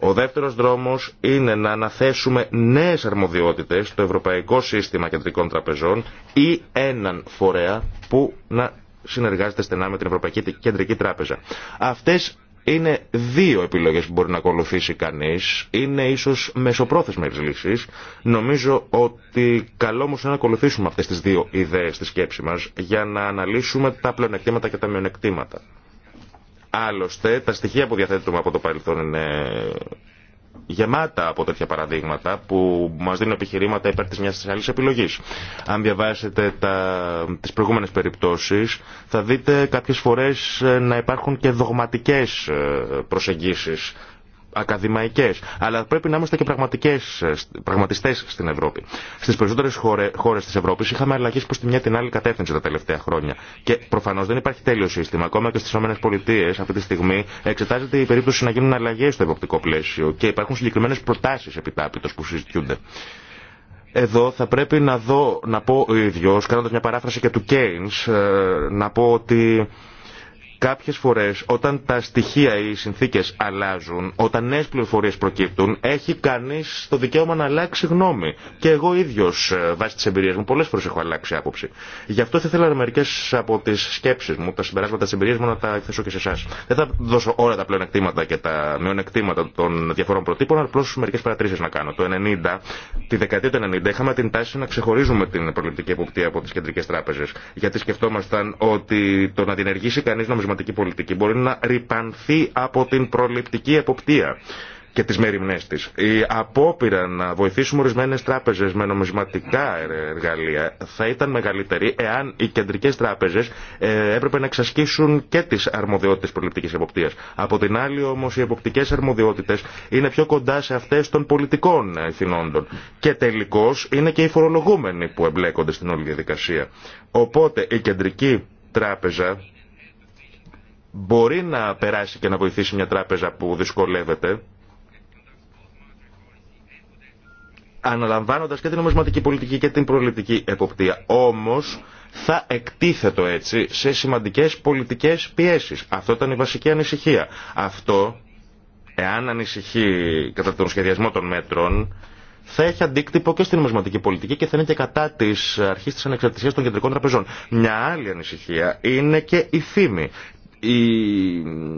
Ο δεύτερο δρόμο είναι να αναθέσουμε νέε αρμοδιότητε στο Ευρωπαϊκό Σύστημα Κεντρικών Τραπεζών ή έναν φορέα που να συνεργάζεται στενά με την Ευρωπαϊκή Κεντρική Τράπεζα. Αυτές είναι δύο επιλογές που μπορεί να ακολουθήσει κανείς. Είναι ίσως μεσοπρόθεσμες λύσεις. Νομίζω ότι καλό όμως είναι να ακολουθήσουμε αυτές τις δύο ιδέες στη σκέψη μας για να αναλύσουμε τα πλεονεκτήματα και τα μειονεκτήματα. Άλλωστε, τα στοιχεία που διαθέτουμε από το παρελθόν είναι γεμάτα από τέτοια παραδείγματα που μας δίνουν επιχειρήματα υπέρ της μιας της άλλης επιλογής. Αν διαβάσετε τα, τις προηγούμενες περιπτώσεις θα δείτε κάποιες φορές ε, να υπάρχουν και δογματικές ε, προσεγγίσεις ακαδημαϊκές, αλλά πρέπει να είμαστε και πραγματικές, πραγματιστές στην Ευρώπη. Στις περισσότερες χώρε, χώρες της Ευρώπης είχαμε αλλαγές προς τη μια την άλλη κατεύθυνση τα τελευταία χρόνια. Και προφανώς δεν υπάρχει τέλειο σύστημα. Ακόμα και στις ΗΠΑ αυτή τη στιγμή εξετάζεται η περίπτωση να γίνουν αλλαγές στο εποπτικό πλαίσιο και υπάρχουν συγκεκριμένες προτάσεις επιτάπητος που συζητιούνται. Εδώ θα πρέπει να δω, να πω ο ίδιος, κάνοντας μια παράφραση και του Κέινς, ε, να πω ότι Κάποιες φορές όταν τα στοιχεία ή οι συνθήκες αλλάζουν, όταν νέες πληροφορίες προκύπτουν, έχει κανείς το δικαίωμα να αλλάξει γνώμη. Και εγώ ίδιος ε, βάσει τις εμπειρίες μου πολλές φορές έχω αλλάξει άποψη. Γι' αυτό θα ήθελα μερικές από τις σκέψεις μου, τα συμπεράσματα της εμπειρίας μου να τα εκθέσω και σε εσά. Δεν θα δώσω όλα τα πλεονεκτήματα και τα μειονεκτήματα των διαφορών προτύπων, απλώς μερικές παρατηρήσεις να κάνω. Το 90, τη δεκαετία του 90, είχαμε την τάση να ξεχωρίζουμε την προληπτική εποπτεία από τι κεντρικέ τράπεζε. Γιατί σκεφτόμασταν ότι το να διενεργήσει νομισματική πολιτική μπορεί να ρηπανθεί από την προληπτική εποπτεία και τις μεριμνές της. Η απόπειρα να βοηθήσουμε ορισμένες τράπεζες με νομισματικά εργαλεία θα ήταν μεγαλύτερη εάν οι κεντρικές τράπεζες ε, έπρεπε να εξασκήσουν και τις αρμοδιότητες προληπτικής εποπτείας. Από την άλλη όμως οι εποπτικές αρμοδιότητες είναι πιο κοντά σε αυτές των πολιτικών εθνώντων και τελικώς είναι και οι φορολογούμενοι που εμπλέκονται στην όλη διαδικασία. Οπότε η κεντρική τράπεζα μπορεί να περάσει και να βοηθήσει μια τράπεζα που δυσκολεύεται, αναλαμβάνοντα και την νομισματική πολιτική και την προληπτική εποπτεία. Όμω θα εκτίθετο έτσι σε σημαντικέ πολιτικέ πιέσει. Αυτό ήταν η βασική ανησυχία. Αυτό, εάν ανησυχεί κατά τον σχεδιασμό των μέτρων, θα έχει αντίκτυπο και στην νομισματική πολιτική και θα είναι και κατά τη αρχή τη ανεξαρτησία των κεντρικών τραπεζών. Μια άλλη ανησυχία είναι και η φήμη η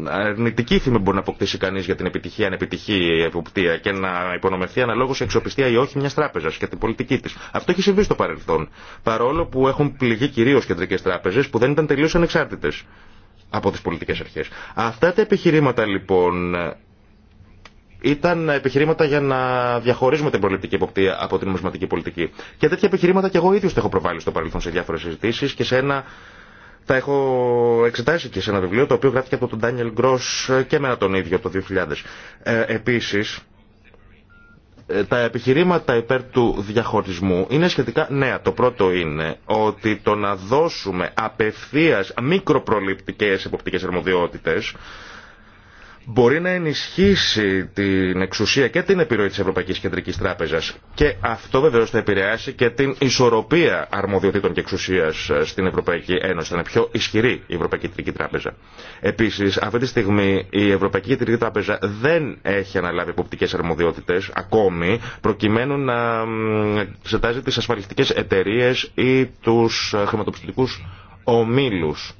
αρνητική θύμη μπορεί να αποκτήσει κανεί για την επιτυχία, ανεπιτυχή εποπτεία και να υπονομευθεί αναλόγω η εξοπιστία ή όχι μια τράπεζα και την πολιτική τη. Αυτό έχει συμβεί στο παρελθόν. Παρόλο που έχουν πληγεί κυρίω κεντρικέ τράπεζε που δεν ήταν τελείω ανεξάρτητε από τι πολιτικέ αρχέ. Αυτά τα επιχειρήματα λοιπόν ήταν επιχειρήματα για να διαχωρίζουμε την προληπτική εποπτεία από την νομισματική πολιτική. Και τέτοια επιχειρήματα και εγώ ίδιο τα έχω προβάλει στο παρελθόν σε διάφορε συζητήσει και σε ένα τα έχω εξετάσει και σε ένα βιβλίο το οποίο γράφτηκε από τον Ντάνιελ Γκρός και εμένα τον ίδιο το 2000. Ε, επίσης, ε, τα επιχειρήματα υπέρ του διαχωρισμού είναι σχετικά νέα. Το πρώτο είναι ότι το να δώσουμε απευθείας μικροπροληπτικές εποπτικές αρμοδιότητες μπορεί να ενισχύσει την εξουσία και την επιρροή της Ευρωπαϊκής Κεντρικής Τράπεζας και αυτό βεβαίως θα επηρεάσει και την ισορροπία αρμοδιοτήτων και εξουσίας ε, στην Ευρωπαϊκή Ένωση. Θα είναι πιο ισχυρή η Ευρωπαϊκή Κεντρική Τράπεζα. Επίσης, αυτή τη στιγμή η Ευρωπαϊκή Κεντρική Τράπεζα δεν έχει αναλάβει εποπτικές αρμοδιότητες ακόμη προκειμένου να εξετάζει τις ασφαλιστικές εταιρείες ή τους ε, χρηματοπιστωτικούς ομίλους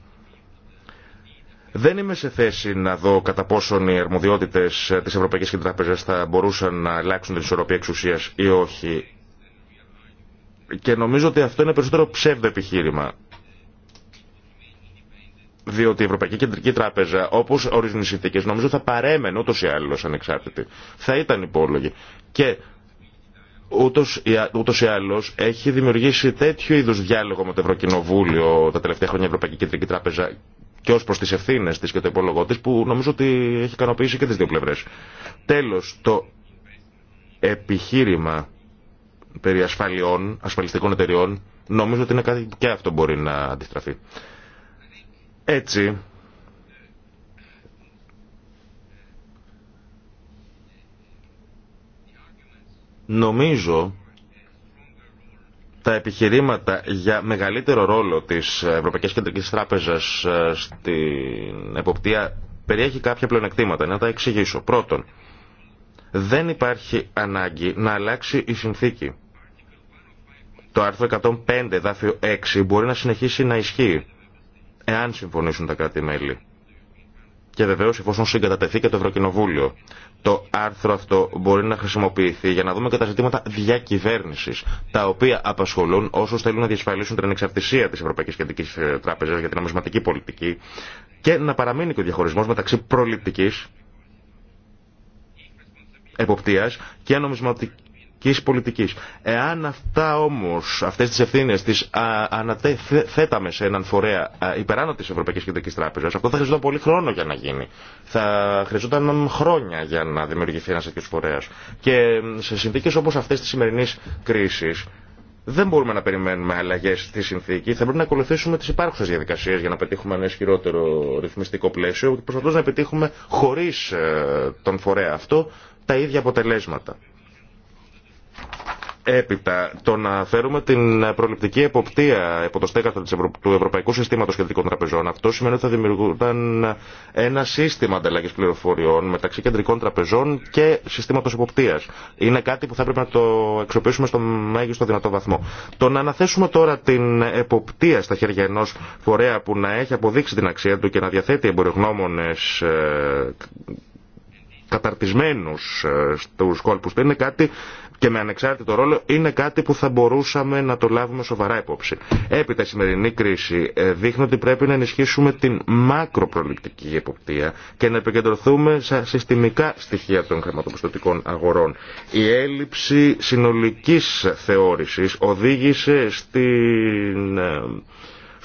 δεν είμαι σε θέση να δω κατά πόσον οι αρμοδιότητε ε, τη Ευρωπαϊκή Κεντρική θα μπορούσαν να αλλάξουν την ισορροπία εξουσία ή όχι. Και νομίζω ότι αυτό είναι περισσότερο ψεύδο επιχείρημα διότι η Ευρωπαϊκή Κεντρική Τράπεζα, όπω ορίζουν οι συνθήκε, νομίζω θα παρέμενε ούτω ή άλλω ανεξάρτητη. Θα ήταν υπόλογη. Και ούτω ή άλλω έχει δημιουργήσει τέτοιο είδου διάλογο με το Ευρωκοινοβούλιο τα τελευταία χρόνια η Ευρωπαϊκή Κεντρική Τράπεζα και ω προ τι ευθύνε τη και το υπόλογό τη, που νομίζω ότι έχει ικανοποιήσει και τι δύο πλευρέ. Τέλο, το επιχείρημα περί ασφαλιών, ασφαλιστικών εταιριών, νομίζω ότι είναι κάτι που και αυτό μπορεί να αντιστραφεί. Έτσι, νομίζω τα επιχειρήματα για μεγαλύτερο ρόλο της Ευρωπαϊκής Κεντρικής Τράπεζας ε, στην εποπτεία περιέχει κάποια πλεονεκτήματα. Να τα εξηγήσω. Πρώτον, δεν υπάρχει ανάγκη να αλλάξει η συνθήκη. Το άρθρο 105, δάφιο 6, μπορεί να συνεχίσει να ισχύει, εάν συμφωνήσουν τα κράτη-μέλη και βεβαίω, εφόσον συγκατατεθεί και το Ευρωκοινοβούλιο. Το άρθρο αυτό μπορεί να χρησιμοποιηθεί για να δούμε και τα ζητήματα διακυβέρνησης, τα οποία απασχολούν όσους θέλουν να διασφαλίσουν την ανεξαρτησία της Ευρωπαϊκής Κεντρική ε, Τράπεζας για την νομισματική πολιτική και να παραμείνει και ο διαχωρισμό μεταξύ προληπτικής εποπτεία και νομισματική πολιτικής. Εάν αυτά όμως, αυτές τις ευθύνες τις αναθέταμε σε έναν φορέα υπεράνω της Ευρωπαϊκής Κεντρικής Τράπεζα, αυτό θα χρειαζόταν πολύ χρόνο για να γίνει. Θα χρειαζόταν χρόνια για να δημιουργηθεί ένας τέτοιος φορέας. Και σε συνθήκες όπως αυτές της σημερινής κρίση δεν μπορούμε να περιμένουμε αλλαγέ στη συνθήκη. Θα πρέπει να ακολουθήσουμε τι υπάρχουσε διαδικασίε για να πετύχουμε ένα ισχυρότερο ρυθμιστικό πλαίσιο και προσπαθώντα να πετύχουμε χωρί ε, τον φορέα αυτό τα ίδια αποτελέσματα. Έπειτα, το να φέρουμε την προληπτική εποπτεία από το Ευρω... του Ευρωπαϊκού Συστήματος Κεντρικών Τραπεζών, αυτό σημαίνει ότι θα δημιουργούνταν ένα σύστημα ανταλλαγή πληροφοριών μεταξύ κεντρικών τραπεζών και συστήματος εποπτείας. Είναι κάτι που θα πρέπει να το εξοπλίσουμε στο μέγιστο δυνατό βαθμό. Το να αναθέσουμε τώρα την εποπτεία στα χέρια ενό φορέα που να έχει αποδείξει την αξία του και να διαθέτει εμποριγνώμονε ε, Καταρτισμένου ε, στου κόλπου του είναι κάτι και με ανεξάρτητο ρόλο είναι κάτι που θα μπορούσαμε να το λάβουμε σοβαρά υπόψη. Έπειτα η σημερινή κρίση ε, δείχνει ότι πρέπει να ενισχύσουμε την μακροπροληπτική εποπτεία και να επικεντρωθούμε σε συστημικά στοιχεία των χρηματοπιστωτικών αγορών. Η έλλειψη συνολικής θεώρησης οδήγησε στην ε,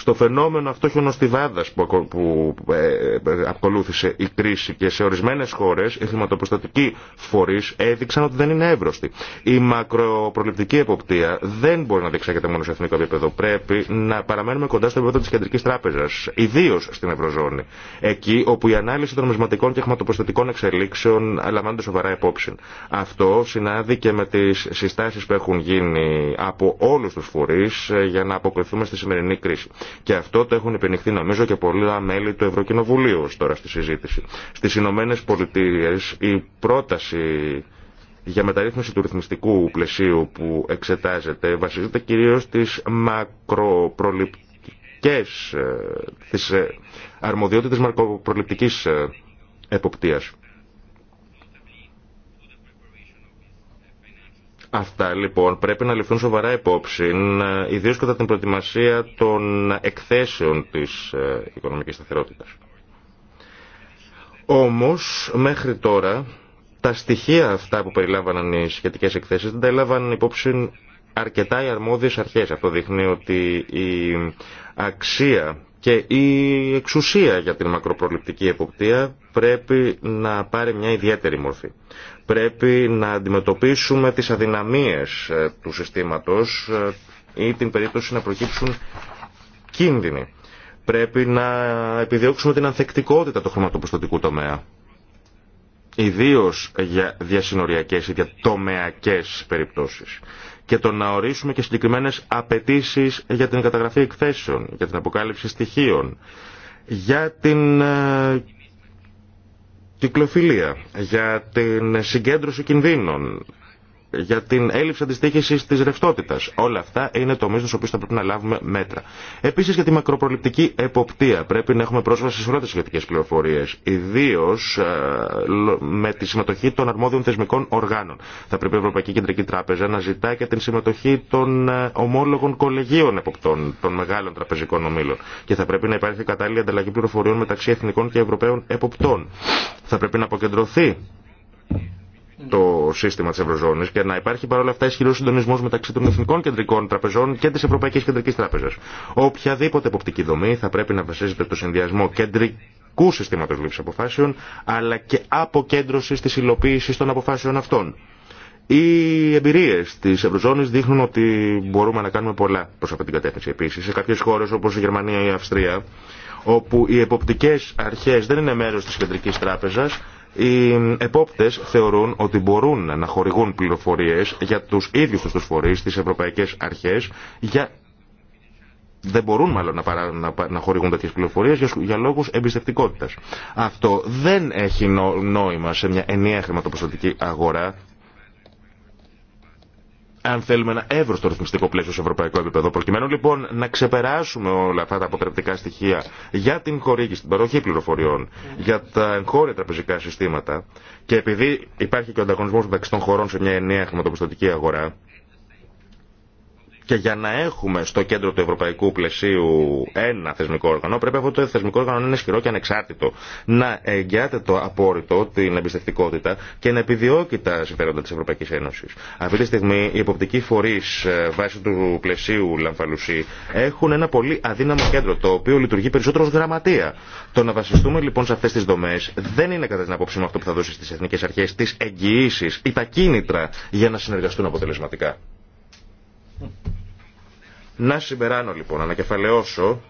στο φαινόμενο αυτό χιονοστιβάδας που ε, ε, ακολούθησε η κρίση και σε ορισμένες χώρες οι χρηματοπιστωτικοί φορείς έδειξαν ότι δεν είναι εύρωστοι. Η μακροπροληπτική εποπτεία δεν μπορεί να διεξάγεται μόνο σε εθνικό επίπεδο. Πρέπει να παραμένουμε κοντά στο επίπεδο της Κεντρικής Τράπεζας, ιδίως στην Ευρωζώνη. Εκεί όπου η ανάλυση των νομισματικών και χρηματοπιστωτικών εξελίξεων λαμβάνεται σοβαρά υπόψη. Αυτό συνάδει και με τις συστάσεις που έχουν γίνει από όλους τους φορείς ε, για να αποκριθούμε στη σημερινή κρίση. Και αυτό το έχουν υπενηχθεί νομίζω και πολλοί μέλη του Ευρωκοινοβουλίου τώρα στη συζήτηση. Στις Ηνωμένε Πολιτείε η πρόταση για μεταρρύθμιση του ρυθμιστικού πλαισίου που εξετάζεται βασίζεται κυρίως στις μακροπροληπτικές, ε, τις ε, αρμοδιότητες μακροπροληπτικής ε, εποπτείας. Αυτά λοιπόν πρέπει να ληφθούν σοβαρά υπόψη, ε, ιδίω κατά την προετοιμασία των εκθέσεων τη ε, οικονομική σταθερότητα. Όμω, μέχρι τώρα, τα στοιχεία αυτά που περιλάμβαναν οι σχετικέ εκθέσει δεν τα έλαβαν υπόψη αρκετά οι αρμόδιε αρχές. Αυτό δείχνει ότι η αξία και η εξουσία για την μακροπροληπτική εποπτεία πρέπει να πάρει μια ιδιαίτερη μορφή. Πρέπει να αντιμετωπίσουμε τις αδυναμίες ε, του συστήματος ε, ή την περίπτωση να προκύψουν κίνδυνοι. Πρέπει να επιδιώξουμε την ανθεκτικότητα του χρηματοπιστωτικού τομέα. Ιδίως για διασυνοριακές ή για τομεακές περιπτώσεις και το να ορίσουμε και συγκεκριμένες απαιτήσει για την καταγραφή εκθέσεων, για την αποκάλυψη στοιχείων, για την ε, κυκλοφιλία, για την συγκέντρωση κινδύνων, για την έλλειψη αντιστοίχηση τη ρευστότητα. Όλα αυτά είναι τομεί στου οποίου θα πρέπει να λάβουμε μέτρα. Επίση για τη μακροπροληπτική εποπτεία. Πρέπει να έχουμε πρόσβαση σε όλε τι σχετικέ πληροφορίε, ιδίω ε, με τη συμμετοχή των αρμόδιων θεσμικών οργάνων. Θα πρέπει η Ευρωπαϊκή Κεντρική Τράπεζα να ζητά και την συμμετοχή των ε, ομόλογων κολεγίων εποπτών των μεγάλων τραπεζικών ομήλων. Και θα πρέπει να υπάρχει κατάλληλη ανταλλαγή πληροφοριών μεταξύ εθνικών και ευρωπαίων εποπτών. Θα πρέπει να αποκεντρωθεί το σύστημα τη Ευρωζώνη και να υπάρχει παρόλα αυτά ισχυρό συντονισμό μεταξύ των Εθνικών Κεντρικών Τραπεζών και τη Ευρωπαϊκή Κεντρική Τράπεζα. Οποιαδήποτε εποπτική δομή θα πρέπει να βασίζεται στο συνδυασμό κεντρικού συστήματο λήψη αποφάσεων αλλά και αποκέντρωση τη υλοποίηση των αποφάσεων αυτών. Οι εμπειρίε τη Ευρωζώνη δείχνουν ότι μπορούμε να κάνουμε πολλά προ αυτή την κατεύθυνση. Επίση, σε κάποιε χώρε όπω η Γερμανία ή η Αυστρία, όπου οι εποπτικέ αρχέ δεν είναι μέρο τη κεντρική τράπεζα, οι επόπτες θεωρούν ότι μπορούν να χορηγούν πληροφορίες για τους ίδιους τους φορείς, τις ευρωπαϊκές αρχές, για δεν μπορούν μάλλον να, παρά, να, να χορηγούν τέτοιε πληροφορίε για, για λόγου εμπιστευτικότητα. Αυτό δεν έχει νόημα σε μια ενιαία χρηματοπιστωτική αγορά αν θέλουμε ένα στο ρυθμιστικό πλαίσιο σε ευρωπαϊκό επίπεδο. Προκειμένου λοιπόν να ξεπεράσουμε όλα αυτά τα αποτρεπτικά στοιχεία για την χορήγηση, την παροχή πληροφοριών, για τα εγχώρια τραπεζικά συστήματα και επειδή υπάρχει και ο ανταγωνισμό μεταξύ των χωρών σε μια ενιαία χρηματοπιστωτική αγορά, και για να έχουμε στο κέντρο του ευρωπαϊκού πλαισίου ένα θεσμικό όργανο, πρέπει αυτό το θεσμικό όργανο να είναι ισχυρό και ανεξάρτητο. Να εγγυάται το απόρριτο, την εμπιστευτικότητα και να επιδιώκει τα συμφέροντα τη Ευρωπαϊκή Ένωση. Αυτή τη στιγμή οι υποπτικοί φορεί ε, βάσει του πλαισίου Λαμφαλουσί έχουν ένα πολύ αδύναμο κέντρο, το οποίο λειτουργεί περισσότερο ως γραμματεία. Το να βασιστούμε λοιπόν σε αυτέ τι δομέ δεν είναι κατά την απόψη μου αυτό που θα δώσει στι εθνικέ αρχέ τι εγγυήσει ή τα κίνητρα για να συνεργαστούν αποτελεσματικά. Να συμπεράνω λοιπόν, ανακεφαλαιώσω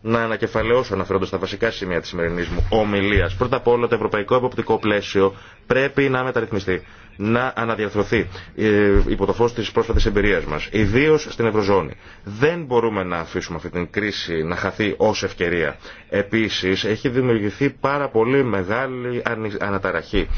να ανακεφαλαιώσω αναφέροντα τα βασικά σημεία τη σημερινή μου ομιλία. Πρώτα απ' όλα, το ευρωπαϊκό εποπτικό πλαίσιο πρέπει να μεταρρυθμιστεί να αναδιαρθρωθεί ε, υπό το φως της πρόσφατης εμπειρίας μας, ιδίως στην Ευρωζώνη. Δεν μπορούμε να αφήσουμε αυτή την κρίση να χαθεί ως ευκαιρία. Επίσης, έχει δημιουργηθεί πάρα πολύ μεγάλη αναταραχή.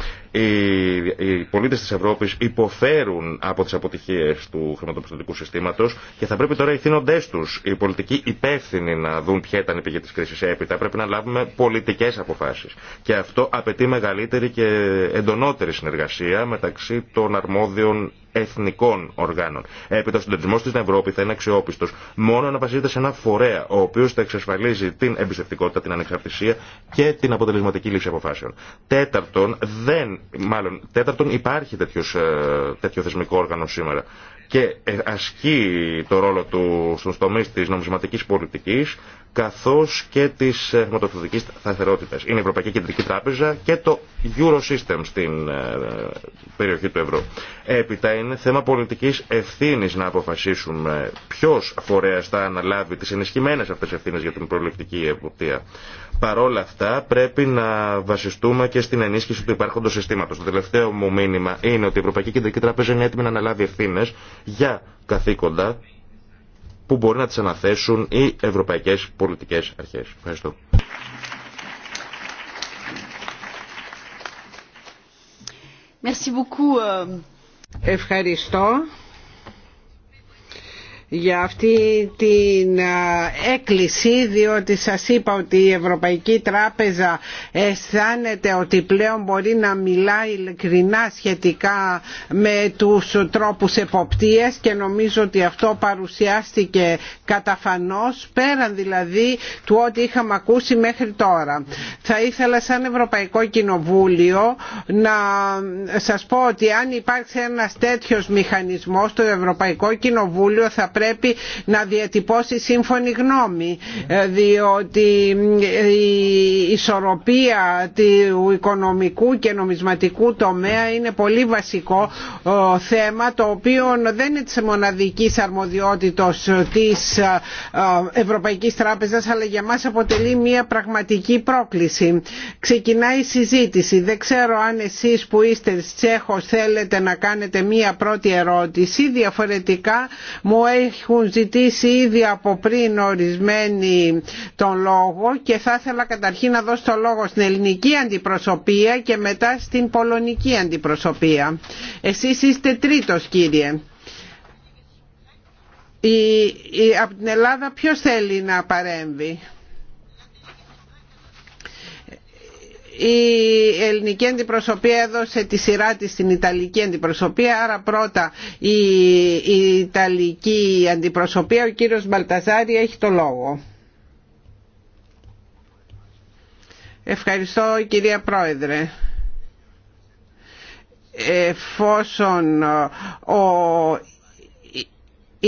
Οι πολίτες της Ευρώπης υποφέρουν από τις αποτυχίες του χρηματοπιστωτικού συστήματος και θα πρέπει τώρα οι θύνοντές τους, οι πολιτικοί υπεύθυνοι να δουν ποια ήταν η πηγή της κρίσης έπειτα. Πρέπει να λάβουμε πολιτικές αποφάσεις. Και αυτό απαιτεί μεγαλύτερη και εντονότερη συνεργασία μεταξύ των αρμόδιων εθνικών οργάνων. Έπειτα ο συντονισμό στην Ευρώπη θα είναι αξιόπιστο μόνο να βασίζεται σε ένα φορέα ο οποίο θα εξασφαλίζει την εμπιστευτικότητα, την ανεξαρτησία και την αποτελεσματική λήψη αποφάσεων. Τέταρτον, δεν, μάλλον, τέταρτον υπάρχει τέτοιος, ε, τέτοιο θεσμικό όργανο σήμερα και ε, ασκεί το ρόλο του στους τομείς της νομισματικής πολιτικής καθώς και της χρηματοδοτική σταθερότητα. Είναι η Ευρωπαϊκή Κεντρική Τράπεζα και το Eurosystem στην ε, περιοχή του ευρώ. Έπειτα είναι θέμα πολιτικής ευθύνης να αποφασίσουμε ποιος φορέας θα αναλάβει τις ενισχυμένες αυτές ευθύνες για την προληπτική εποπτεία. Παρόλα αυτά πρέπει να βασιστούμε και στην ενίσχυση του υπάρχοντος συστήματος. Το τελευταίο μου μήνυμα είναι ότι η Ευρωπαϊκή Κεντρική Τράπεζα είναι έτοιμη να αναλάβει ευθύνε για καθήκοντα που μπορεί να τις αναθέσουν οι ευρωπαϊκές πολιτικές αρχές. Ευχαριστώ. Euh. Ευχαριστώ για αυτή την έκκληση διότι σας είπα ότι η Ευρωπαϊκή Τράπεζα αισθάνεται ότι πλέον μπορεί να μιλά ειλικρινά σχετικά με τους τρόπους εποπτείας και νομίζω ότι αυτό παρουσιάστηκε καταφανώς πέραν δηλαδή του ό,τι είχαμε ακούσει μέχρι τώρα. Θα ήθελα σαν Ευρωπαϊκό Κοινοβούλιο να σας πω ότι αν υπάρξει ένας τέτοιος μηχανισμός το Ευρωπαϊκό θα πρέπει να διατυπώσει σύμφωνη γνώμη ε, διότι ε, η ισορροπία του οικονομικού και νομισματικού τομέα είναι πολύ βασικό ε, θέμα το οποίο δεν είναι της μοναδικής αρμοδιότητος της Ευρωπαϊκής Τράπεζας αλλά για μας αποτελεί μια πραγματική πρόκληση. Ξεκινάει η συζήτηση. Δεν ξέρω αν εσείς που είστε Τσέχος θέλετε να κάνετε μια πρώτη ερώτηση διαφορετικά μου έχουν ζητήσει ήδη από πριν ορισμένοι τον λόγο και θα ήθελα καταρχήν να δώσω το λόγο στην ελληνική αντιπροσωπεία και μετά στην πολωνική αντιπροσωπεία. Εσείς είστε τρίτος κύριε. Η, η, από την Ελλάδα ποιος θέλει να παρέμβει. η ελληνική αντιπροσωπεία έδωσε τη σειρά της στην Ιταλική αντιπροσωπεία άρα πρώτα η, Ιταλική αντιπροσωπεία ο κύριος Μπαλταζάρη έχει το λόγο Ευχαριστώ κυρία Πρόεδρε εφόσον ο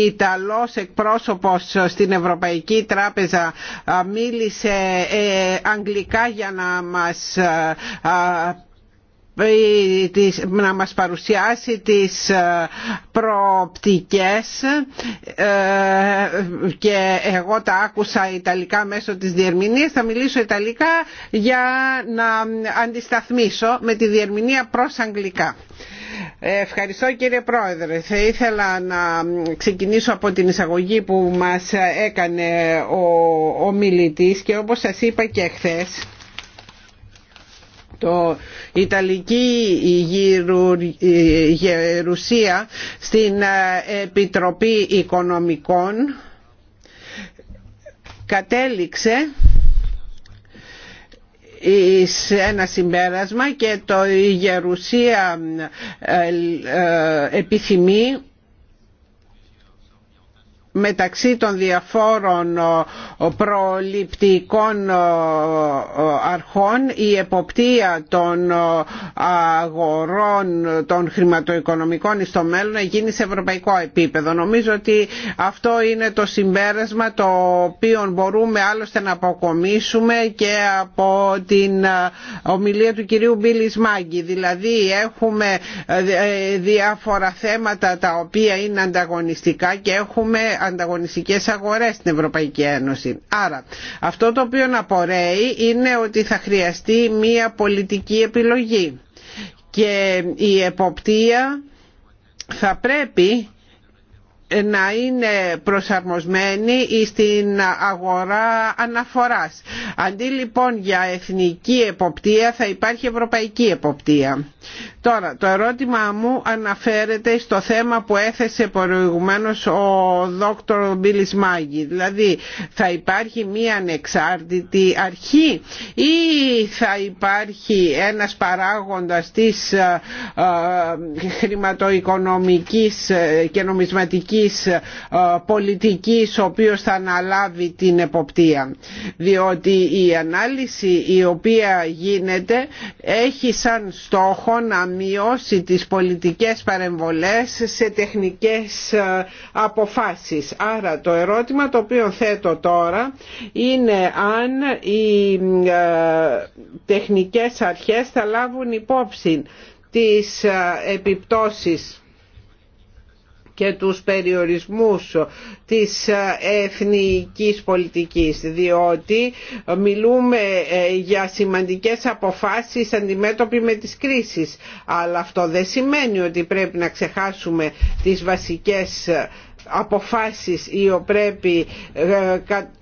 Ιταλός εκπρόσωπος στην Ευρωπαϊκή Τράπεζα μίλησε ε, αγγλικά για να μας να μας παρουσιάσει τις προοπτικές ε, και εγώ τα άκουσα Ιταλικά μέσω της διερμηνίας θα μιλήσω Ιταλικά για να αντισταθμίσω με τη διερμηνία προς Αγγλικά. Ευχαριστώ κύριε Πρόεδρε. Θα ήθελα να ξεκινήσω από την εισαγωγή που μας έκανε ο, ο και όπως σας είπα και χθες το Ιταλική Γερουσία στην Επιτροπή Οικονομικών κατέληξε σε ένα συμπέρασμα και το η Γερουσία ε, ε, επιθυμεί μεταξύ των διαφόρων προληπτικών αρχών η εποπτεία των αγορών των χρηματοοικονομικών στο μέλλον γίνει σε ευρωπαϊκό επίπεδο. Νομίζω ότι αυτό είναι το συμπέρασμα το οποίο μπορούμε άλλωστε να αποκομίσουμε και από την ε, ομιλία του κυρίου Μπίλης Μάγκη. Δηλαδή έχουμε ε, ε, διάφορα θέματα τα οποία είναι ανταγωνιστικά και έχουμε ανταγωνιστικές αγορές στην Ευρωπαϊκή Ένωση. Άρα αυτό το οποίο απορρέει είναι ότι θα χρειαστεί μία πολιτική επιλογή και η εποπτεία θα πρέπει να είναι προσαρμοσμένη στην αγορά αναφοράς. Αντί λοιπόν για εθνική εποπτεία θα υπάρχει ευρωπαϊκή εποπτεία. Τώρα, το ερώτημα μου αναφέρεται στο θέμα που έθεσε προηγουμένως ο δόκτωρ Μπίλης Μάγκη. Δηλαδή, θα υπάρχει μία ανεξάρτητη αρχή ή θα υπάρχει ένας παράγοντας της ε, ε, χρηματοοικονομικής ε, και νομισματικής πολιτικής ο οποίος θα αναλάβει την εποπτεία. Διότι η ανάλυση η οποία γίνεται έχει σαν στόχο να μειώσει τις πολιτικές παρεμβολές σε τεχνικές ε, αποφάσεις. Άρα το ερώτημα το οποίο θέτω τώρα είναι αν οι ε, τεχνικές αρχές θα λάβουν υπόψη τις ε, επιπτώσεις και τους περιορισμούς της εθνικής πολιτικής διότι μιλούμε ε, για σημαντικές αποφάσεις αντιμέτωποι με τις κρίσεις αλλά αυτό δεν σημαίνει ότι πρέπει να ξεχάσουμε τις βασικές αποφάσεις οι πρέπει ε,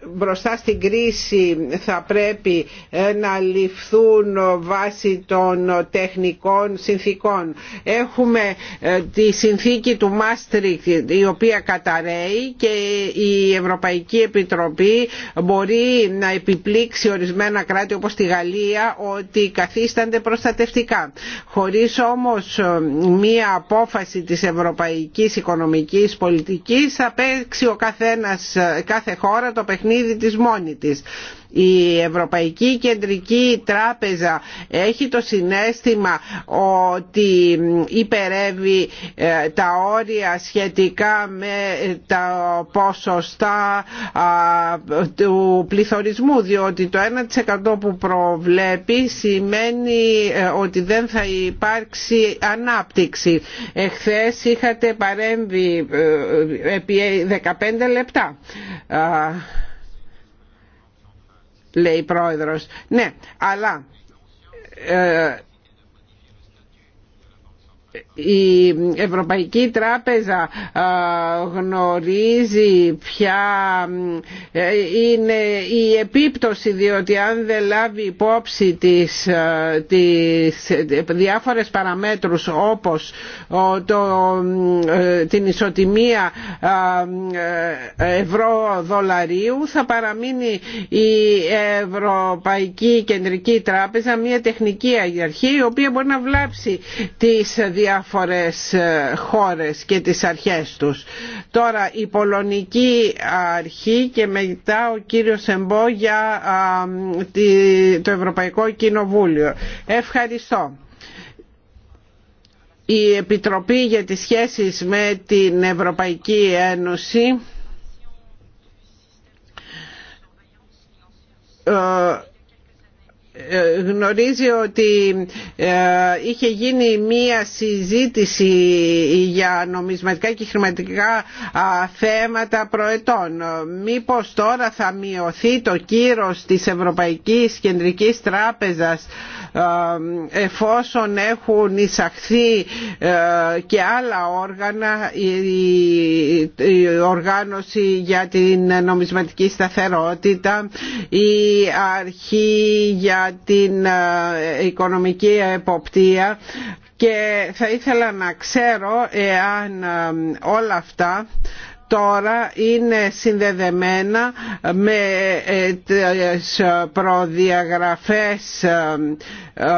μπροστά στην κρίση θα πρέπει ε, να ληφθούν ε, βάσει των τεχνικών συνθήκων. Έχουμε τη συνθήκη του Μάστρικ η οποία καταραίει και η Ευρωπαϊκή Επιτροπή μπορεί να επιπλήξει ορισμένα κράτη όπως τη Γαλλία ότι καθίστανται προστατευτικά. Χωρίς όμως μία απόφαση της Ευρωπαϊκής Οικονομικής Πολιτικής ή θα παίξει ο καθένας, ε, κάθε χώρα το παιχνίδι της μόνη της. Η Ευρωπαϊκή Κεντρική Τράπεζα έχει το συνέστημα ότι υπερεύει ε, τα όρια σχετικά με τα ποσοστά του πληθωρισμού διότι το 1% που προβλέπει σημαίνει ε, ότι δεν θα υπάρξει ανάπτυξη. Εχθές είχατε παρέμβει ε, επί 15 λεπτά λέει η πρόεδρος. Ναι, αλλά... Ε, η Ευρωπαϊκή Τράπεζα γνωρίζει ποια ε, είναι η επίπτωση διότι αν δεν λάβει υπόψη τις, ε, τις ε, διάφορες παραμέτρους όπως το, την ισοτιμία ευρώ-δολαρίου θα παραμείνει η Ευρωπαϊκή Κεντρική Τράπεζα μια τεχνική αρχή η οποία μπορεί να βλάψει τις διαφορές διάφορες ε, χώρες και τις αρχές τους. Τώρα η Πολωνική Αρχή και μετά ο κύριος Εμπό για το Ευρωπαϊκό Κοινοβούλιο. Ευχαριστώ η επιτροπή για τις σχέσεις με την ευρωπαϊκή ένωση ε, ε, γνωρίζει ότι ε, είχε γίνει μία συζήτηση για νομισματικά και χρηματικά θέματα προετών. Μήπως τώρα θα μειωθεί το κύρος της Ευρωπαϊκής Κεντρικής Τράπεζας ε, εφόσον έχουν εισαχθεί ε, και άλλα όργανα η οργάνωση για την νομισματική σταθερότητα η αρχή για την ε, οικονομική εποπτεία και θα ήθελα να ξέρω εάν όλα αυτά τώρα είναι συνδεδεμένα με ε, τις προδιαγραφές ε, ε,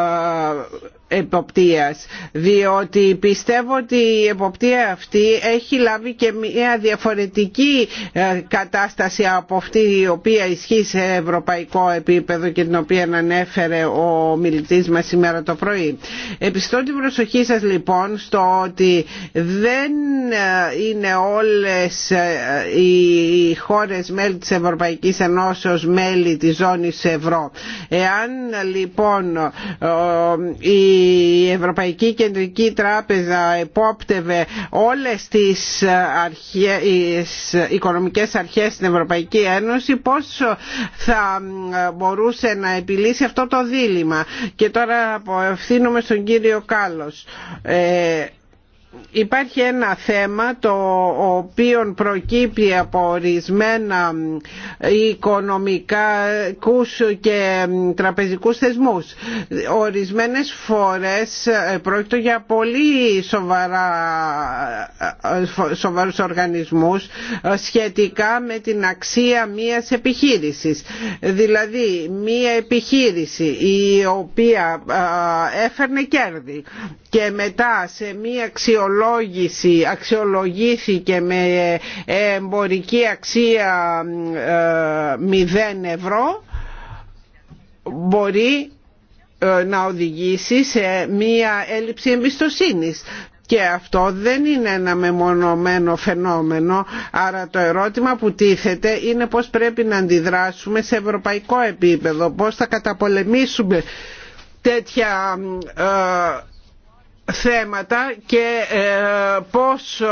εποπτείας διότι πιστεύω ότι η εποπτεία αυτή έχει λάβει και μια διαφορετική ε, κατάσταση από αυτή η οποία ισχύει σε ευρωπαϊκό επίπεδο και την οποία ανέφερε ο μιλητής μας σήμερα το πρωί. Επιστώ την προσοχή σας λοιπόν στο ότι δεν ε, είναι όλες ε, οι χώρες μέλη της Ευρωπαϊκής Ενώσεως μέλη της ζώνης ευρώ. Εάν λοιπόν η η Ευρωπαϊκή Κεντρική Τράπεζα επόπτευε όλες τις, αρχές, οικονομικές αρχές στην Ευρωπαϊκή Ένωση πώς θα μπορούσε να επιλύσει αυτό το δίλημα. Και τώρα απευθύνομαι στον κύριο Κάλλος. Ε, Υπάρχει ένα θέμα το οποίο προκύπτει από ορισμένα οικονομικά και τραπεζικούς θεσμούς. Ορισμένες φορές πρόκειται για πολύ σοβαρά, σοβαρούς οργανισμούς σχετικά με την αξία μιας επιχείρησης. Δηλαδή μια επιχείρηση η οποία ε, έφερνε κέρδη και μετά σε μία αξιολόγηση αξιολογήθηκε με εμπορική αξία 0 ε, ευρώ μπορεί ε, να οδηγήσει σε μία έλλειψη εμπιστοσύνης. Και αυτό δεν είναι ένα μεμονωμένο φαινόμενο, άρα το ερώτημα που τίθεται είναι πώς πρέπει να αντιδράσουμε σε ευρωπαϊκό επίπεδο, πώς θα καταπολεμήσουμε τέτοια ε, θέματα και ε, πώς ε,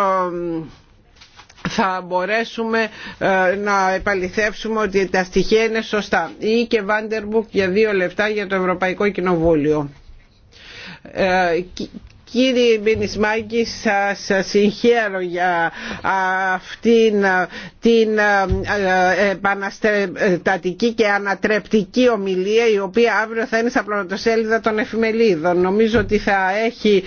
θα μπορέσουμε ε, να επαληθεύσουμε ότι τα στοιχεία είναι σωστά. Ή και Βάντερμπουκ για δύο λεπτά για το Ευρωπαϊκό Κοινοβούλιο Κύριε Μπενισμάκη σας συγχαίρω για αυτήν την επαναστατική και ανατρεπτική ομιλία η οποία αύριο θα είναι στα πρωτοσέλιδα των εφημελίδων. Νομίζω ότι θα έχει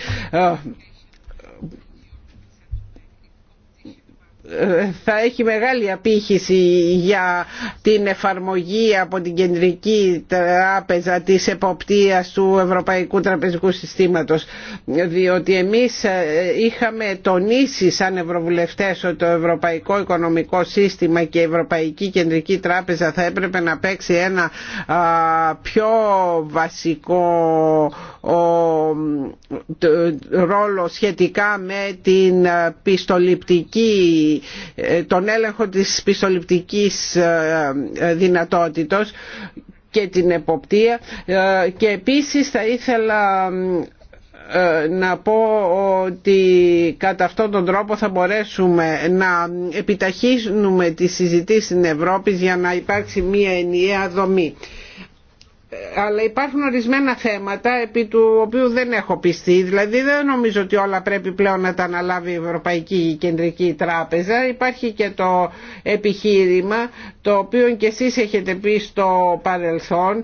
θα έχει μεγάλη απήχηση για την εφαρμογή από την Κεντρική Τράπεζα της εποπτείας του Ευρωπαϊκού Τραπεζικού Συστήματος διότι εμείς ε, είχαμε τονίσει σαν Ευρωβουλευτές ότι το Ευρωπαϊκό Οικονομικό Σύστημα και η Ευρωπαϊκή Κεντρική Τράπεζα θα έπρεπε να παίξει ένα πιο βασικό ρόλο σχετικά με την ε, πιστοληπτική τον έλεγχο της πιστοληπτικής ε, ε, δυνατότητος και την εποπτεία ε, και επίσης θα ήθελα να πω ότι κατά αυτόν τον τρόπο θα μπορέσουμε να επιταχύνουμε τις συζητήσεις στην Ευρώπη για να υπάρξει μια ενιαία δομή αλλά υπάρχουν ορισμένα θέματα επί του οποίου δεν έχω πιστεί. Δηλαδή δεν νομίζω ότι όλα πρέπει πλέον να τα αναλάβει η Ευρωπαϊκή Κεντρική Τράπεζα. Υπάρχει και το επιχείρημα το οποίο και εσείς έχετε πει στο παρελθόν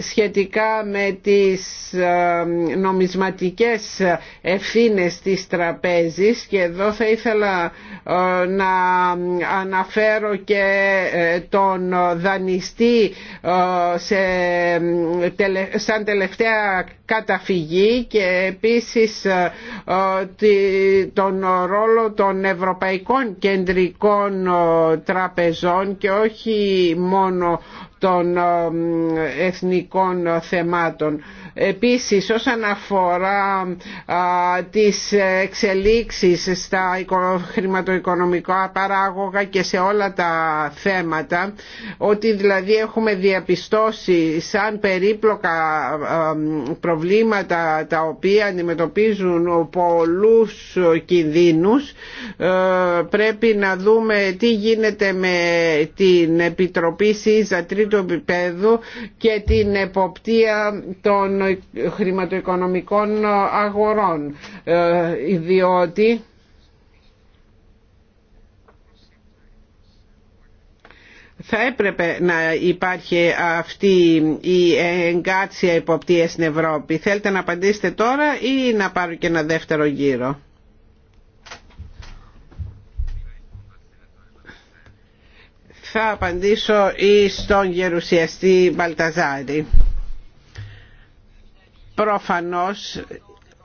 σχετικά με τις ε, νομισματικές ευθύνες της τραπέζης και εδώ θα ήθελα ε, να αναφέρω και ε, τον δανειστή σε, σαν τελευταία καταφυγή και επίσης τον ρόλο των Ευρωπαϊκών Κεντρικών Τραπεζών και όχι μόνο των ε, εθνικών θεμάτων. Επίσης όσον αφορά τις εξελίξεις στα χρηματοοικονομικά παράγωγα και σε όλα τα θέματα ότι δηλαδή έχουμε διαπιστώσει σαν περίπλοκα προβλήματα τα οποία αντιμετωπίζουν πολλούς κινδύνους ε, πρέπει να δούμε τι γίνεται με την Επιτροπή ΣΥΖΑ του και την εποπτεία των χρηματοοικονομικών αγορών ε, διότι θα έπρεπε να υπάρχει αυτή η εγκάτσια υποπτία στην Ευρώπη. Θέλετε να απαντήσετε τώρα ή να πάρω και ένα δεύτερο γύρο. θα απαντήσω ή στον γερουσιαστή Μπαλταζάρη. Προφανώς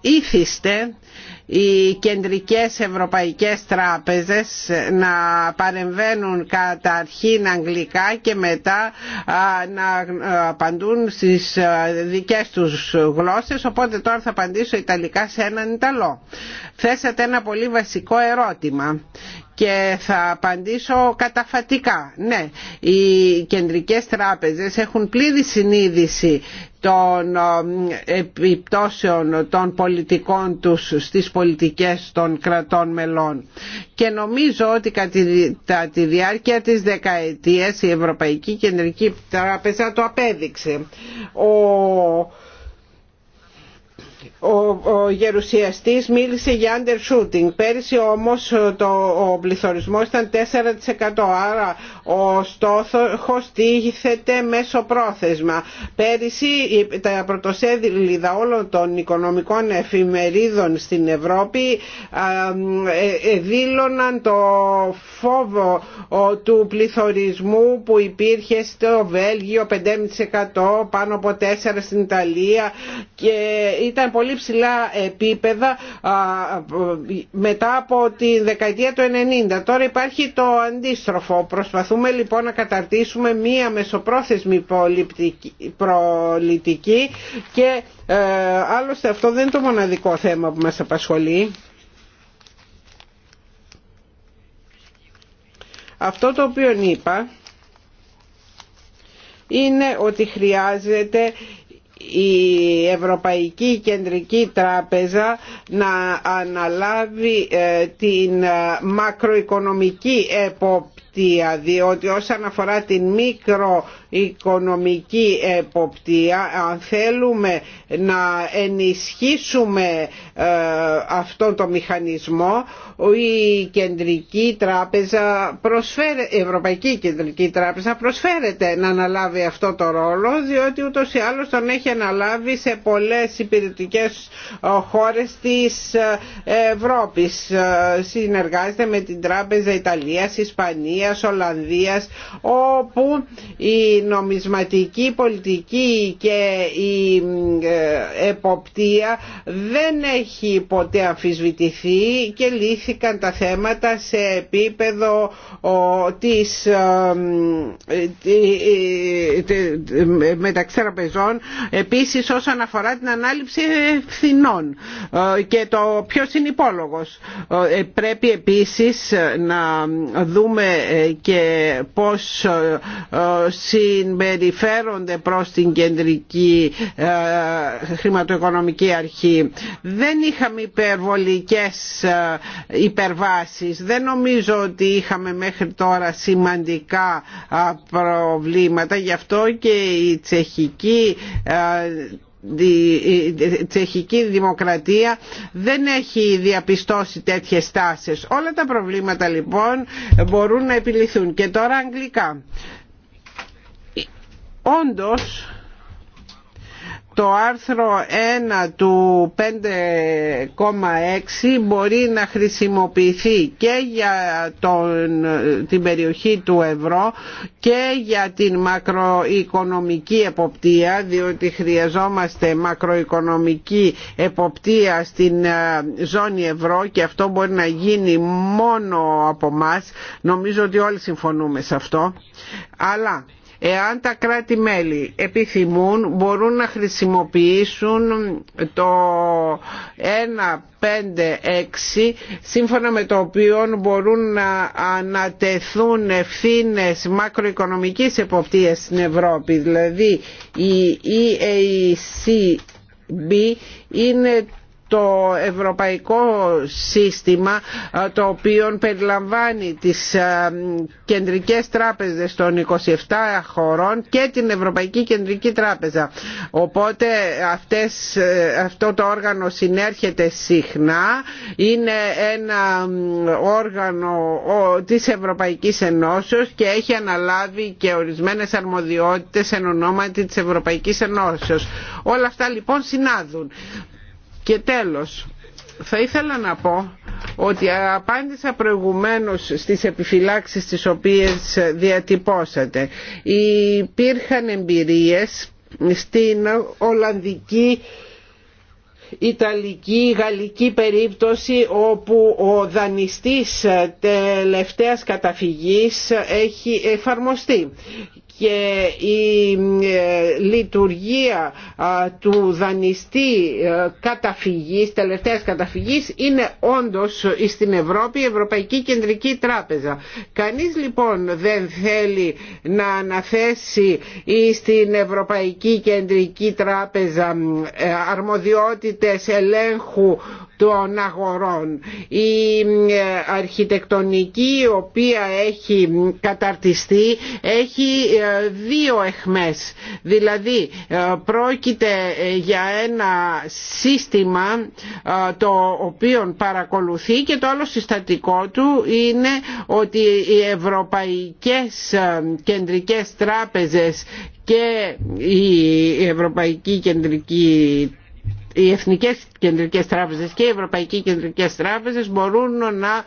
ήθιστε οι κεντρικές ευρωπαϊκές τράπεζες να παρεμβαίνουν καταρχήν αγγλικά και μετά να απαντούν στις δικές τους γλώσσες οπότε τώρα θα απαντήσω ιταλικά σε έναν Ιταλό. Θέσατε ένα πολύ βασικό ερώτημα και θα απαντήσω καταφατικά. Ναι, οι κεντρικές τράπεζες έχουν πλήρη συνείδηση των ε, επιπτώσεων των πολιτικών τους στις πολιτικές των κρατών μελών. Και νομίζω ότι κατά τη διάρκεια της δεκαετίας η Ευρωπαϊκή Κεντρική Τράπεζα το απέδειξε ο γερουσιαστής μίλησε για undershooting. Πέρυσι όμως ε, το, ο πληθωρισμός ήταν 4%. Άρα ο στόχος τίθεται μέσω πρόθεσμα. Πέρυσι τα πρωτοσέλιδα όλων των οικονομικών εφημερίδων στην Ευρώπη ε, ε, δήλωναν το φόβο του πληθωρισμού που υπήρχε στο Βέλγιο 5% πάνω από 4% στην Ιταλία και ήταν πολύ πολύ ψηλά επίπεδα μετά από τη δεκαετία του 90. Τώρα υπάρχει το αντίστροφο. Προσπαθούμε λοιπόν να καταρτήσουμε μία μεσοπρόθεσμη πολιτική και ε, άλλωστε αυτό δεν είναι το μοναδικό θέμα που μας απασχολεί. Αυτό το οποίο είπα είναι ότι χρειάζεται η Ευρωπαϊκή Κεντρική Τράπεζα να αναλάβει ε, την ε, μακροοικονομική εποπτεία διότι όσον αφορά την μικρο οικονομική εποπτεία αν θέλουμε να ενισχύσουμε ε, αυτό το μηχανισμό η Κεντρική Τράπεζα προσφέρε, η Ευρωπαϊκή Κεντρική Τράπεζα προσφέρεται να αναλάβει αυτό το ρόλο διότι ούτως ή άλλως τον έχει αναλάβει σε πολλές υπηρετικές ε, χώρες της ε, Ευρώπης συνεργάζεται με την Τράπεζα Ιταλίας, Ισπανίας, Ολλανδίας όπου η η νομισματική πολιτική και η ε, εποπτεία δεν έχει ποτέ αμφισβητηθεί και λύθηκαν τα θέματα σε επίπεδο της, ε, ε, μεταξύ τραπεζών επίσης όσον αφορά την ανάληψη φθηνών και το ποιος είναι υπόλογος. Πρέπει επίσης να δούμε και πώς συμπεριφέρονται προς την κεντρική ε, χρηματοοικονομική αρχή. Δεν είχαμε υπερβολικές ε, υπερβάσεις. Δεν νομίζω ότι είχαμε μέχρι τώρα σημαντικά ε, προβλήματα. Γι' αυτό και η τσεχική η τσεχική δημοκρατία δεν έχει διαπιστώσει τέτοιες τάσεις. Όλα τα προβλήματα λοιπόν μπορούν να επιληθούν. Και τώρα αγγλικά. Όντως, το άρθρο 1 του 5,6 μπορεί να χρησιμοποιηθεί και για τον, την περιοχή του ευρώ και για την μακροοικονομική εποπτεία διότι χρειαζόμαστε μακροοικονομική εποπτεία στην ε, ζώνη ευρώ και αυτό μπορεί να γίνει μόνο από μας. Νομίζω ότι όλοι συμφωνούμε σε αυτό. Αλλά Εάν τα κράτη-μέλη επιθυμούν μπορούν να χρησιμοποιήσουν το 156 6 σύμφωνα με το οποίο μπορούν να ανατεθούν ευθύνες μακροοικονομικής εποπτείας στην Ευρώπη. Δηλαδή η EACB είναι το ευρωπαϊκό σύστημα ε, το οποίο περιλαμβάνει τις ε, κεντρικές τράπεζες των 27 χωρών και την Ευρωπαϊκή Κεντρική Τράπεζα. Οπότε αυτές, ε, αυτό το όργανο συνέρχεται συχνά, είναι ένα όργανο της Ευρωπαϊκής Ενώσεως και έχει αναλάβει και ορισμένες αρμοδιότητες εν ονόματι της Ευρωπαϊκής Ενώσεως. Όλα αυτά λοιπόν συνάδουν. Και τέλος, θα ήθελα να πω ότι απάντησα προηγουμένως στις επιφυλάξεις τις οποίες διατυπώσατε. Υπήρχαν εμπειρίες στην Ολλανδική Ιταλική, Γαλλική περίπτωση όπου ο δανειστής τελευταίας καταφυγής έχει εφαρμοστεί και η ε, λειτουργία του δανειστή ε, καταφυγής, τελευταίας καταφυγής είναι όντως στην Ευρώπη η Ευρωπαϊκή Κεντρική Τράπεζα. Κανείς λοιπόν δεν θέλει να αναθέσει στην Ευρωπαϊκή Κεντρική Τράπεζα ε, αρμοδιότητες ελέγχου των αγορών. Η ε, αρχιτεκτονική η οποία έχει καταρτιστεί έχει ε, δύο εχμές. Δηλαδή ε, πρόκειται για ένα σύστημα το οποίο παρακολουθεί και το άλλο συστατικό του είναι ότι οι ευρωπαϊκές κεντρικές τράπεζες και η Ευρωπαϊκή Κεντρική οι Εθνικές Κεντρικές Τράπεζες και οι Ευρωπαϊκοί Κεντρικές Τράπεζες μπορούν να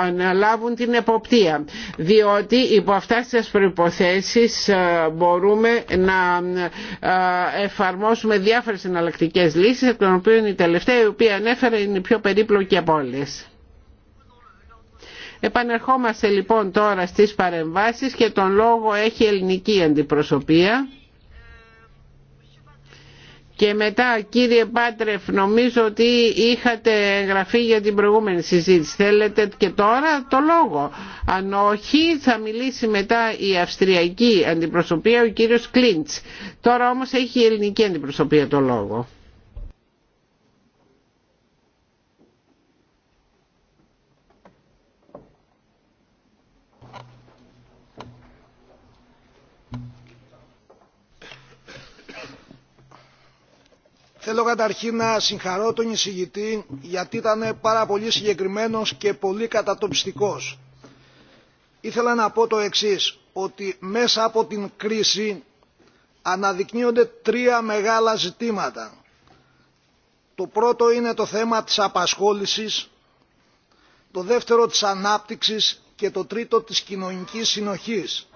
αναλάβουν την εποπτεία διότι υπό αυτά τις προϋποθέσεις μπορούμε να εφαρμόσουμε διάφορες εναλλακτικέ λύσεις εκ των οποίων η τελευταία η οποία ανέφερα είναι η πιο περίπλοκη από όλες. Επανερχόμαστε λοιπόν τώρα στις παρεμβάσεις και τον λόγο έχει η ελληνική αντιπροσωπεία. Και μετά κύριε Πάτρεφ νομίζω ότι είχατε εγγραφεί για την προηγούμενη συζήτηση. Θέλετε και τώρα το λόγο. Αν όχι θα μιλήσει μετά η αυστριακή αντιπροσωπεία ο κύριος Κλίντς. Τώρα όμως έχει η ελληνική αντιπροσωπεία το λόγο. Θέλω καταρχήν να συγχαρώ τον εισηγητή γιατί ήταν πάρα πολύ συγκεκριμένος και πολύ κατατοπιστικός. Ήθελα να πω το εξής, ότι μέσα από την κρίση αναδεικνύονται τρία μεγάλα ζητήματα. Το πρώτο είναι το θέμα της απασχόλησης, το δεύτερο της ανάπτυξης και το τρίτο της κοινωνικής συνοχής.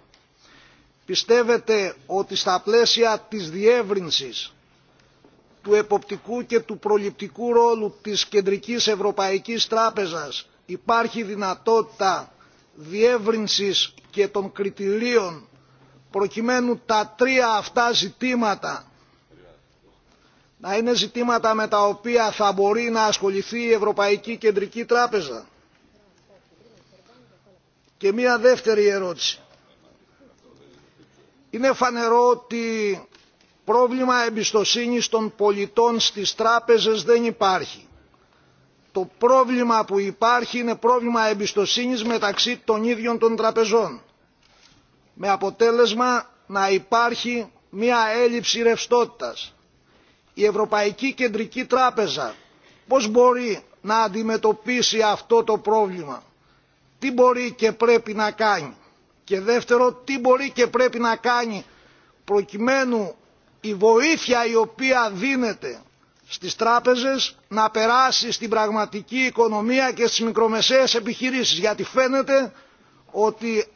Πιστεύετε ότι στα πλαίσια της διεύρυνσης του εποπτικού και του προληπτικού ρόλου της Κεντρικής Ευρωπαϊκής Τράπεζας υπάρχει δυνατότητα διεύρυνσης και των κριτηρίων προκειμένου τα τρία αυτά ζητήματα να είναι ζητήματα με τα οποία θα μπορεί να ασχοληθεί η Ευρωπαϊκή Κεντρική Τράπεζα. Και μία δεύτερη ερώτηση. Είναι φανερό ότι Πρόβλημα εμπιστοσύνης των πολιτών στις τράπεζες δεν υπάρχει. Το πρόβλημα που υπάρχει είναι πρόβλημα εμπιστοσύνης μεταξύ των ίδιων των τραπεζών. Με αποτέλεσμα να υπάρχει μια έλλειψη ρευστότητας. Η Ευρωπαϊκή Κεντρική Τράπεζα πώς μπορεί να αντιμετωπίσει αυτό το πρόβλημα. Τι μπορεί και πρέπει να κάνει. Και δεύτερο, τι μπορεί και πρέπει να κάνει προκειμένου η βοήθεια η οποία δίνεται στις τράπεζες να περάσει στην πραγματική οικονομία και στις μικρομεσαίες επιχειρήσεις γιατί φαίνεται ότι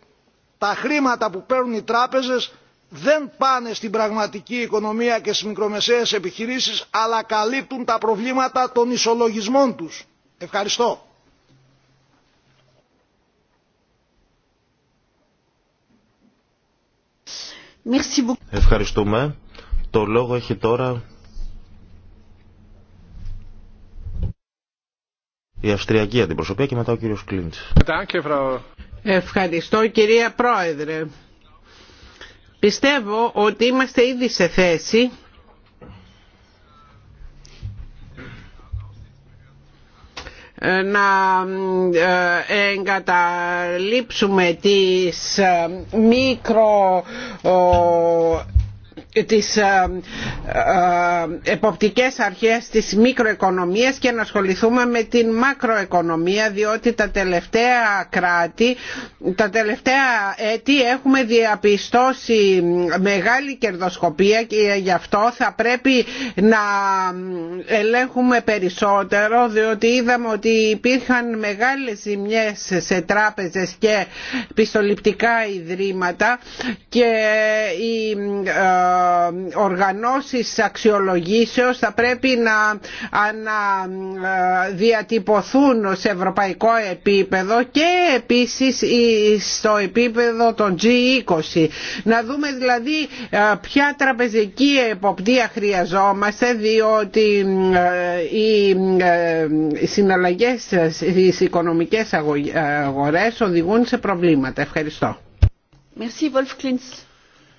τα χρήματα που παίρνουν οι τράπεζες δεν πάνε στην πραγματική οικονομία και στις μικρομεσαίες επιχειρήσεις αλλά καλύπτουν τα προβλήματα των ισολογισμών τους. Ευχαριστώ. Ευχαριστούμε. Το λόγο έχει τώρα η Αυστριακή Αντιπροσωπεία και μετά ο κύριος Κλίντς. Ευχαριστώ κυρία Πρόεδρε. Πιστεύω ότι είμαστε ήδη σε θέση να ε, εγκαταλείψουμε τις ε, μικρο τις ε, ε, εποπτικές αρχές της μικροοικονομίας και να ασχοληθούμε με την μακροοικονομία διότι τα τελευταία κράτη τα τελευταία έτη έχουμε διαπιστώσει μεγάλη κερδοσκοπία και γι' αυτό θα πρέπει να ελέγχουμε περισσότερο διότι είδαμε ότι υπήρχαν μεγάλες ζημιές σε τράπεζες και πιστοληπτικά ιδρύματα και η ε, οργανώσεις αξιολογήσεως θα πρέπει να διατυπωθούν σε ευρωπαϊκό επίπεδο και επίσης στο επίπεδο των G20. Να δούμε δηλαδή ε, ποια τραπεζική εποπτεία χρειαζόμαστε διότι ε, οι ε, συναλλαγές στις οικονομικές αγορές οδηγούν σε προβλήματα. Ευχαριστώ. Merci Wolf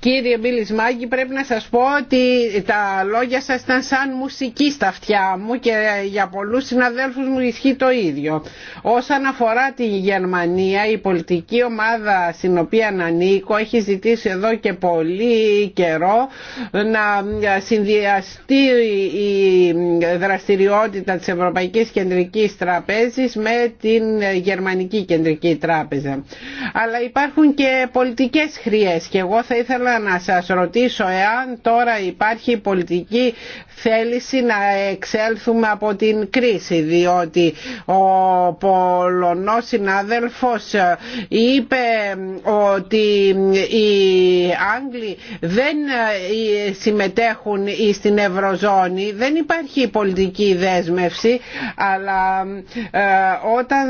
Κύριε Μπίλης Μάγκη πρέπει να σας πω ότι τα λόγια σας ήταν σαν μουσική στα αυτιά μου και για πολλούς συναδέλφους μου ισχύει το ίδιο. Όσον αφορά τη Γερμανία η πολιτική ομάδα στην οποία ανήκω έχει ζητήσει εδώ και πολύ καιρό να συνδυαστεί η δραστηριότητα της Ευρωπαϊκής Κεντρικής Τραπέζης με την Γερμανική Κεντρική Τράπεζα. Αλλά υπάρχουν και πολιτικές χρειές και εγώ θα ήθελα να σας ρωτήσω εάν τώρα υπάρχει πολιτική θέληση να εξέλθουμε από την κρίση διότι ο Πολωνός συνάδελφος είπε ότι οι Άγγλοι δεν συμμετέχουν στην Ευρωζώνη δεν υπάρχει πολιτική δέσμευση αλλά ε, όταν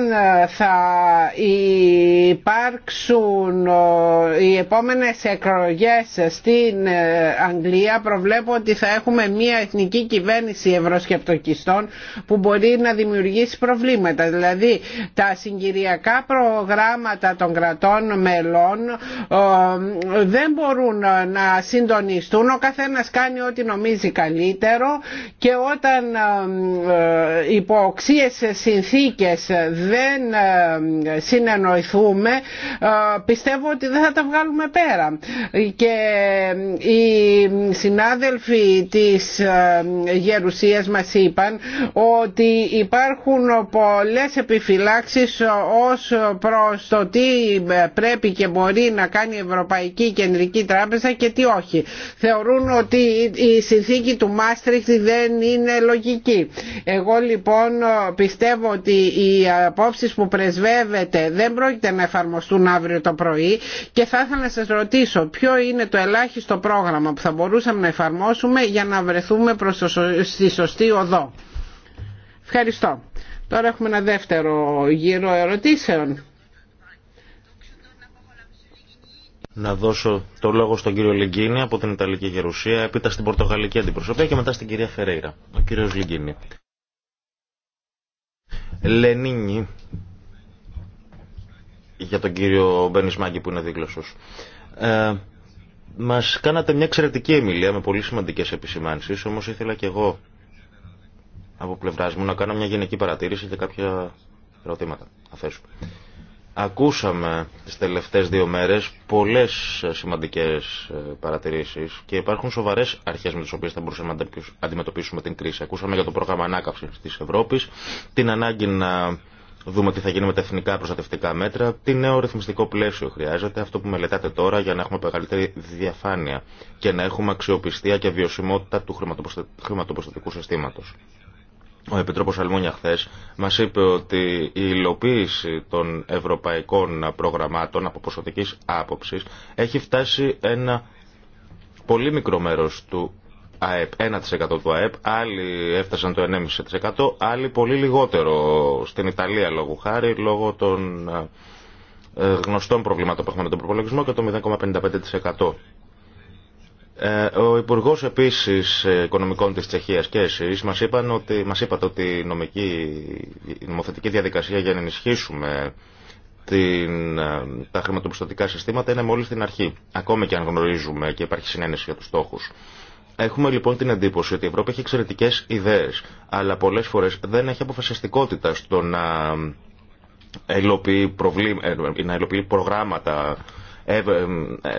θα υπάρξουν ε, οι επόμενες εκλογές εκλογές στην ε, Αγγλία προβλέπω ότι θα έχουμε μια εθνική κυβέρνηση ευρωσκεπτοκιστών που μπορεί να δημιουργήσει προβλήματα. Δηλαδή τα συγκυριακά προγράμματα των κρατών μελών ε, δεν μπορούν να συντονιστούν. Ο καθένας κάνει ό,τι νομίζει καλύτερο και όταν ε, υποξίες συνθήκες δεν συνεννοηθούμε πιστεύω ότι δεν θα τα βγάλουμε πέρα και οι συνάδελφοι της ε, Γερουσίας μας είπαν ότι υπάρχουν πολλές επιφυλάξεις ως προς το τι πρέπει και μπορεί να κάνει η Ευρωπαϊκή Κεντρική Τράπεζα και τι όχι. Θεωρούν ότι η συνθήκη του Μάστριχτ δεν είναι λογική. Εγώ λοιπόν πιστεύω ότι οι απόψεις που πρεσβεύεται δεν πρόκειται να εφαρμοστούν αύριο το πρωί και θα ήθελα να σας ρωτήσω ρωτήσω ποιο είναι το ελάχιστο πρόγραμμα που θα μπορούσαμε να εφαρμόσουμε για να βρεθούμε προς το, στη σωστή οδό. Ευχαριστώ. Τώρα έχουμε ένα δεύτερο γύρο ερωτήσεων. Να δώσω το λόγο στον κύριο Λιγκίνη από την Ιταλική Γερουσία, έπειτα στην Πορτογαλική Αντιπροσωπεία και μετά στην κυρία Φερέιρα. Ο κύριος Λιγκίνη. Λενίνη για τον κύριο Μπένις που είναι δίγλωσος. Ε, μας κάνατε μια εξαιρετική εμιλία με πολύ σημαντικέ επισημάνσεις, όμως ήθελα και εγώ από πλευρά μου να κάνω μια γενική παρατήρηση και κάποια ερωτήματα Ακούσαμε τις τελευταίε δύο μέρε πολλέ σημαντικές ε, παρατηρήσεις και υπάρχουν σοβαρές αρχές με τις οποίες θα μπορούσαμε να αντιμετωπίσουμε την κρίση. Ακούσαμε για το πρόγραμμα ανάκαυση τη Ευρώπη, την ανάγκη να δούμε τι θα γίνει με τα εθνικά προστατευτικά μέτρα, τι νέο ρυθμιστικό πλαίσιο χρειάζεται, αυτό που μελετάτε τώρα για να έχουμε μεγαλύτερη διαφάνεια και να έχουμε αξιοπιστία και βιωσιμότητα του χρηματοπροστατικού συστήματος. Ο Επιτρόπος Αλμούνια χθε μας είπε ότι η υλοποίηση των ευρωπαϊκών προγραμμάτων από ποσοτικής άποψης έχει φτάσει ένα πολύ μικρό μέρος του ΑΕΠ, 1% του ΑΕΠ, άλλοι έφτασαν το 1,5%, άλλοι πολύ λιγότερο στην Ιταλία λόγω χάρη, λόγω των ε, γνωστών προβλημάτων που έχουμε με τον προπολογισμό και το 0,55%. Ε, ο Υπουργό επίση ε, Οικονομικών τη Τσεχία και εσεί μα μας είπατε ότι η, νομική, η νομοθετική διαδικασία για να ενισχύσουμε την, τα χρηματοπιστωτικά συστήματα είναι μόλι στην αρχή. Ακόμη και αν γνωρίζουμε και υπάρχει συνένεση για του στόχου. Έχουμε λοιπόν την εντύπωση ότι η Ευρώπη έχει εξαιρετικέ ιδέε, αλλά πολλέ φορέ δεν έχει αποφασιστικότητα στο να υλοποιεί, προβλή... Ε, να προγράμματα ε, ε,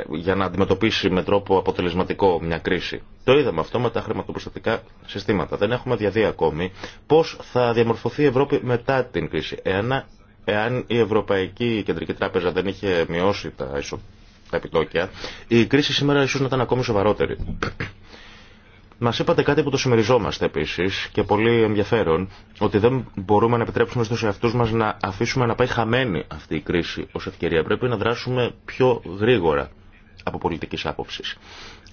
για να αντιμετωπίσει με τρόπο αποτελεσματικό μια κρίση. Το είδαμε αυτό με τα χρηματοπροστατικά συστήματα. Δεν έχουμε διαδεί ακόμη πώ θα διαμορφωθεί η Ευρώπη μετά την κρίση. Εάν, εάν η Ευρωπαϊκή Κεντρική Τράπεζα δεν είχε μειώσει τα, τα επιτόκια, η κρίση σήμερα ίσω να ήταν ακόμη σοβαρότερη. Μα είπατε κάτι που το συμμεριζόμαστε επίση και πολύ ενδιαφέρον, ότι δεν μπορούμε να επιτρέψουμε στου εαυτού μα να αφήσουμε να πάει χαμένη αυτή η κρίση ω ευκαιρία. Πρέπει να δράσουμε πιο γρήγορα από πολιτική άποψη.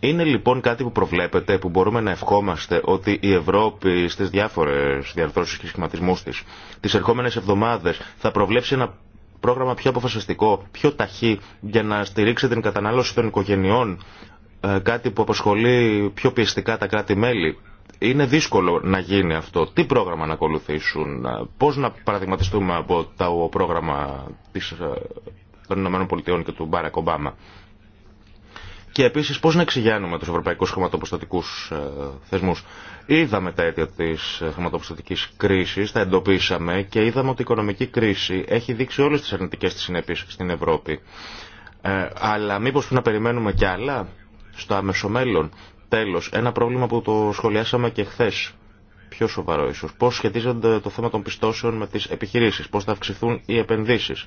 Είναι λοιπόν κάτι που προβλέπετε, που μπορούμε να ευχόμαστε ότι η Ευρώπη στι διάφορε διαρθρώσει και σχηματισμού τη τι ερχόμενε εβδομάδε θα προβλέψει ένα πρόγραμμα πιο αποφασιστικό, πιο ταχύ για να στηρίξει την κατανάλωση των οικογενειών ε, κάτι που απασχολεί πιο πιεστικά τα κράτη-μέλη. Είναι δύσκολο να γίνει αυτό. Τι πρόγραμμα να ακολουθήσουν, ε, πώς να παραδειγματιστούμε από το πρόγραμμα της, ε, των ΗΠΑ και του Μπάρακ Ομπάμα. Και επίσης πώς να εξηγιάνουμε του ευρωπαϊκού ε, θεσμούς. Είδαμε τα αίτια τη χρηματοπροστατική κρίση, τα εντοπίσαμε και είδαμε ότι η οικονομική κρίση έχει δείξει όλες τις αρνητικές τη συνέπειε στην Ευρώπη. Ε, αλλά μήπω να περιμένουμε κι άλλα στο άμεσο μέλλον. Τέλος, ένα πρόβλημα που το σχολιάσαμε και χθε. Πιο σοβαρό ίσως. Πώς σχετίζονται το θέμα των πιστώσεων με τις επιχειρήσεις, πώς θα αυξηθούν οι επενδύσεις,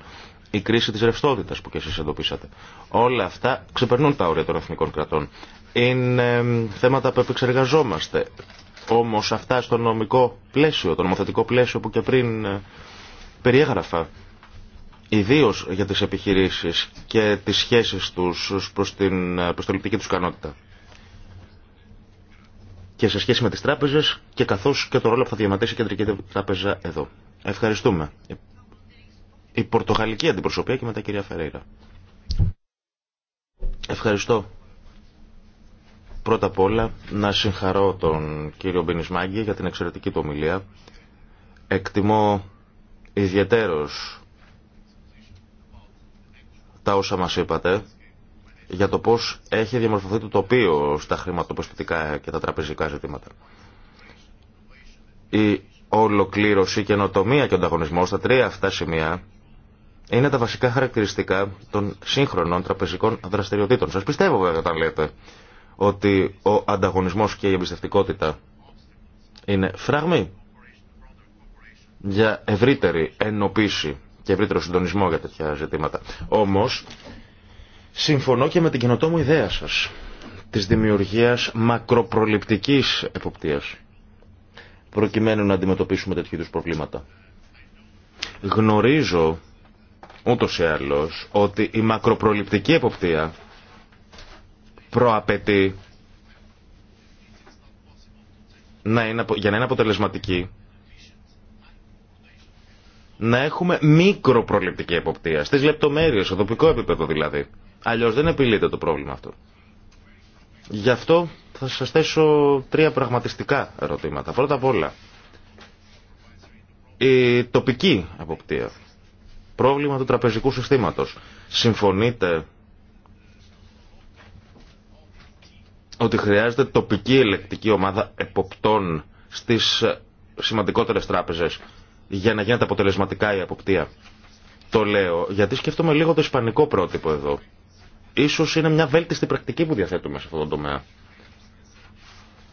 η κρίση της ρευστότητας που και εσείς εντοπίσατε. Όλα αυτά ξεπερνούν τα όρια των εθνικών κρατών. Είναι θέματα που επεξεργαζόμαστε. Όμως αυτά στο νομικό πλαίσιο, το νομοθετικό πλαίσιο που και πριν ε, περιέγραφα ιδίω για τις επιχειρήσεις και τις σχέσεις τους προς την, ε, προς του τους ικανότητα. Και σε σχέση με τις τράπεζες και καθώς και το ρόλο που θα διαματήσει η Κεντρική Τράπεζα εδώ. Ευχαριστούμε. Η Πορτογαλική Αντιπροσωπεία και μετά η κυρία Φεραίρα. Ευχαριστώ. Πρώτα απ' όλα να συγχαρώ τον κύριο Μπινισμάγκη για την εξαιρετική του ομιλία. Εκτιμώ ιδιαίτερος τα όσα μας είπατε για το πώς έχει διαμορφωθεί το τοπίο στα χρηματοπιστωτικά και τα τραπεζικά ζητήματα. Η ολοκλήρωση, η καινοτομία και ο ανταγωνισμός, τα τρία αυτά σημεία, είναι τα βασικά χαρακτηριστικά των σύγχρονων τραπεζικών δραστηριοτήτων. Σας πιστεύω βέβαια όταν λέτε ότι ο ανταγωνισμός και η εμπιστευτικότητα είναι φράγμοι για ευρύτερη ενοποίηση και ευρύτερο συντονισμό για τέτοια ζητήματα. Όμως, συμφωνώ και με την καινοτόμο ιδέα σας της δημιουργίας μακροπροληπτικής εποπτείας προκειμένου να αντιμετωπίσουμε τέτοιου είδους προβλήματα. Γνωρίζω ούτως ή άλλως ότι η μακροπροληπτική εποπτεία προαπαιτεί να είναι, για να είναι αποτελεσματική να έχουμε μικροπροληπτική εποπτεία, στις λεπτομέρειες, στο τοπικό επίπεδο δηλαδή. Αλλιώς δεν επιλύεται το πρόβλημα αυτό. Γι' αυτό θα σας θέσω τρία πραγματιστικά ερωτήματα. Πρώτα απ' όλα, η τοπική εποπτεία, πρόβλημα του τραπεζικού συστήματος. Συμφωνείτε ότι χρειάζεται τοπική ελεκτική ομάδα εποπτών στις σημαντικότερε τράπεζε για να γίνεται αποτελεσματικά η αποπτία. Το λέω γιατί σκέφτομαι λίγο το ισπανικό πρότυπο εδώ. Ίσως είναι μια βέλτιστη πρακτική που διαθέτουμε σε αυτό το τομέα.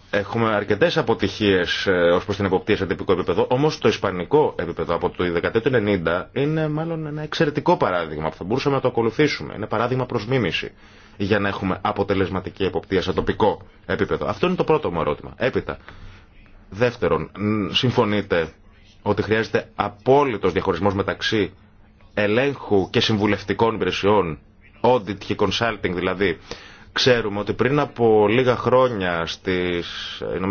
Έχουμε αρκετέ αποτυχίε ε, ω προ την εποπτεία σε τυπικό επίπεδο, όμω το ισπανικό επίπεδο από το 1990 είναι μάλλον ένα εξαιρετικό παράδειγμα που θα μπορούσαμε να το ακολουθήσουμε. Είναι παράδειγμα προ μίμηση για να έχουμε αποτελεσματική εποπτεία σε τοπικό επίπεδο. Αυτό είναι το πρώτο μου ερώτημα. Έπειτα, δεύτερον, συμφωνείτε ότι χρειάζεται απόλυτος διαχωρισμός μεταξύ ελέγχου και συμβουλευτικών υπηρεσιών, audit και consulting δηλαδή, ξέρουμε ότι πριν από λίγα χρόνια στις ΗΠΑ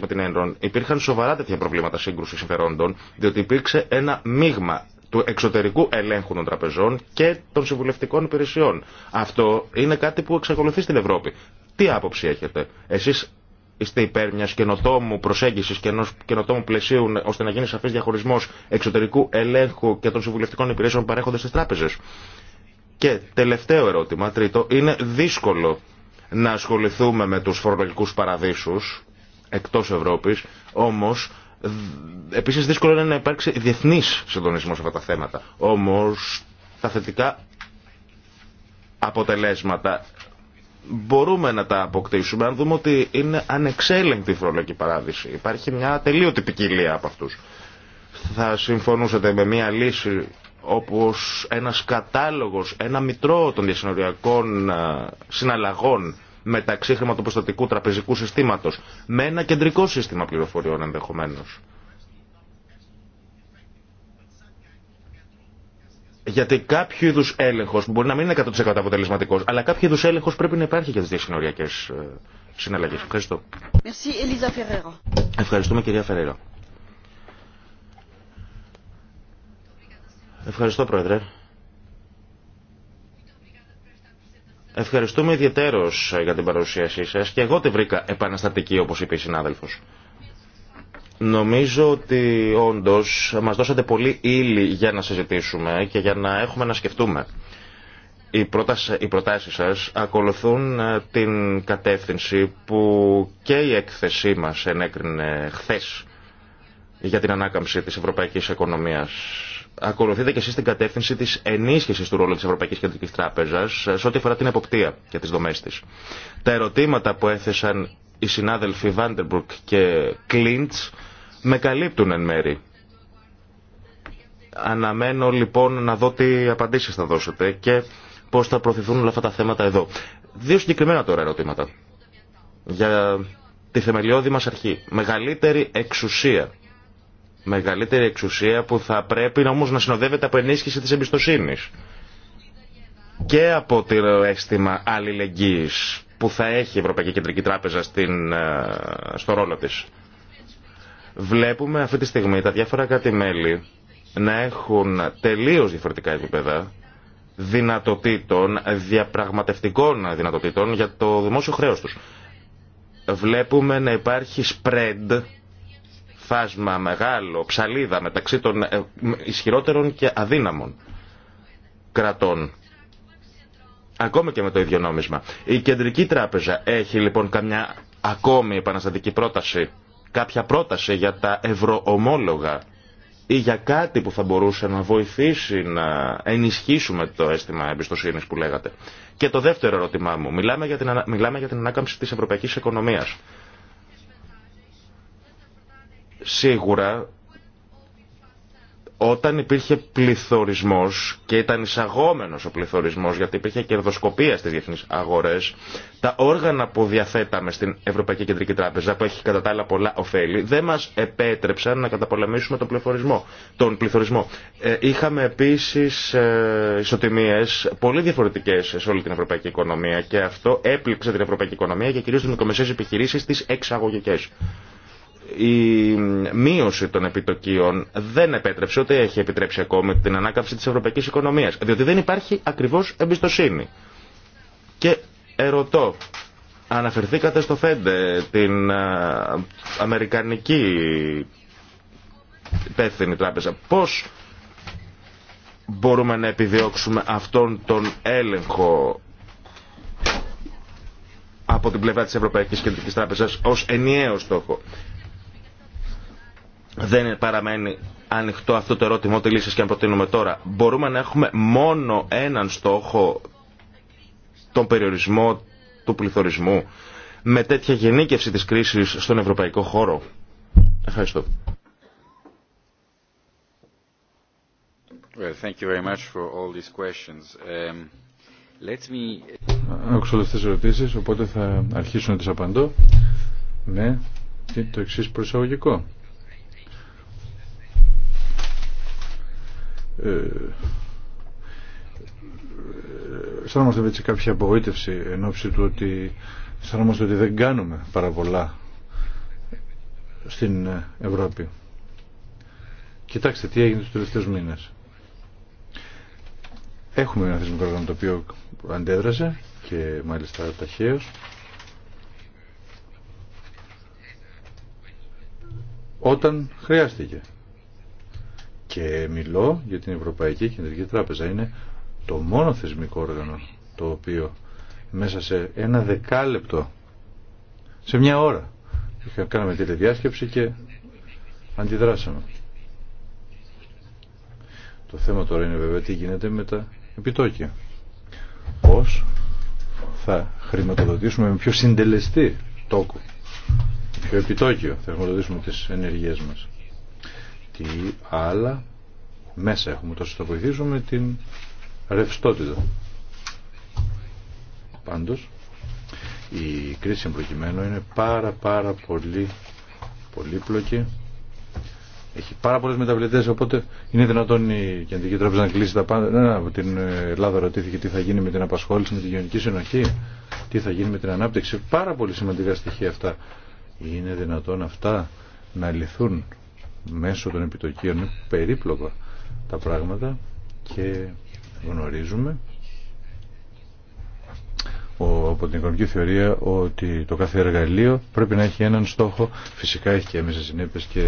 με την Enron υπήρχαν σοβαρά τέτοια προβλήματα σύγκρουση συμφερόντων, διότι υπήρξε ένα μείγμα του εξωτερικού ελέγχου των τραπεζών και των συμβουλευτικών υπηρεσιών. Αυτό είναι κάτι που εξακολουθεί στην Ευρώπη. Τι άποψη έχετε, εσείς είστε υπέρ μια καινοτόμου προσέγγιση και ενό καινοτόμου πλαισίου ώστε να γίνει σαφή διαχωρισμό εξωτερικού ελέγχου και των συμβουλευτικών υπηρεσιών παρέχοντα στι τράπεζε. Και τελευταίο ερώτημα, τρίτο, είναι δύσκολο να ασχοληθούμε με τους φορολογικού παραδείσου εκτός Ευρώπης, όμως επίσης δύσκολο είναι να υπάρξει διεθνή συντονισμό σε αυτά τα θέματα. Όμω, τα θετικά αποτελέσματα μπορούμε να τα αποκτήσουμε αν δούμε ότι είναι ανεξέλεγκτη η φορολογική παράδειση. Υπάρχει μια τελείωτη ποικιλία από αυτούς. Θα συμφωνούσατε με μια λύση όπως ένας κατάλογος, ένα μητρό των διασυνοριακών ε, συναλλαγών μεταξύ χρηματοπιστωτικού τραπεζικού συστήματος με ένα κεντρικό σύστημα πληροφοριών ενδεχομένω. Γιατί κάποιο είδου έλεγχο, που μπορεί να μην είναι 100% αποτελεσματικό, αλλά κάποιο είδου έλεγχο πρέπει να υπάρχει για τι διασυνοριακέ ε, συναλλαγέ. Ευχαριστώ. Ευχαριστούμε, κυρία Φεραίρα. Ευχαριστώ, Πρόεδρε. Ευχαριστούμε ιδιαίτερω ε, για την παρουσίασή σα και εγώ τη βρήκα επαναστατική, όπω είπε η συνάδελφο. Νομίζω ότι όντω μα δώσατε πολύ ύλη για να συζητήσουμε και για να έχουμε να σκεφτούμε. Οι, προτάσεις, οι σας ακολουθούν ε, την κατεύθυνση που και η έκθεσή μα ενέκρινε χθε για την ανάκαμψη τη Ευρωπαϊκή οικονομίας. Ακολουθείτε και εσεί την κατεύθυνση τη ενίσχυση του ρόλου τη Ευρωπαϊκή Κεντρική Τράπεζα ε, σε ό,τι αφορά την εποπτεία και τι δομέ τη. Τα ερωτήματα που έθεσαν οι συνάδελφοι Βάντερμπουργκ και Κλίντς με καλύπτουν εν μέρη. Αναμένω λοιπόν να δω τι απαντήσεις θα δώσετε και πώς θα προωθηθούν όλα αυτά τα θέματα εδώ. Δύο συγκεκριμένα τώρα ερωτήματα για τη θεμελιώδη μας αρχή. Μεγαλύτερη εξουσία. Μεγαλύτερη εξουσία που θα πρέπει όμως να συνοδεύεται από ενίσχυση της εμπιστοσύνης και από το αίσθημα αλληλεγγύης που θα έχει η Ευρωπαϊκή Κεντρική Τράπεζα στην, ε, στο ρόλο της. Βλέπουμε αυτή τη στιγμή τα διάφορα κράτη-μέλη να έχουν τελείως διαφορετικά επίπεδα δυνατοτήτων, διαπραγματευτικών δυνατοτήτων για το δημόσιο χρέος τους. Βλέπουμε να υπάρχει spread, φάσμα μεγάλο, ψαλίδα μεταξύ των ε, ισχυρότερων και αδύναμων κρατών. Ακόμη και με το ίδιο νόμισμα. Η Κεντρική Τράπεζα έχει λοιπόν καμιά ακόμη επαναστατική πρόταση κάποια πρόταση για τα ευρωομόλογα ή για κάτι που θα μπορούσε να βοηθήσει να ενισχύσουμε το αίσθημα εμπιστοσύνης που λέγατε. Και το δεύτερο ερώτημά μου. Μιλάμε για την, μιλάμε για την ανάκαμψη της ευρωπαϊκής οικονομίας. Σίγουρα όταν υπήρχε πληθωρισμός και ήταν εισαγόμενος ο πληθωρισμός γιατί υπήρχε κερδοσκοπία στις διεθνείς αγορές, τα όργανα που διαθέταμε στην Ευρωπαϊκή Κεντρική Τράπεζα που έχει κατά τα άλλα πολλά ωφέλη δεν μας επέτρεψαν να καταπολεμήσουμε τον πληθωρισμό. Τον πληθωρισμό. Ε, είχαμε επίσης ε, ισοτιμίες πολύ διαφορετικές σε όλη την ευρωπαϊκή οικονομία και αυτό έπληξε την ευρωπαϊκή οικονομία και κυρίως τις μικρομεσαίες επιχειρήσεις τις εξαγωγικές η μείωση των επιτοκίων δεν επέτρεψε, ούτε έχει επιτρέψει ακόμη την ανάκαμψη της ευρωπαϊκής οικονομίας. Διότι δεν υπάρχει ακριβώς εμπιστοσύνη. Και ερωτώ, αναφερθήκατε στο ΦΕΝΤΕ, την αμερικανική υπεύθυνη τράπεζα. Πώς μπορούμε να επιδιώξουμε αυτόν τον έλεγχο από την πλευρά της Ευρωπαϊκής Κεντρικής Τράπεζας ως ενιαίο στόχο δεν παραμένει ανοιχτό αυτό το ερώτημα ό,τι λύσεις και αν προτείνουμε τώρα. Μπορούμε να έχουμε μόνο έναν στόχο τον περιορισμό του πληθωρισμού με τέτοια γενίκευση της κρίσης στον ευρωπαϊκό χώρο. Ευχαριστώ. Well, thank you very much for all these um, τις ερωτήσεις, οπότε θα αρχίσω να τις απαντώ με το εξής προσαγωγικό. αισθανόμαστε ε, ε, έτσι κάποια απογοήτευση εν ώψη του ότι αισθανόμαστε ότι δεν κάνουμε πάρα πολλά στην ε, Ευρώπη. Κοιτάξτε τι έγινε τους τελευταίους μήνες. Έχουμε ένα θεσμικό όργανο το οποίο αντέδρασε και μάλιστα ταχαίως. Όταν χρειάστηκε. Και μιλώ για την Ευρωπαϊκή Κεντρική Τράπεζα. Είναι το μόνο θεσμικό όργανο το οποίο μέσα σε ένα δεκάλεπτο, σε μια ώρα, κάναμε τηλεδιάσκεψη και αντιδράσαμε. Το θέμα τώρα είναι βέβαια τι γίνεται με τα επιτόκια. Πώς θα χρηματοδοτήσουμε με πιο συντελεστή τόκο, πιο επιτόκιο θα χρηματοδοτήσουμε τις ενεργειές μας τι άλλα μέσα έχουμε τόσο θα βοηθήσουμε την ρευστότητα. Πάντως, η κρίση εμπροκειμένου είναι πάρα πάρα πολύ πολύπλοκη. Έχει πάρα πολλέ μεταβλητέ, οπότε είναι δυνατόν η Κεντρική Τράπεζα να κλείσει τα πάντα. Ναι, από την Ελλάδα ρωτήθηκε τι θα γίνει με την απασχόληση, με την κοινωνική συνοχή, τι θα γίνει με την ανάπτυξη. Πάρα πολύ σημαντικά στοιχεία αυτά. Είναι δυνατόν αυτά να λυθούν μέσω των επιτοκίων είναι περίπλοκα τα πράγματα και γνωρίζουμε από την οικονομική θεωρία ότι το κάθε εργαλείο πρέπει να έχει έναν στόχο. Φυσικά έχει και εμείς συνέπειε και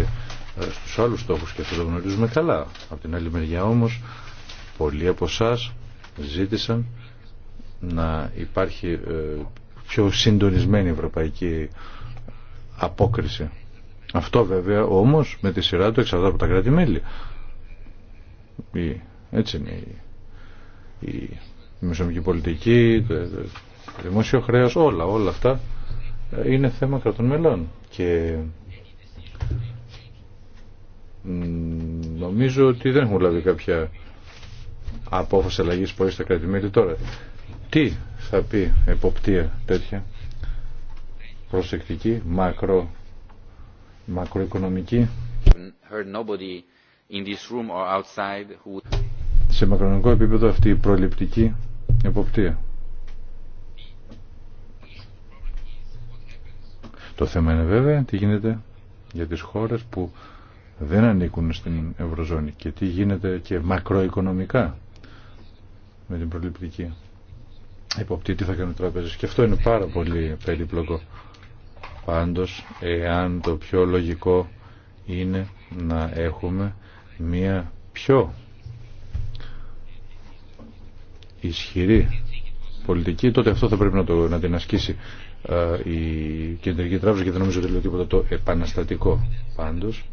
ε, στους άλλους στόχους και αυτό το γνωρίζουμε καλά. Από την άλλη μεριά όμως πολλοί από εσά ζήτησαν να υπάρχει ε, πιο συντονισμένη ευρωπαϊκή απόκριση αυτό βέβαια όμως με τη σειρά του εξαρτάται από τα κράτη-μέλη. Έτσι είναι η, η μεσομική πολιτική, το, δημόσιο χρέος, όλα, όλα αυτά ε, είναι θέμα κρατών μελών. Και νομίζω ότι δεν έχουν λάβει κάποια απόφαση αλλαγής έχει στα κράτη-μέλη τώρα. Τι θα πει εποπτεία τέτοια προσεκτική, μακρο μακροοικονομική σε μακροοικονομικό επίπεδο αυτή η προληπτική εποπτεία. Το θέμα είναι βέβαια τι γίνεται για τις χώρες που δεν ανήκουν στην Ευρωζώνη και τι γίνεται και μακροοικονομικά με την προληπτική εποπτεία, τι θα κάνουν οι τράπεζες. Και αυτό είναι πάρα πολύ περίπλοκο. Πάντως, εάν το πιο λογικό είναι να έχουμε μία πιο ισχυρή πολιτική, τότε αυτό θα πρέπει να, το, να την ασκήσει ε, η Κεντρική Τράπεζα και δεν νομίζω ότι λέω τίποτα το επαναστατικό. Πάντως,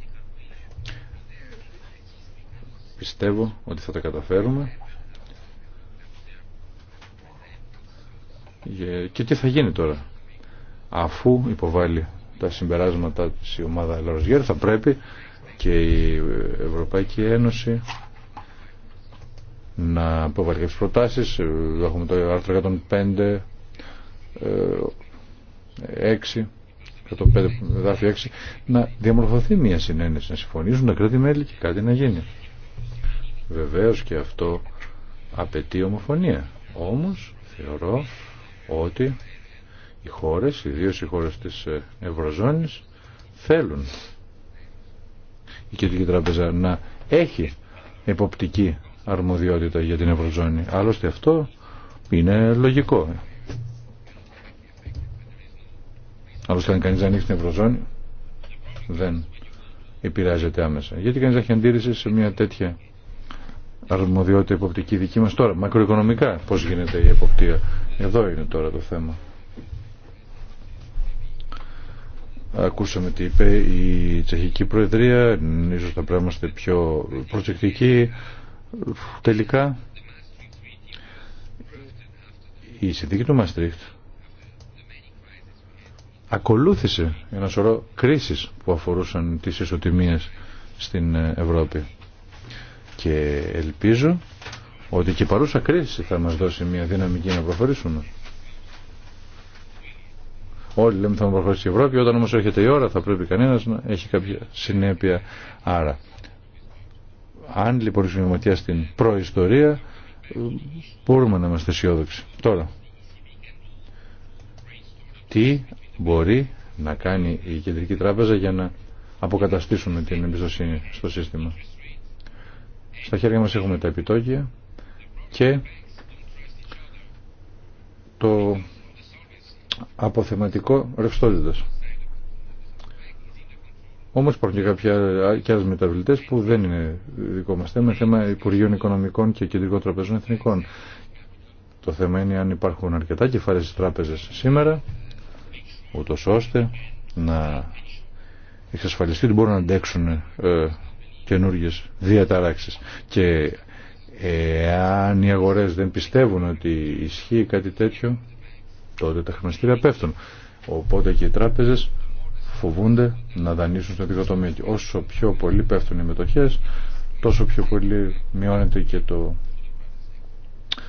πιστεύω ότι θα τα καταφέρουμε ε, και τι θα γίνει τώρα αφού υποβάλει τα συμπεράσματα της η ομάδα Λαροζιέρ θα πρέπει και η Ευρωπαϊκή Ένωση να υποβάλει τις προτάσεις έχουμε το άρθρο 105 6 το 6 να διαμορφωθεί μια συνένεση να συμφωνήσουν τα κράτη-μέλη και κάτι να γίνει βεβαίως και αυτό απαιτεί ομοφωνία όμως θεωρώ ότι οι χώρες, ιδίως οι χώρες της ε, Ευρωζώνης, θέλουν η Κεντρική Τράπεζα να έχει εποπτική αρμοδιότητα για την Ευρωζώνη. Άλλωστε αυτό είναι λογικό. Άλλωστε αν κανείς ανοίξει την Ευρωζώνη δεν επηρεάζεται άμεσα. Γιατί κανείς έχει αντίρρηση σε μια τέτοια αρμοδιότητα εποπτική δική μας τώρα. Μακροοικονομικά πώς γίνεται η εποπτεία. Εδώ είναι τώρα το θέμα. Ακούσαμε τι είπε η Τσεχική Προεδρία, ίσως θα πρέπει να είμαστε πιο προσεκτικοί. Τελικά, η συνθήκη του Μαστρίχτ ακολούθησε ένα σωρό κρίσεις που αφορούσαν τις ισοτιμίες στην Ευρώπη. Και ελπίζω ότι και η παρούσα κρίση θα μας δώσει μια δυναμική να προχωρήσουμε. Όλοι λέμε θα προχωρήσει η Ευρώπη, όταν όμως έρχεται η ώρα θα πρέπει κανένας να έχει κάποια συνέπεια. Άρα, αν λοιπόν ρίξουμε ματιά στην προϊστορία, μπορούμε να είμαστε αισιόδοξοι. Τώρα, τι μπορεί να κάνει η Κεντρική Τράπεζα για να αποκαταστήσουμε την εμπιστοσύνη στο σύστημα. Στα χέρια μας έχουμε τα επιτόκια και το αποθεματικό ρευστότητα. Όμως υπάρχουν και κάποια και που δεν είναι δικό μας θέμα, θέμα Υπουργείων Οικονομικών και Κεντρικών Τραπεζών Εθνικών. Το θέμα είναι αν υπάρχουν αρκετά κεφάλαια στι τράπεζες σήμερα, ούτω ώστε να εξασφαλιστεί ότι μπορούν να αντέξουν ε, καινούργιες διαταράξεις. Και εάν οι αγορε δεν πιστεύουν ότι ισχύει κάτι τέτοιο, τότε τα χρηματιστήρια πέφτουν. Οπότε και οι τράπεζες φοβούνται να δανείσουν στο δικό τομέα. Όσο πιο πολύ πέφτουν οι μετοχές, τόσο πιο πολύ μειώνεται και το,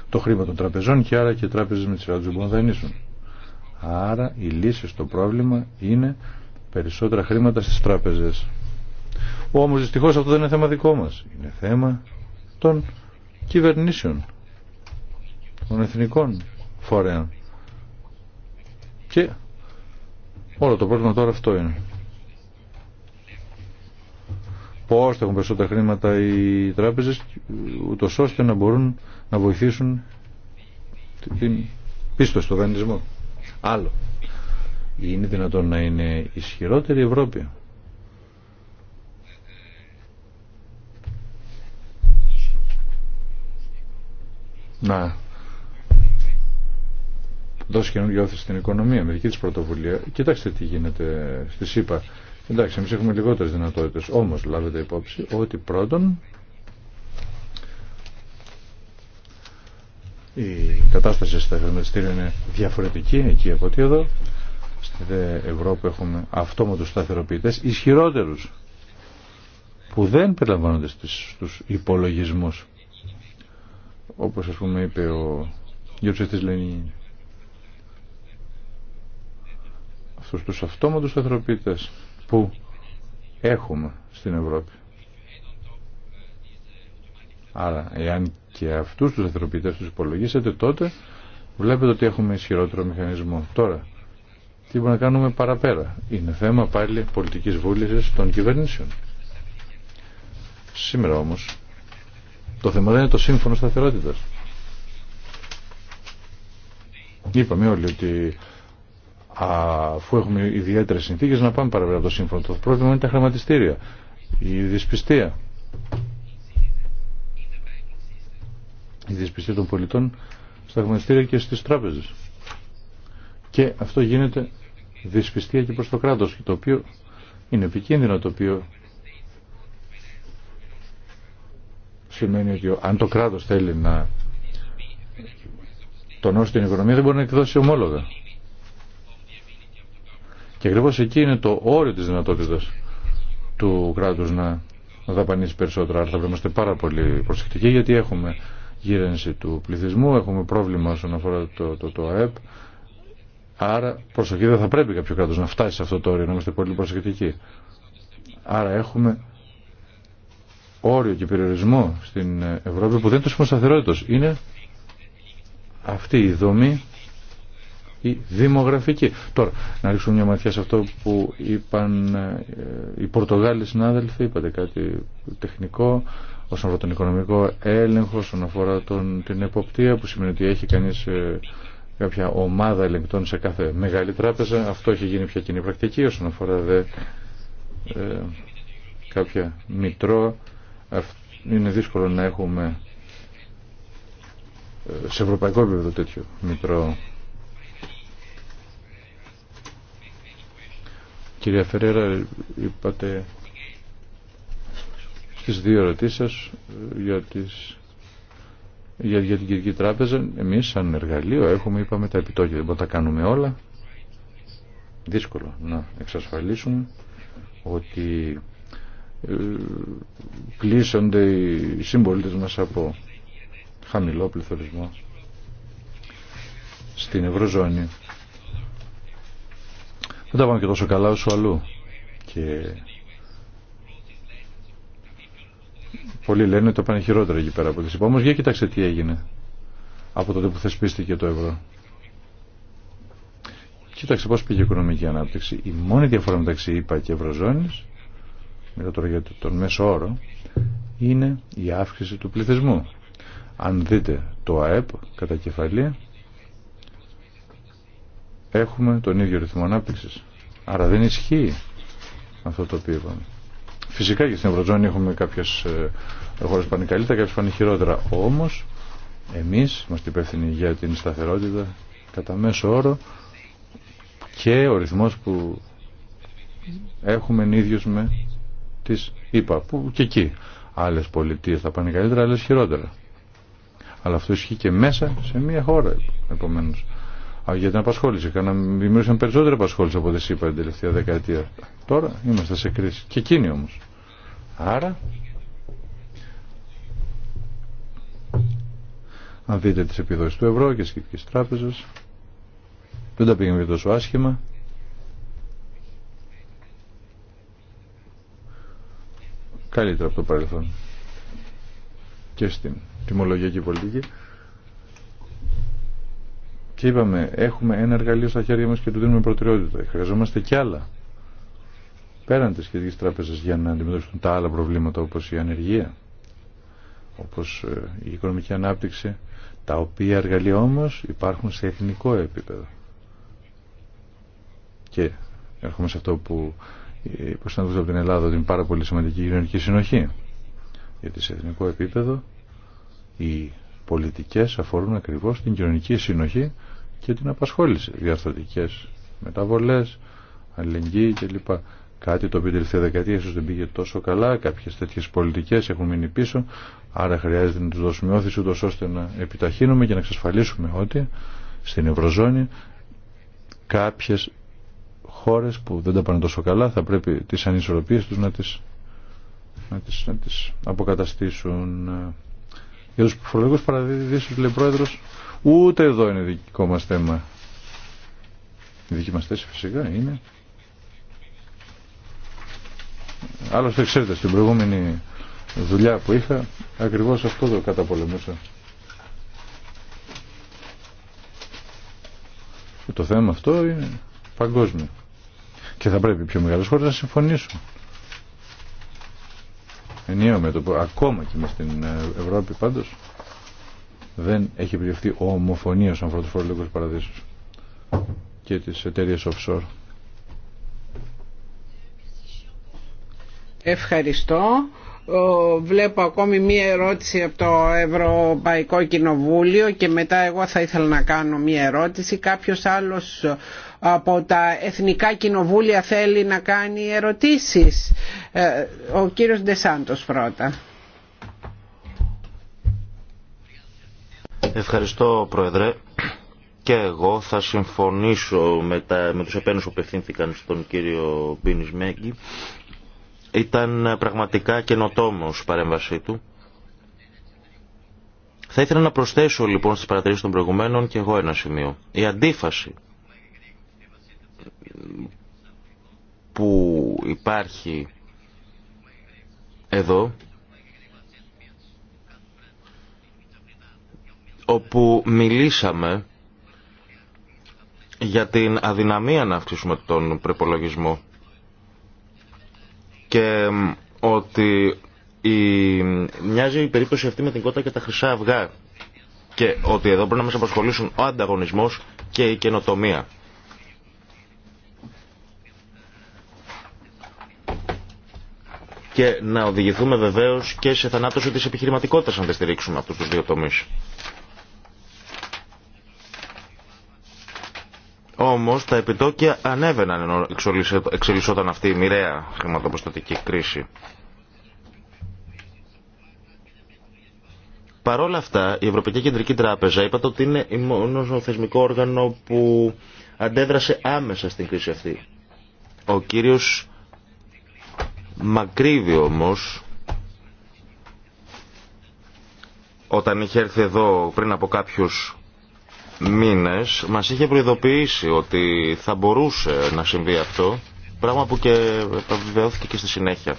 το χρήμα των τραπεζών και άρα και οι τράπεζες με τη σειρά του μπορούν να δανείσουν. Άρα η λύση στο πρόβλημα είναι περισσότερα χρήματα στι τράπεζε. Όμω δυστυχώ αυτό δεν είναι θέμα δικό μα. Είναι θέμα των κυβερνήσεων, των εθνικών φορέων. Και όλο το πρόβλημα τώρα αυτό είναι. Πώς θα έχουν περισσότερα χρήματα οι τράπεζες ούτω ώστε να μπορούν να βοηθήσουν την πίστο στο δανεισμό. Άλλο. Είναι δυνατόν να είναι ισχυρότερη η Ευρώπη. Να δώσει καινούργια όθηση στην οικονομία με δική τη πρωτοβουλία. Κοιτάξτε τι γίνεται στη ΣΥΠΑ. Εντάξει, εμεί έχουμε λιγότερε δυνατότητε. Όμω λάβετε υπόψη ότι πρώτον η κατάσταση στα χρηματιστήρια είναι διαφορετική εκεί από ότι εδώ. Στην Ευρώπη έχουμε αυτόματου σταθεροποιητέ ισχυρότερου που δεν περιλαμβάνονται στου υπολογισμού, όπω α πούμε είπε ο Γιώργος Τη Λενίνη αυτούς τους αυτόματους ανθρωπίτες που έχουμε στην Ευρώπη. Άρα, εάν και αυτούς τους ανθρωπίτες τους υπολογίσετε, τότε βλέπετε ότι έχουμε ισχυρότερο μηχανισμό. Τώρα, τι μπορούμε να κάνουμε παραπέρα. Είναι θέμα πάλι πολιτικής βούλησης των κυβερνήσεων. Σήμερα όμως, το θέμα δεν είναι το σύμφωνο σταθερότητας. Είπαμε όλοι ότι αφού έχουμε ιδιαίτερε συνθήκε να πάμε παραπέρα από το σύμφωνο. Το πρόβλημα είναι τα χρηματιστήρια, η δυσπιστία. Η δυσπιστία των πολιτών στα χρηματιστήρια και στι τράπεζε. Και αυτό γίνεται δυσπιστία και προ το κράτο, το οποίο είναι επικίνδυνο, το οποίο σημαίνει ότι αν το κράτος θέλει να τονώσει την οικονομία δεν μπορεί να εκδώσει ομόλογα. Και ακριβώ εκεί είναι το όριο τη δυνατότητα του κράτου να δαπανίσει περισσότερα. Άρα θα πρέπει να είμαστε πάρα πολύ προσεκτικοί γιατί έχουμε γύρενση του πληθυσμού, έχουμε πρόβλημα όσον αφορά το, το, το ΑΕΠ. Άρα προσοχή δεν θα πρέπει κάποιο κράτο να φτάσει σε αυτό το όριο, να είμαστε πολύ προσεκτικοί. Άρα έχουμε όριο και περιορισμό στην Ευρώπη που δεν είναι το σταθερότητα. Είναι αυτή η δομή η δημογραφική. Τώρα, να ρίξουμε μια ματιά σε αυτό που είπαν ε, οι Πορτογάλοι συνάδελφοι, είπατε κάτι τεχνικό, όσον αφορά τον οικονομικό έλεγχο, όσον αφορά τον, την εποπτεία, που σημαίνει ότι έχει κανείς ε, κάποια ομάδα ελεγκτών σε κάθε μεγάλη τράπεζα. Αυτό έχει γίνει πια κοινή πρακτική όσον αφορά δε, ε, κάποια μητρό. Είναι δύσκολο να έχουμε ε, σε ευρωπαϊκό επίπεδο τέτοιο μητρό Κυρία Φερέρα, είπατε στις δύο ερωτήσεις σας για, τις, για, την Κυρική Τράπεζα. Εμείς σαν εργαλείο έχουμε, είπαμε, τα επιτόκια. Δεν μπορούμε να τα κάνουμε όλα. Δύσκολο να εξασφαλίσουμε ότι ε, πλήσονται οι συμπολίτες μας από χαμηλό πληθωρισμό στην Ευρωζώνη. Δεν τα πάμε και τόσο καλά όσο αλλού. Και πολλοί λένε ότι το πάνε χειρότερα εκεί πέρα από τη ΣΥΠΑ. Όμως για κοιτάξτε τι έγινε από τότε που θεσπίστηκε το ευρώ. Κοίταξε πώς πήγε η οικονομική ανάπτυξη. Η μόνη διαφορά μεταξύ ΙΠΑ και Ευρωζώνης, μιλάω τώρα για τον μέσο όρο, είναι η αύξηση του πληθυσμού. Αν δείτε το ΑΕΠ κατά κεφαλή έχουμε τον ίδιο ρυθμό ανάπτυξη. Άρα δεν ισχύει αυτό το οποίο είπαμε. Φυσικά και στην Ευρωζώνη έχουμε κάποιε ε, χώρε που πάνε καλύτερα, κάποιε πάνε χειρότερα. Όμω εμεί είμαστε υπεύθυνοι για την σταθερότητα κατά μέσο όρο και ο ρυθμό που έχουμε είναι ίδιο με τι Που και εκεί άλλε πολιτείε θα πάνε καλύτερα, άλλε χειρότερα. Αλλά αυτό ισχύει και μέσα σε μία χώρα επομένω για την απασχόληση. Κάναμε, δημιούργησαν περισσότερη απασχόληση από ό,τι είπα την τελευταία δεκαετία. Τώρα είμαστε σε κρίση. Και εκείνοι όμω. Άρα, αν δείτε τι επιδόσει του ευρώ και τη σχετική Τράπεζα, δεν τα πήγαμε τόσο άσχημα. Καλύτερα από το παρελθόν. Και στην τιμολογιακή πολιτική. Και είπαμε, έχουμε ένα εργαλείο στα χέρια μας και του δίνουμε προτεραιότητα. Χρειαζόμαστε κι άλλα. Πέραν τις σχετικής τράπεζα για να αντιμετωπίσουν τα άλλα προβλήματα όπως η ανεργία, όπως ε, η οικονομική ανάπτυξη, τα οποία εργαλεία όμως υπάρχουν σε εθνικό επίπεδο. Και έρχομαι σε αυτό που υποσταθούσε ε, από την Ελλάδα ότι είναι πάρα πολύ σημαντική η κοινωνική συνοχή. Γιατί σε εθνικό επίπεδο οι πολιτικές αφορούν ακριβώς την κοινωνική συνοχή και την απασχόληση. Διαρθρωτικές μεταβολέ, αλληλεγγύη κλπ. Κάτι το οποίο τελευταία δεκαετία ίσως δεν πήγε τόσο καλά, κάποιε τέτοιε πολιτικέ έχουν μείνει πίσω, άρα χρειάζεται να του δώσουμε όθηση ούτω ώστε να επιταχύνουμε και να εξασφαλίσουμε ότι στην Ευρωζώνη κάποιε χώρες που δεν τα πάνε τόσο καλά θα πρέπει τις ανισορροπίες τους να τις, να τις, αποκαταστήσουν. Για τους φορολογικούς παραδείσους λέει Ούτε εδώ είναι δικό μας θέμα. Η δική μας θέση φυσικά είναι. Άλλωστε ξέρετε στην προηγούμενη δουλειά που είχα ακριβώς αυτό το καταπολεμούσα. Το θέμα αυτό είναι παγκόσμιο. Και θα πρέπει πιο μεγάλες χώρες να συμφωνήσουν. Ενιαίο το ακόμα και με στην ε, Ευρώπη πάντως δεν έχει επιβληθεί ομοφωνία σαν αφορά τους και τις εταιρείε offshore. Ευχαριστώ. Ε, βλέπω ακόμη μία ερώτηση από το Ευρωπαϊκό Κοινοβούλιο και μετά εγώ θα ήθελα να κάνω μία ερώτηση. Κάποιος άλλος από τα Εθνικά Κοινοβούλια θέλει να κάνει ερωτήσεις. Ε, ο κύριος Ντεσάντος πρώτα. Ευχαριστώ, Πρόεδρε. Και εγώ θα συμφωνήσω με, τα, με τους επένους που απευθύνθηκαν στον κύριο Μπίνις Μέγκη. Ήταν πραγματικά καινοτόμος παρέμβασή του. Θα ήθελα να προσθέσω λοιπόν στις παρατηρήσεις των προηγουμένων και εγώ ένα σημείο. Η αντίφαση που υπάρχει εδώ όπου μιλήσαμε για την αδυναμία να αυξήσουμε τον προπολογισμό και ότι η... μοιάζει η περίπτωση αυτή με την κότα και τα χρυσά αυγά και ότι εδώ πρέπει να μας απασχολήσουν ο ανταγωνισμός και η καινοτομία. Και να οδηγηθούμε βεβαίως και σε θανάτωση της επιχειρηματικότητας αν δεν στηρίξουμε αυτούς τους δύο τομείς. Όμως τα επιτόκια ανέβαιναν ενώ εξελισσόταν αυτή η μοιραία χρηματοπροστατική κρίση. Παρόλα αυτά, η Ευρωπαϊκή Κεντρική Τράπεζα είπατε ότι είναι μόνο θεσμικό όργανο που αντέδρασε άμεσα στην κρίση αυτή. Ο κύριος Μακρύβη όμως, όταν είχε έρθει εδώ πριν από κάποιους μήνες μας είχε προειδοποιήσει ότι θα μπορούσε να συμβεί αυτό, πράγμα που και επιβεβαιώθηκε και στη συνέχεια.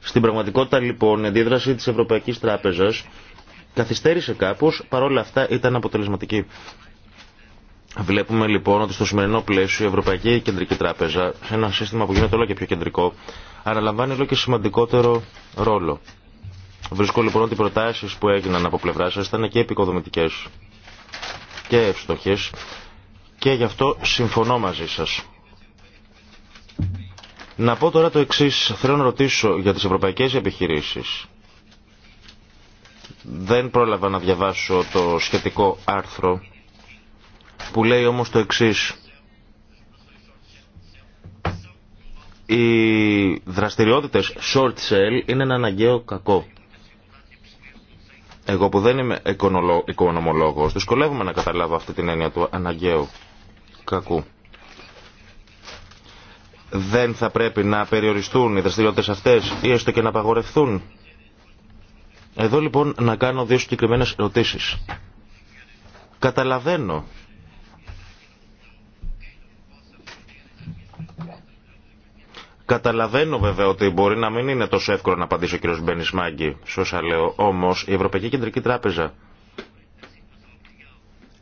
Στην πραγματικότητα λοιπόν η αντίδραση της Ευρωπαϊκής Τράπεζας καθυστέρησε κάπως, παρόλα αυτά ήταν αποτελεσματική. Βλέπουμε λοιπόν ότι στο σημερινό πλαίσιο η Ευρωπαϊκή Κεντρική Τράπεζα, σε ένα σύστημα που γίνεται όλο και πιο κεντρικό, αναλαμβάνει όλο και σημαντικότερο ρόλο. Βρίσκω λοιπόν ότι οι προτάσεις που έγιναν από πλευρά σας ήταν και επικοδομητικέ και ευστοχέ. και γι' αυτό συμφωνώ μαζί σας. Να πω τώρα το εξή θέλω να ρωτήσω για τις ευρωπαϊκές επιχειρήσεις. Δεν πρόλαβα να διαβάσω το σχετικό άρθρο που λέει όμως το εξής. Οι δραστηριότητες short sell είναι ένα αναγκαίο κακό. Εγώ που δεν είμαι οικονομολόγος, δυσκολεύομαι να καταλάβω αυτή την έννοια του αναγκαίου κακού. Δεν θα πρέπει να περιοριστούν οι δραστηριότητες αυτές ή έστω και να απαγορευτούν. Εδώ λοιπόν να κάνω δύο συγκεκριμένες ερωτήσεις. Καταλαβαίνω Καταλαβαίνω βέβαια ότι μπορεί να μην είναι τόσο εύκολο να απαντήσει ο κ. Μάγκη σε όσα λέω. Όμω η Ευρωπαϊκή Κεντρική Τράπεζα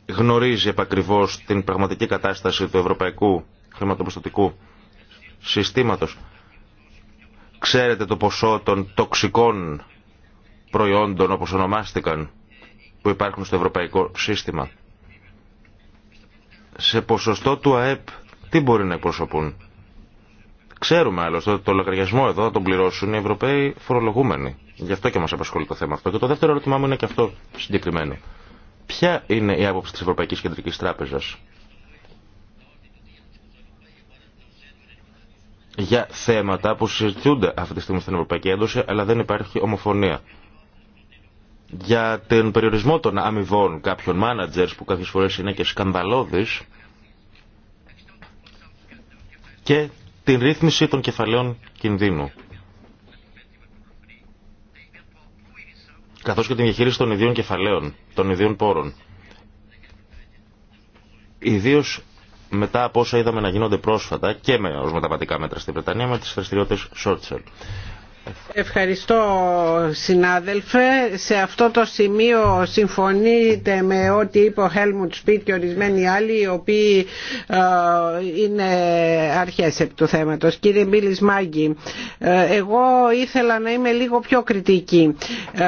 γνωρίζει επακριβώ την πραγματική κατάσταση του ευρωπαϊκού χρηματοπιστωτικού συστήματο. Ξέρετε το ποσό των τοξικών προϊόντων, όπως ονομάστηκαν, που υπάρχουν στο ευρωπαϊκό σύστημα. Σε ποσοστό του ΑΕΠ, τι μπορεί να εκπροσωπούν Ξέρουμε άλλωστε ότι το λογαριασμό εδώ θα τον πληρώσουν οι Ευρωπαίοι φορολογούμενοι. Γι' αυτό και μα απασχολεί το θέμα αυτό. Και το δεύτερο ερώτημά μου είναι και αυτό συγκεκριμένο. Ποια είναι η άποψη τη Ευρωπαϊκή Κεντρική Τράπεζα για θέματα που συζητούνται αυτή τη στιγμή στην Ευρωπαϊκή Ένωση, αλλά δεν υπάρχει ομοφωνία. Για τον περιορισμό των αμοιβών κάποιων μάνατζερ που κάποιε φορέ είναι και σκανδαλώδεις και την ρύθμιση των κεφαλαίων κινδύνου. Καθώς και την διαχείριση των ιδίων κεφαλαίων, των ιδίων πόρων. Ιδίω μετά από όσα είδαμε να γίνονται πρόσφατα και με ως μεταβατικά μέτρα στη Βρετανία με τις δραστηριότητε Σόρτσελ. Ευχαριστώ συνάδελφε. Σε αυτό το σημείο συμφωνείτε με ό,τι είπε ο Χέλμουντ Σπίτ και ορισμένοι άλλοι οι οποίοι ε, είναι αρχές του θέματος. Κύριε Μπίλης Μάγκη, ε, εγώ ήθελα να είμαι λίγο πιο κριτική ε,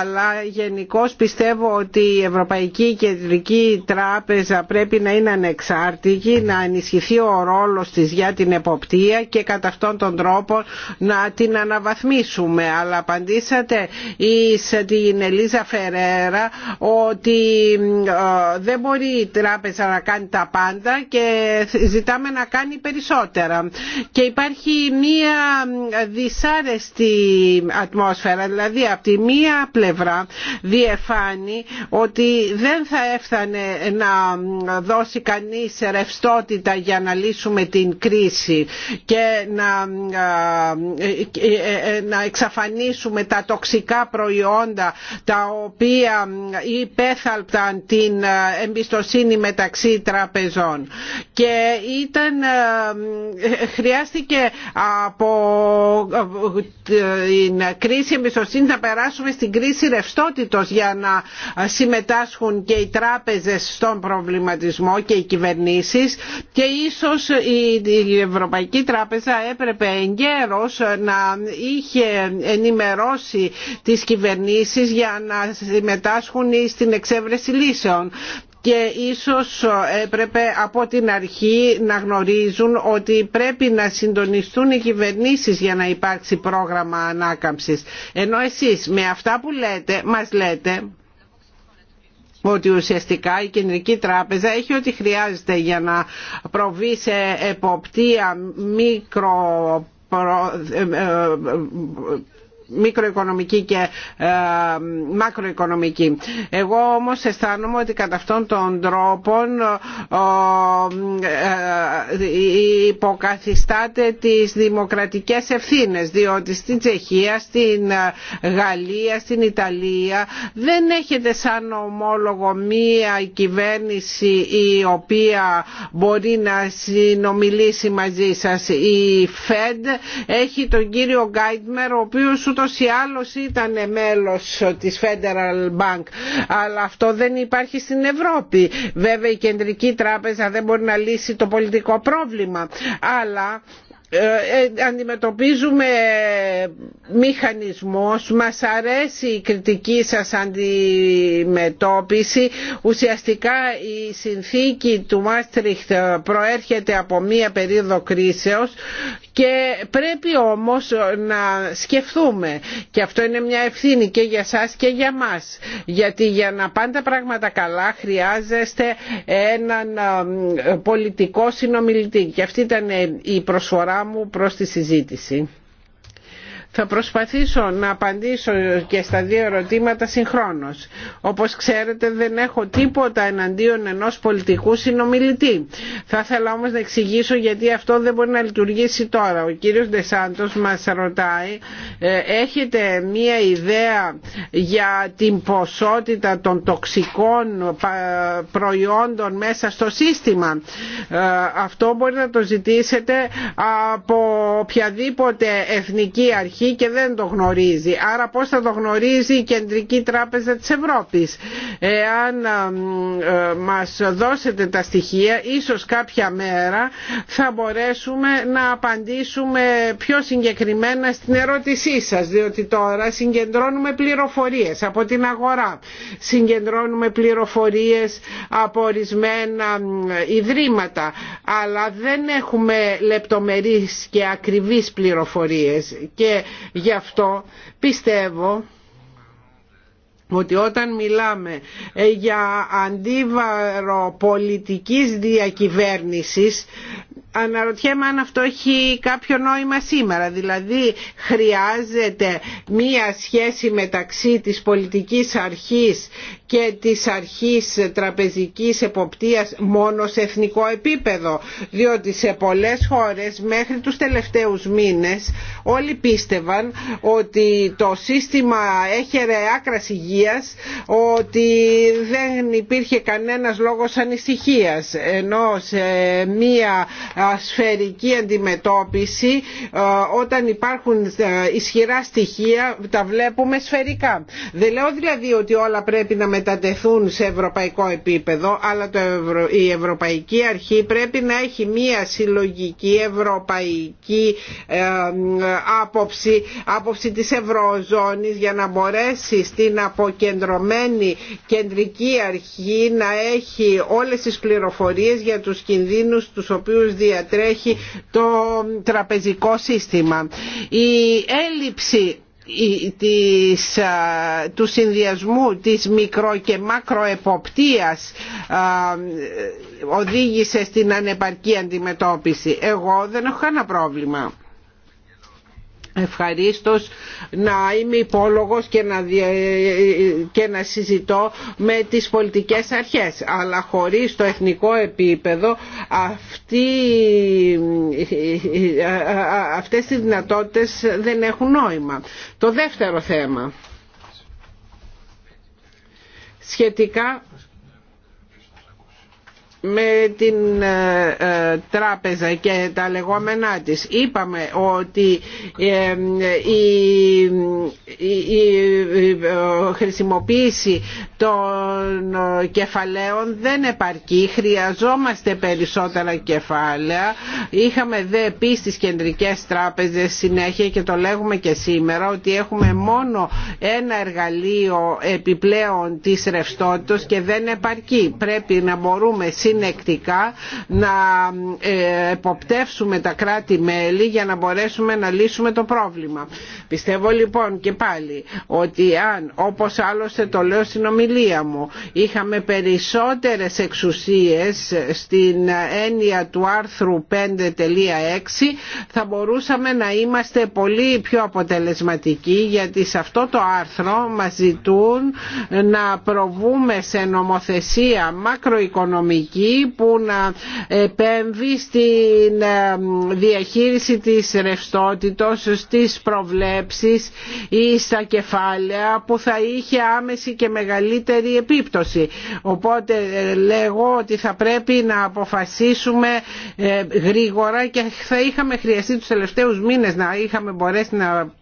αλλά γενικώ πιστεύω ότι η Ευρωπαϊκή Κεντρική Τράπεζα πρέπει να είναι ανεξάρτητη, να ενισχυθεί ο ρόλος της για την εποπτεία και κατά αυτόν τον τρόπο να την αναβαθμίσουμε αλλά απαντήσατε εις την Ελίζα Φερέρα ότι ε, δεν μπορεί η τράπεζα να κάνει τα πάντα και ζητάμε να κάνει περισσότερα και υπάρχει μία δυσάρεστη ατμόσφαιρα δηλαδή από τη μία πλευρά διεφάνει ότι δεν θα έφτανε να δώσει κανείς ρευστότητα για να λύσουμε την κρίση και να ε, ε, ε, ε, να εξαφανίσουμε τα τοξικά προϊόντα τα οποία υπέθαλπταν την ε, εμπιστοσύνη μεταξύ τραπεζών. Και ήταν, χρειάστηκε από την κρίση εμπιστοσύνη να περάσουμε στην κρίση ρευστότητος για να συμμετάσχουν και οι τράπεζες στον προβληματισμό και οι κυβερνήσεις και ίσως η Ευρωπαϊκή Τράπεζα έπρεπε εγκαίρως να είχε ενημερώσει τις κυβερνήσεις για να συμμετάσχουν στην εξέβρεση λύσεων και ίσως έπρεπε από την αρχή να γνωρίζουν ότι πρέπει να συντονιστούν οι κυβερνήσεις για να υπάρξει πρόγραμμα ανάκαμψης. Ενώ εσείς με αυτά που λέτε, μας λέτε ότι ουσιαστικά η Κεντρική Τράπεζα έχει ό,τι χρειάζεται για να προβεί σε εποπτεία μικρο Παρα... Ε, ε, ε μικροοικονομική και ε, μακροοικονομική. Εγώ όμως αισθάνομαι ότι κατά αυτόν τον τρόπο ε, ε, υποκαθιστάτε τις δημοκρατικές ευθύνες διότι στην Τσεχία, στην Γαλλία, στην Ιταλία δεν έχετε σαν ομόλογο μία κυβέρνηση η οποία μπορεί να συνομιλήσει μαζί σας. Η ΦΕΔ έχει τον κύριο Γκάιτμερ ο οποίος ούτως ή άλλως ήταν μέλος της Federal Bank αλλά αυτό δεν υπάρχει στην Ευρώπη. Βέβαια η Κεντρική Τράπεζα δεν μπορεί να λύσει το πολιτικό πρόβλημα αλλά ε, ε, αντιμετωπίζουμε μηχανισμός μας αρέσει η κριτική σας αντιμετώπιση ουσιαστικά η συνθήκη του Μάστριχτ προέρχεται από μία περίοδο κρίσεως και πρέπει όμως να σκεφτούμε και αυτό είναι μια ευθύνη και για σας και για μας γιατί για να πάνε τα πράγματα καλά χρειάζεστε έναν ε, πολιτικό συνομιλητή και αυτή ήταν η προσφορά μου προς τη συζήτηση θα προσπαθήσω να απαντήσω και στα δύο ερωτήματα συγχρόνως. Όπως ξέρετε δεν έχω τίποτα εναντίον ενός πολιτικού συνομιλητή. Θα ήθελα όμως να εξηγήσω γιατί αυτό δεν μπορεί να λειτουργήσει τώρα. Ο κύριος Ντεσάντος μας ρωτάει ε, έχετε μία ιδέα για την ποσότητα των τοξικών προϊόντων μέσα στο σύστημα. Ε, αυτό μπορεί να το ζητήσετε από οποιαδήποτε εθνική αρχή και δεν το γνωρίζει. Άρα πώς θα το γνωρίζει η Κεντρική Τράπεζα της Ευρώπης. Εάν ε, ε, μας δώσετε τα στοιχεία, ίσως κάποια μέρα θα μπορέσουμε να απαντήσουμε πιο συγκεκριμένα στην ερώτησή σας, διότι τώρα συγκεντρώνουμε πληροφορίες από την αγορά, συγκεντρώνουμε πληροφορίες από ορισμένα ιδρύματα, αλλά δεν έχουμε λεπτομερείς και ακριβείς πληροφορίες και Γι' αυτό πιστεύω ότι όταν μιλάμε ε, για αντίβαρο πολιτικής διακυβέρνησης αναρωτιέμαι αν αυτό έχει κάποιο νόημα σήμερα. Δηλαδή χρειάζεται μία σχέση μεταξύ της πολιτικής αρχής και της αρχής τραπεζικής εποπτείας μόνο σε εθνικό επίπεδο. Διότι σε πολλές χώρες μέχρι τους τελευταίους μήνες όλοι πίστευαν ότι το σύστημα έχερε άκρα υγείας, ότι δεν υπήρχε κανένας λόγος ανησυχίας. Ενώ σε μία σφαιρική αντιμετώπιση ε, όταν υπάρχουν ε, ισχυρά στοιχεία τα βλέπουμε σφαιρικά. Δεν λέω δηλαδή ότι όλα πρέπει να μετατεθούν σε ευρωπαϊκό επίπεδο αλλά η Ευρωπαϊκή Αρχή πρέπει να έχει μία συλλογική ευρωπαϊκή ε, άποψη, άποψη της Ευρωζώνης για να μπορέσει στην αποκεντρωμένη κεντρική αρχή να έχει όλες τις πληροφορίες για τους κινδύνους τους οποίους διατρέχει το τραπεζικό σύστημα. Η έλλειψη της, του συνδυασμού της μικρο και μακροεποπτείας οδήγησε στην ανεπαρκή αντιμετώπιση. Εγώ δεν έχω κανένα πρόβλημα ευχαρίστως να είμαι υπόλογος και να, να συζητώ με τις πολιτικές αρχές αλλά χωρίς το εθνικό επίπεδο αυτή, αυτές οι δυνατότητες δεν έχουν νόημα. Το δεύτερο θέμα σχετικά με την ε, ε, τράπεζα και τα λεγόμενά της. Είπαμε ότι ε, η χρησιμοποίηση των κεφαλαίων δεν επαρκεί. Χρειαζόμαστε περισσότερα κεφάλαια. Είχαμε δε πει στις κεντρικές τράπεζες συνέχεια και το λέγουμε και σήμερα ότι έχουμε μόνο ένα εργαλείο επιπλέον της ρευστότητας και δεν επαρκεί. Πρέπει να μπορούμε συνεκτικά να ε, εποπτεύσουμε τα κράτη-μέλη για να μπορέσουμε να λύσουμε το πρόβλημα. Πιστεύω λοιπόν και πάλι ότι αν όπως άλλωστε το λέω στην ομιλία μου είχαμε περισσότερες εξουσίες στην έννοια του άρθρου 5.6 θα μπορούσαμε να είμαστε πολύ πιο αποτελεσματικοί γιατί σε αυτό το άρθρο μας ζητούν να προβούμε σε νομοθεσία μακροοικονομική που να επέμβει στην ε, διαχείριση της ρευστότητος, στις προβλέψεις ή στα κεφάλαια που θα είχε άμεση και μεγαλύτερη επίπτωση. Οπότε ε, λέγω ότι θα πρέπει να αποφασίσουμε ε, γρήγορα και θα είχαμε χρειαστεί τους τελευταίους μήνες να είχαμε μπορέσει να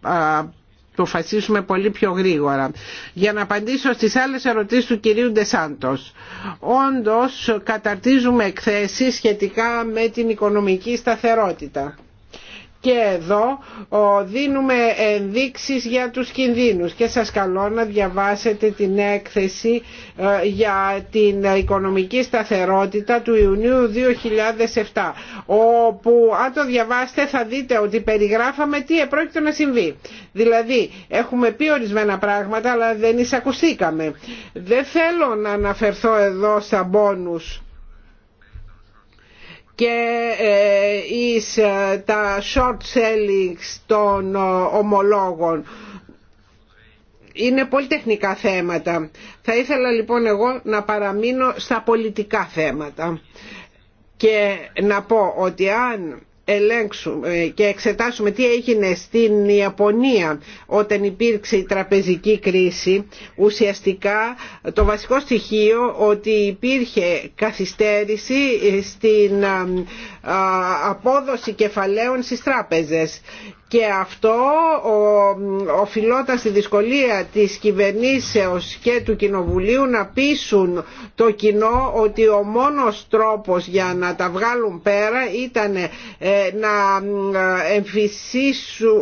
φασίσουμε πολύ πιο γρήγορα. Για να απαντήσω στις άλλες ερωτήσεις του κυρίου Ντεσάντος. Όντως καταρτίζουμε εκθέσεις σχετικά με την οικονομική σταθερότητα και εδώ δίνουμε ενδείξεις για τους κινδύνους και σας καλώ να διαβάσετε την έκθεση ε, για την οικονομική σταθερότητα του Ιουνίου 2007 όπου αν το διαβάσετε θα δείτε ότι περιγράφαμε τι επρόκειτο να συμβεί. Δηλαδή έχουμε πει ορισμένα πράγματα αλλά δεν εισακουστήκαμε. Δεν θέλω να αναφερθώ εδώ στα μπόνους και ε, εις ε, τα short selling των ε, ομολόγων. Είναι πολύ τεχνικά θέματα. Θα ήθελα λοιπόν εγώ να παραμείνω στα πολιτικά θέματα και να πω ότι αν ελέγξουμε και εξετάσουμε τι έγινε στην Ιαπωνία όταν υπήρξε η τραπεζική κρίση ουσιαστικά το βασικό στοιχείο ότι υπήρχε καθυστέρηση στην απόδοση κεφαλαίων στις τράπεζες και αυτό οφειλόταν στη δυσκολία της κυβερνήσεως και του Κοινοβουλίου να πείσουν το κοινό ότι ο μόνος τρόπος για να τα βγάλουν πέρα ήταν ε, να, ε,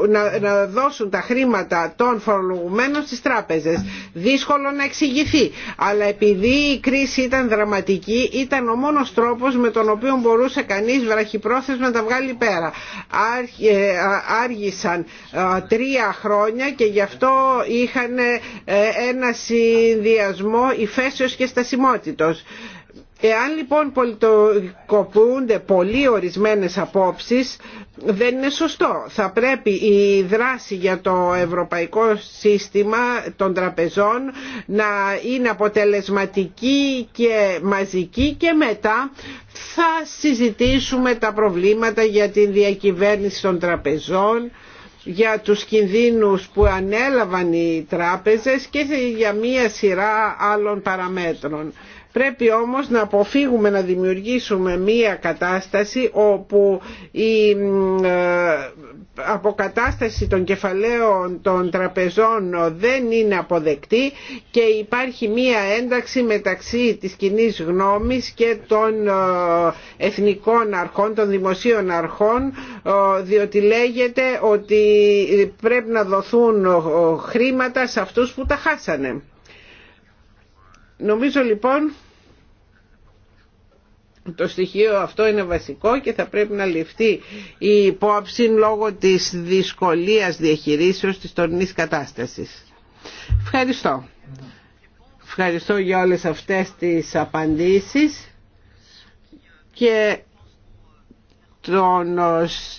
να, να δώσουν τα χρήματα των φορολογουμένων στις τράπεζες. Δύσκολο να εξηγηθεί, αλλά επειδή η κρίση ήταν δραματική ήταν ο μόνος τρόπος με τον οποίο μπορούσε κανείς βραχυπρόθεσμα να τα βγάλει πέρα. Ε, τρία χρόνια και γι' αυτό είχαν ε, ένα συνδυασμό υφέσεως και στασιμότητος. Εάν λοιπόν πολιτικοποιούνται πολύ ορισμένες απόψεις δεν είναι σωστό. Θα πρέπει η δράση για το ευρωπαϊκό σύστημα των τραπεζών να είναι αποτελεσματική και μαζική και μετά θα συζητήσουμε τα προβλήματα για την διακυβέρνηση των τραπεζών για τους κινδύνους που ανέλαβαν οι τράπεζες και για μία σειρά άλλων παραμέτρων. Πρέπει όμως να αποφύγουμε να δημιουργήσουμε μία κατάσταση όπου η ε, αποκατάσταση των κεφαλαίων των τραπεζών δεν είναι αποδεκτή και υπάρχει μία ένταξη μεταξύ της κοινή γνώμης και των ε, εθνικών αρχών, των δημοσίων αρχών ε, διότι λέγεται ότι πρέπει να δοθούν χρήματα σε αυτούς που τα χάσανε. Νομίζω λοιπόν το στοιχείο αυτό είναι βασικό και θα πρέπει να ληφθεί η υπόψη λόγω της δυσκολίας διαχειρήσεως της τωρινής κατάστασης. Ευχαριστώ. Ευχαριστώ για όλες αυτές τις απαντήσεις και των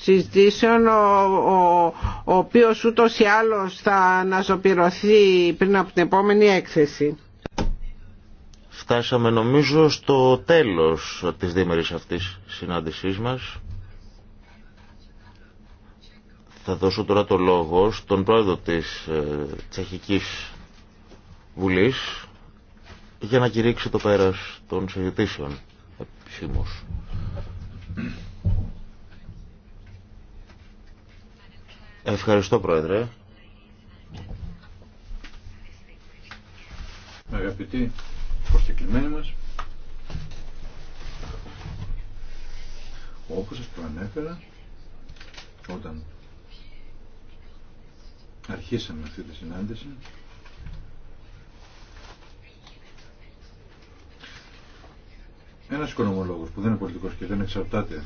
συζητήσεων ο, ο, ο οποίος ούτως ή άλλως θα αναζωπηρωθεί πριν από την επόμενη έκθεση. Φτάσαμε νομίζω στο τέλος της δήμερης αυτής συνάντησής μας. Θα δώσω τώρα το λόγο στον πρόεδρο της ε, Τσεχικής Βουλής για να κηρύξει το πέρας των συζητήσεων επισήμως. Ευχαριστώ πρόεδρε. Αγαπητοί προσκεκλημένοι μας. Όπως σας προανέφερα, όταν αρχίσαμε αυτή τη συνάντηση, ένας οικονομολόγος που δεν είναι πολιτικός και δεν εξαρτάται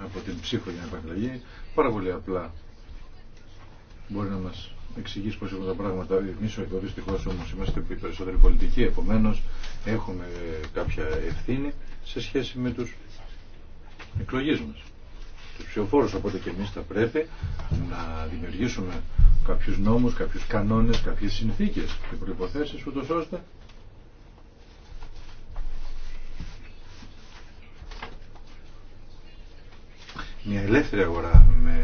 από την ψύχο για να πάρα πολύ απλά μπορεί να μας εξηγήσει πώ έχουν τα πράγματα. Εμεί εδώ δυστυχώ όμω είμαστε περισσότεροι πολιτικοί, επομένω έχουμε κάποια ευθύνη σε σχέση με του εκλογέ μα. Του ψηφοφόρου, οπότε και εμεί θα πρέπει να δημιουργήσουμε κάποιου νόμου, κάποιου κανόνε, κάποιε συνθήκε και προποθέσει, ούτω ώστε μια ελεύθερη αγορά με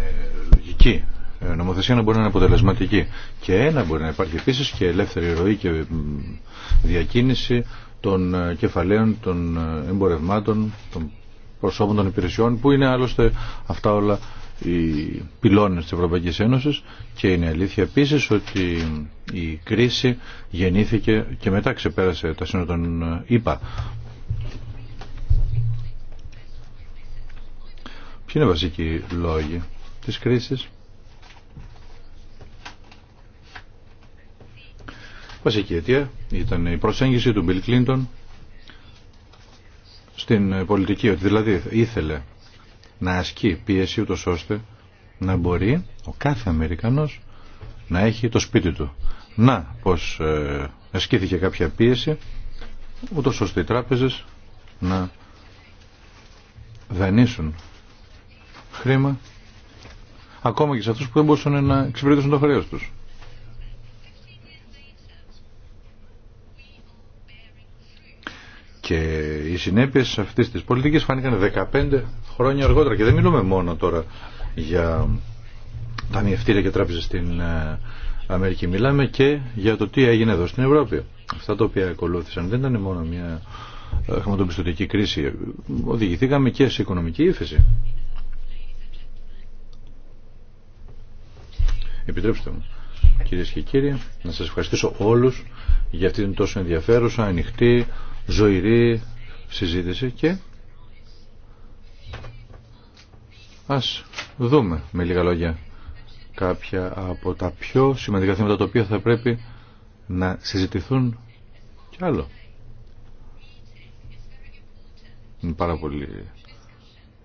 λογική ε, νομοθεσία να μπορεί να είναι αποτελεσματική και ένα μπορεί να υπάρχει επίση και ελεύθερη ροή και διακίνηση των ε, κεφαλαίων, των ε, εμπορευμάτων, των προσώπων των υπηρεσιών που είναι άλλωστε αυτά όλα οι πυλώνες της Ευρωπαϊκής Ένωσης και είναι αλήθεια επίσης ότι η κρίση γεννήθηκε και μετά ξεπέρασε τα σύνορα των ΙΠΑ. Ποιοι είναι βασικοί λόγοι της κρίσης? Βασική αιτία ήταν η προσέγγιση του Μπιλ Κλίντον στην πολιτική, ότι δηλαδή ήθελε να ασκεί πίεση ούτως ώστε να μπορεί ο κάθε Αμερικανός να έχει το σπίτι του. Να, πως ε, ασκήθηκε κάποια πίεση, ούτως ώστε οι τράπεζες να δανείσουν χρήμα ακόμα και σε αυτούς που δεν μπορούσαν να εξυπηρετήσουν το χρέος τους. Και οι συνέπειε αυτή τη πολιτική φάνηκαν 15 χρόνια αργότερα και δεν μιλούμε μόνο τώρα για τα ευθύρια και τράπεζε στην ε, Αμερική. Μιλάμε και για το τι έγινε εδώ στην Ευρώπη. Αυτά τα οποία ακολούθησαν δεν ήταν μόνο μια ε, χρηματοπιστωτική κρίση. Οδηγηθήκαμε και σε οικονομική ύφεση. Επιτρέψτε μου, κύριε και κύριοι, να σα ευχαριστήσω όλου για αυτήν την τόσο ενδιαφέρουσα, ανοιχτή, ζωηρή συζήτηση και ας δούμε με λίγα λόγια κάποια από τα πιο σημαντικά θέματα τα οποία θα πρέπει να συζητηθούν κι άλλο. Είναι πάρα πολύ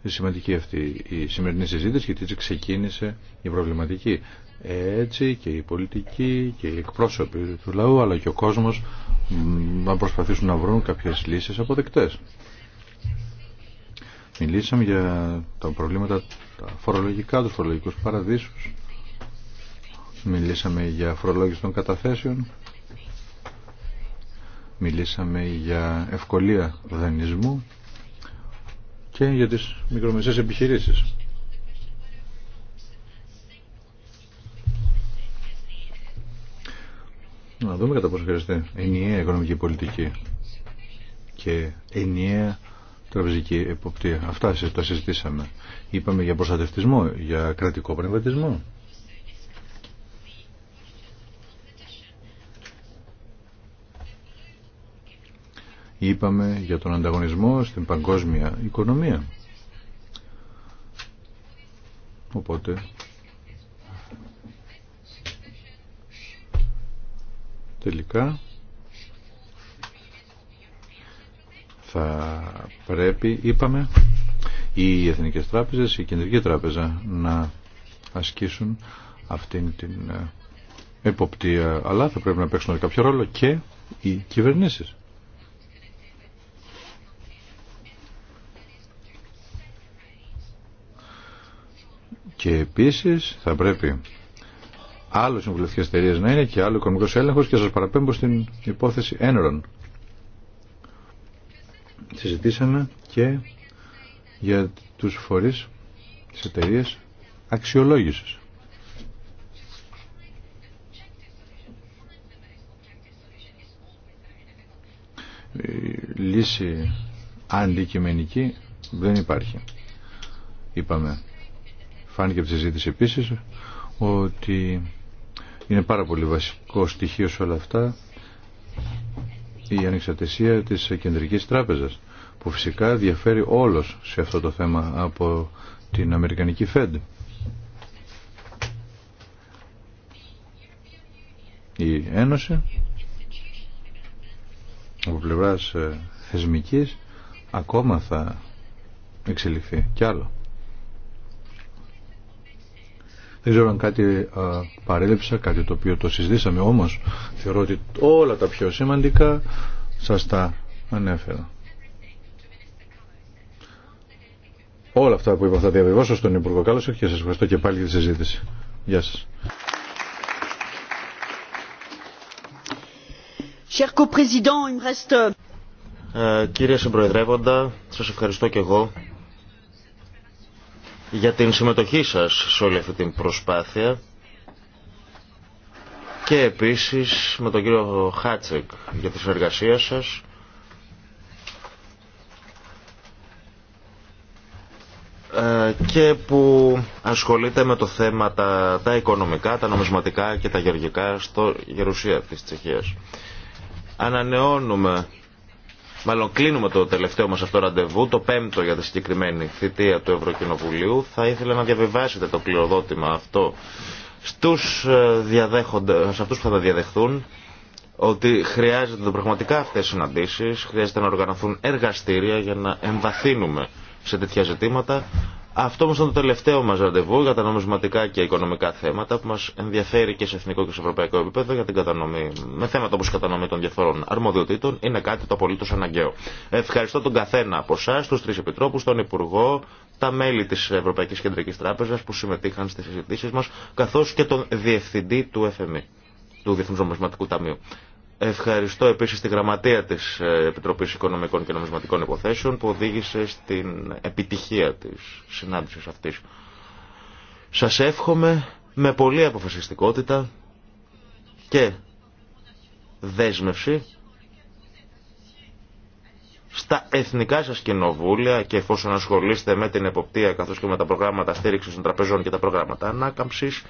σημαντική αυτή η σημερινή συζήτηση γιατί έτσι ξεκίνησε η προβληματική έτσι και οι πολιτικοί και οι εκπρόσωποι του λαού αλλά και ο κόσμος να προσπαθήσουν να βρουν κάποιες λύσεις αποδεκτές. Μιλήσαμε για τα προβλήματα τα φορολογικά, τους φορολογικούς παραδείσους. Μιλήσαμε για φορολόγηση των καταθέσεων. Μιλήσαμε για ευκολία δανεισμού και για τις μικρομεσαίες επιχειρήσεις. Να δούμε κατά πόσο χρειάζεται ενιαία οικονομική πολιτική και ενιαία τραπεζική εποπτεία. Αυτά τα συζητήσαμε. Είπαμε για προστατευτισμό, για κρατικό πνευματισμό. Είπαμε για τον ανταγωνισμό στην παγκόσμια οικονομία. Οπότε τελικά θα πρέπει, είπαμε, οι εθνικές τράπεζες, η κεντρική τράπεζα να ασκήσουν αυτήν την ε, εποπτεία, αλλά θα πρέπει να παίξουν κάποιο ρόλο και οι κυβερνήσεις. Και επίσης θα πρέπει άλλο συμβουλευτικέ εταιρείε να είναι και άλλο οικονομικό έλεγχο και σα παραπέμπω στην υπόθεση Enron. Συζητήσαμε και για του φορεί τη εταιρεία αξιολόγηση. λύση αντικειμενική δεν υπάρχει. Είπαμε, φάνηκε από τη συζήτηση επίση. ότι είναι πάρα πολύ βασικό στοιχείο σε όλα αυτά η ανεξαρτησία της Κεντρικής Τράπεζας που φυσικά διαφέρει όλος σε αυτό το θέμα από την Αμερικανική Fed. Η Ένωση από πλευράς ε, θεσμικής ακόμα θα εξελιχθεί κι άλλο. Δεν ξέρω αν κάτι παρέλειψα, κάτι το οποίο το συζητήσαμε όμως θεωρώ ότι όλα τα πιο σημαντικά σας τα ανέφερα. Όλα αυτά που είπα θα διαβιβάσω στον Υπουργό Κάλλος και σας ευχαριστώ και πάλι για τη συζήτηση. Γεια σας. Ε, κύριε Συμπροεδρεύοντα, σας ευχαριστώ και εγώ για την συμμετοχή σας σε όλη αυτή την προσπάθεια και επίσης με τον κύριο Χάτσεκ για τη συνεργασία σας ε, και που ασχολείται με το θέμα τα, τα οικονομικά, τα νομισματικά και τα γεωργικά στο γερουσία της Τσεχίας. Ανανεώνουμε Μάλλον κλείνουμε το τελευταίο μας αυτό ραντεβού, το πέμπτο για τη συγκεκριμένη θητεία του Ευρωκοινοβουλίου. Θα ήθελα να διαβιβάσετε το πληροδότημα αυτό στους ε, διαδέχοντες, σε αυτούς που θα τα διαδεχθούν ότι χρειάζονται πραγματικά αυτές οι συναντήσεις, χρειάζεται να οργανωθούν εργαστήρια για να εμβαθύνουμε σε τέτοια ζητήματα αυτό όμω ήταν το τελευταίο μα ραντεβού για τα νομισματικά και οικονομικά θέματα που μα ενδιαφέρει και σε εθνικό και σε ευρωπαϊκό επίπεδο για την κατανομή, με θέματα όπω η κατανομή των διαφορών αρμοδιοτήτων, είναι κάτι το απολύτω αναγκαίο. Ευχαριστώ τον καθένα από εσά, του τρει επιτρόπου, τον Υπουργό, τα μέλη τη Ευρωπαϊκή Κεντρική Τράπεζα που συμμετείχαν στι συζητήσει μα, καθώ και τον Διευθυντή του FMI, του Διεθνού Νομισματικού Ταμείου. Ευχαριστώ επίσης τη γραμματεία τη ε, Επιτροπή Οικονομικών και Νομισματικών Υποθέσεων που οδήγησε στην επιτυχία της συνάντησης αυτής. Σας εύχομαι με πολλή αποφασιστικότητα και δέσμευση στα εθνικά σας κοινοβούλια και εφόσον ασχολείστε με την εποπτεία καθώς και με τα προγράμματα στήριξης των τραπεζών και τα προγράμματα ανάκαμψης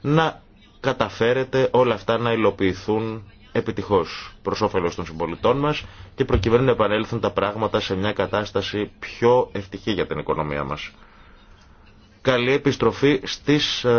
να καταφέρετε όλα αυτά να υλοποιηθούν Επιτυχώ προ όφελο των συμπολιτών μα και προκειμένου να επανέλθουν τα πράγματα σε μια κατάσταση πιο ευτυχή για την οικονομία μας. Καλή επιστροφή στις ε,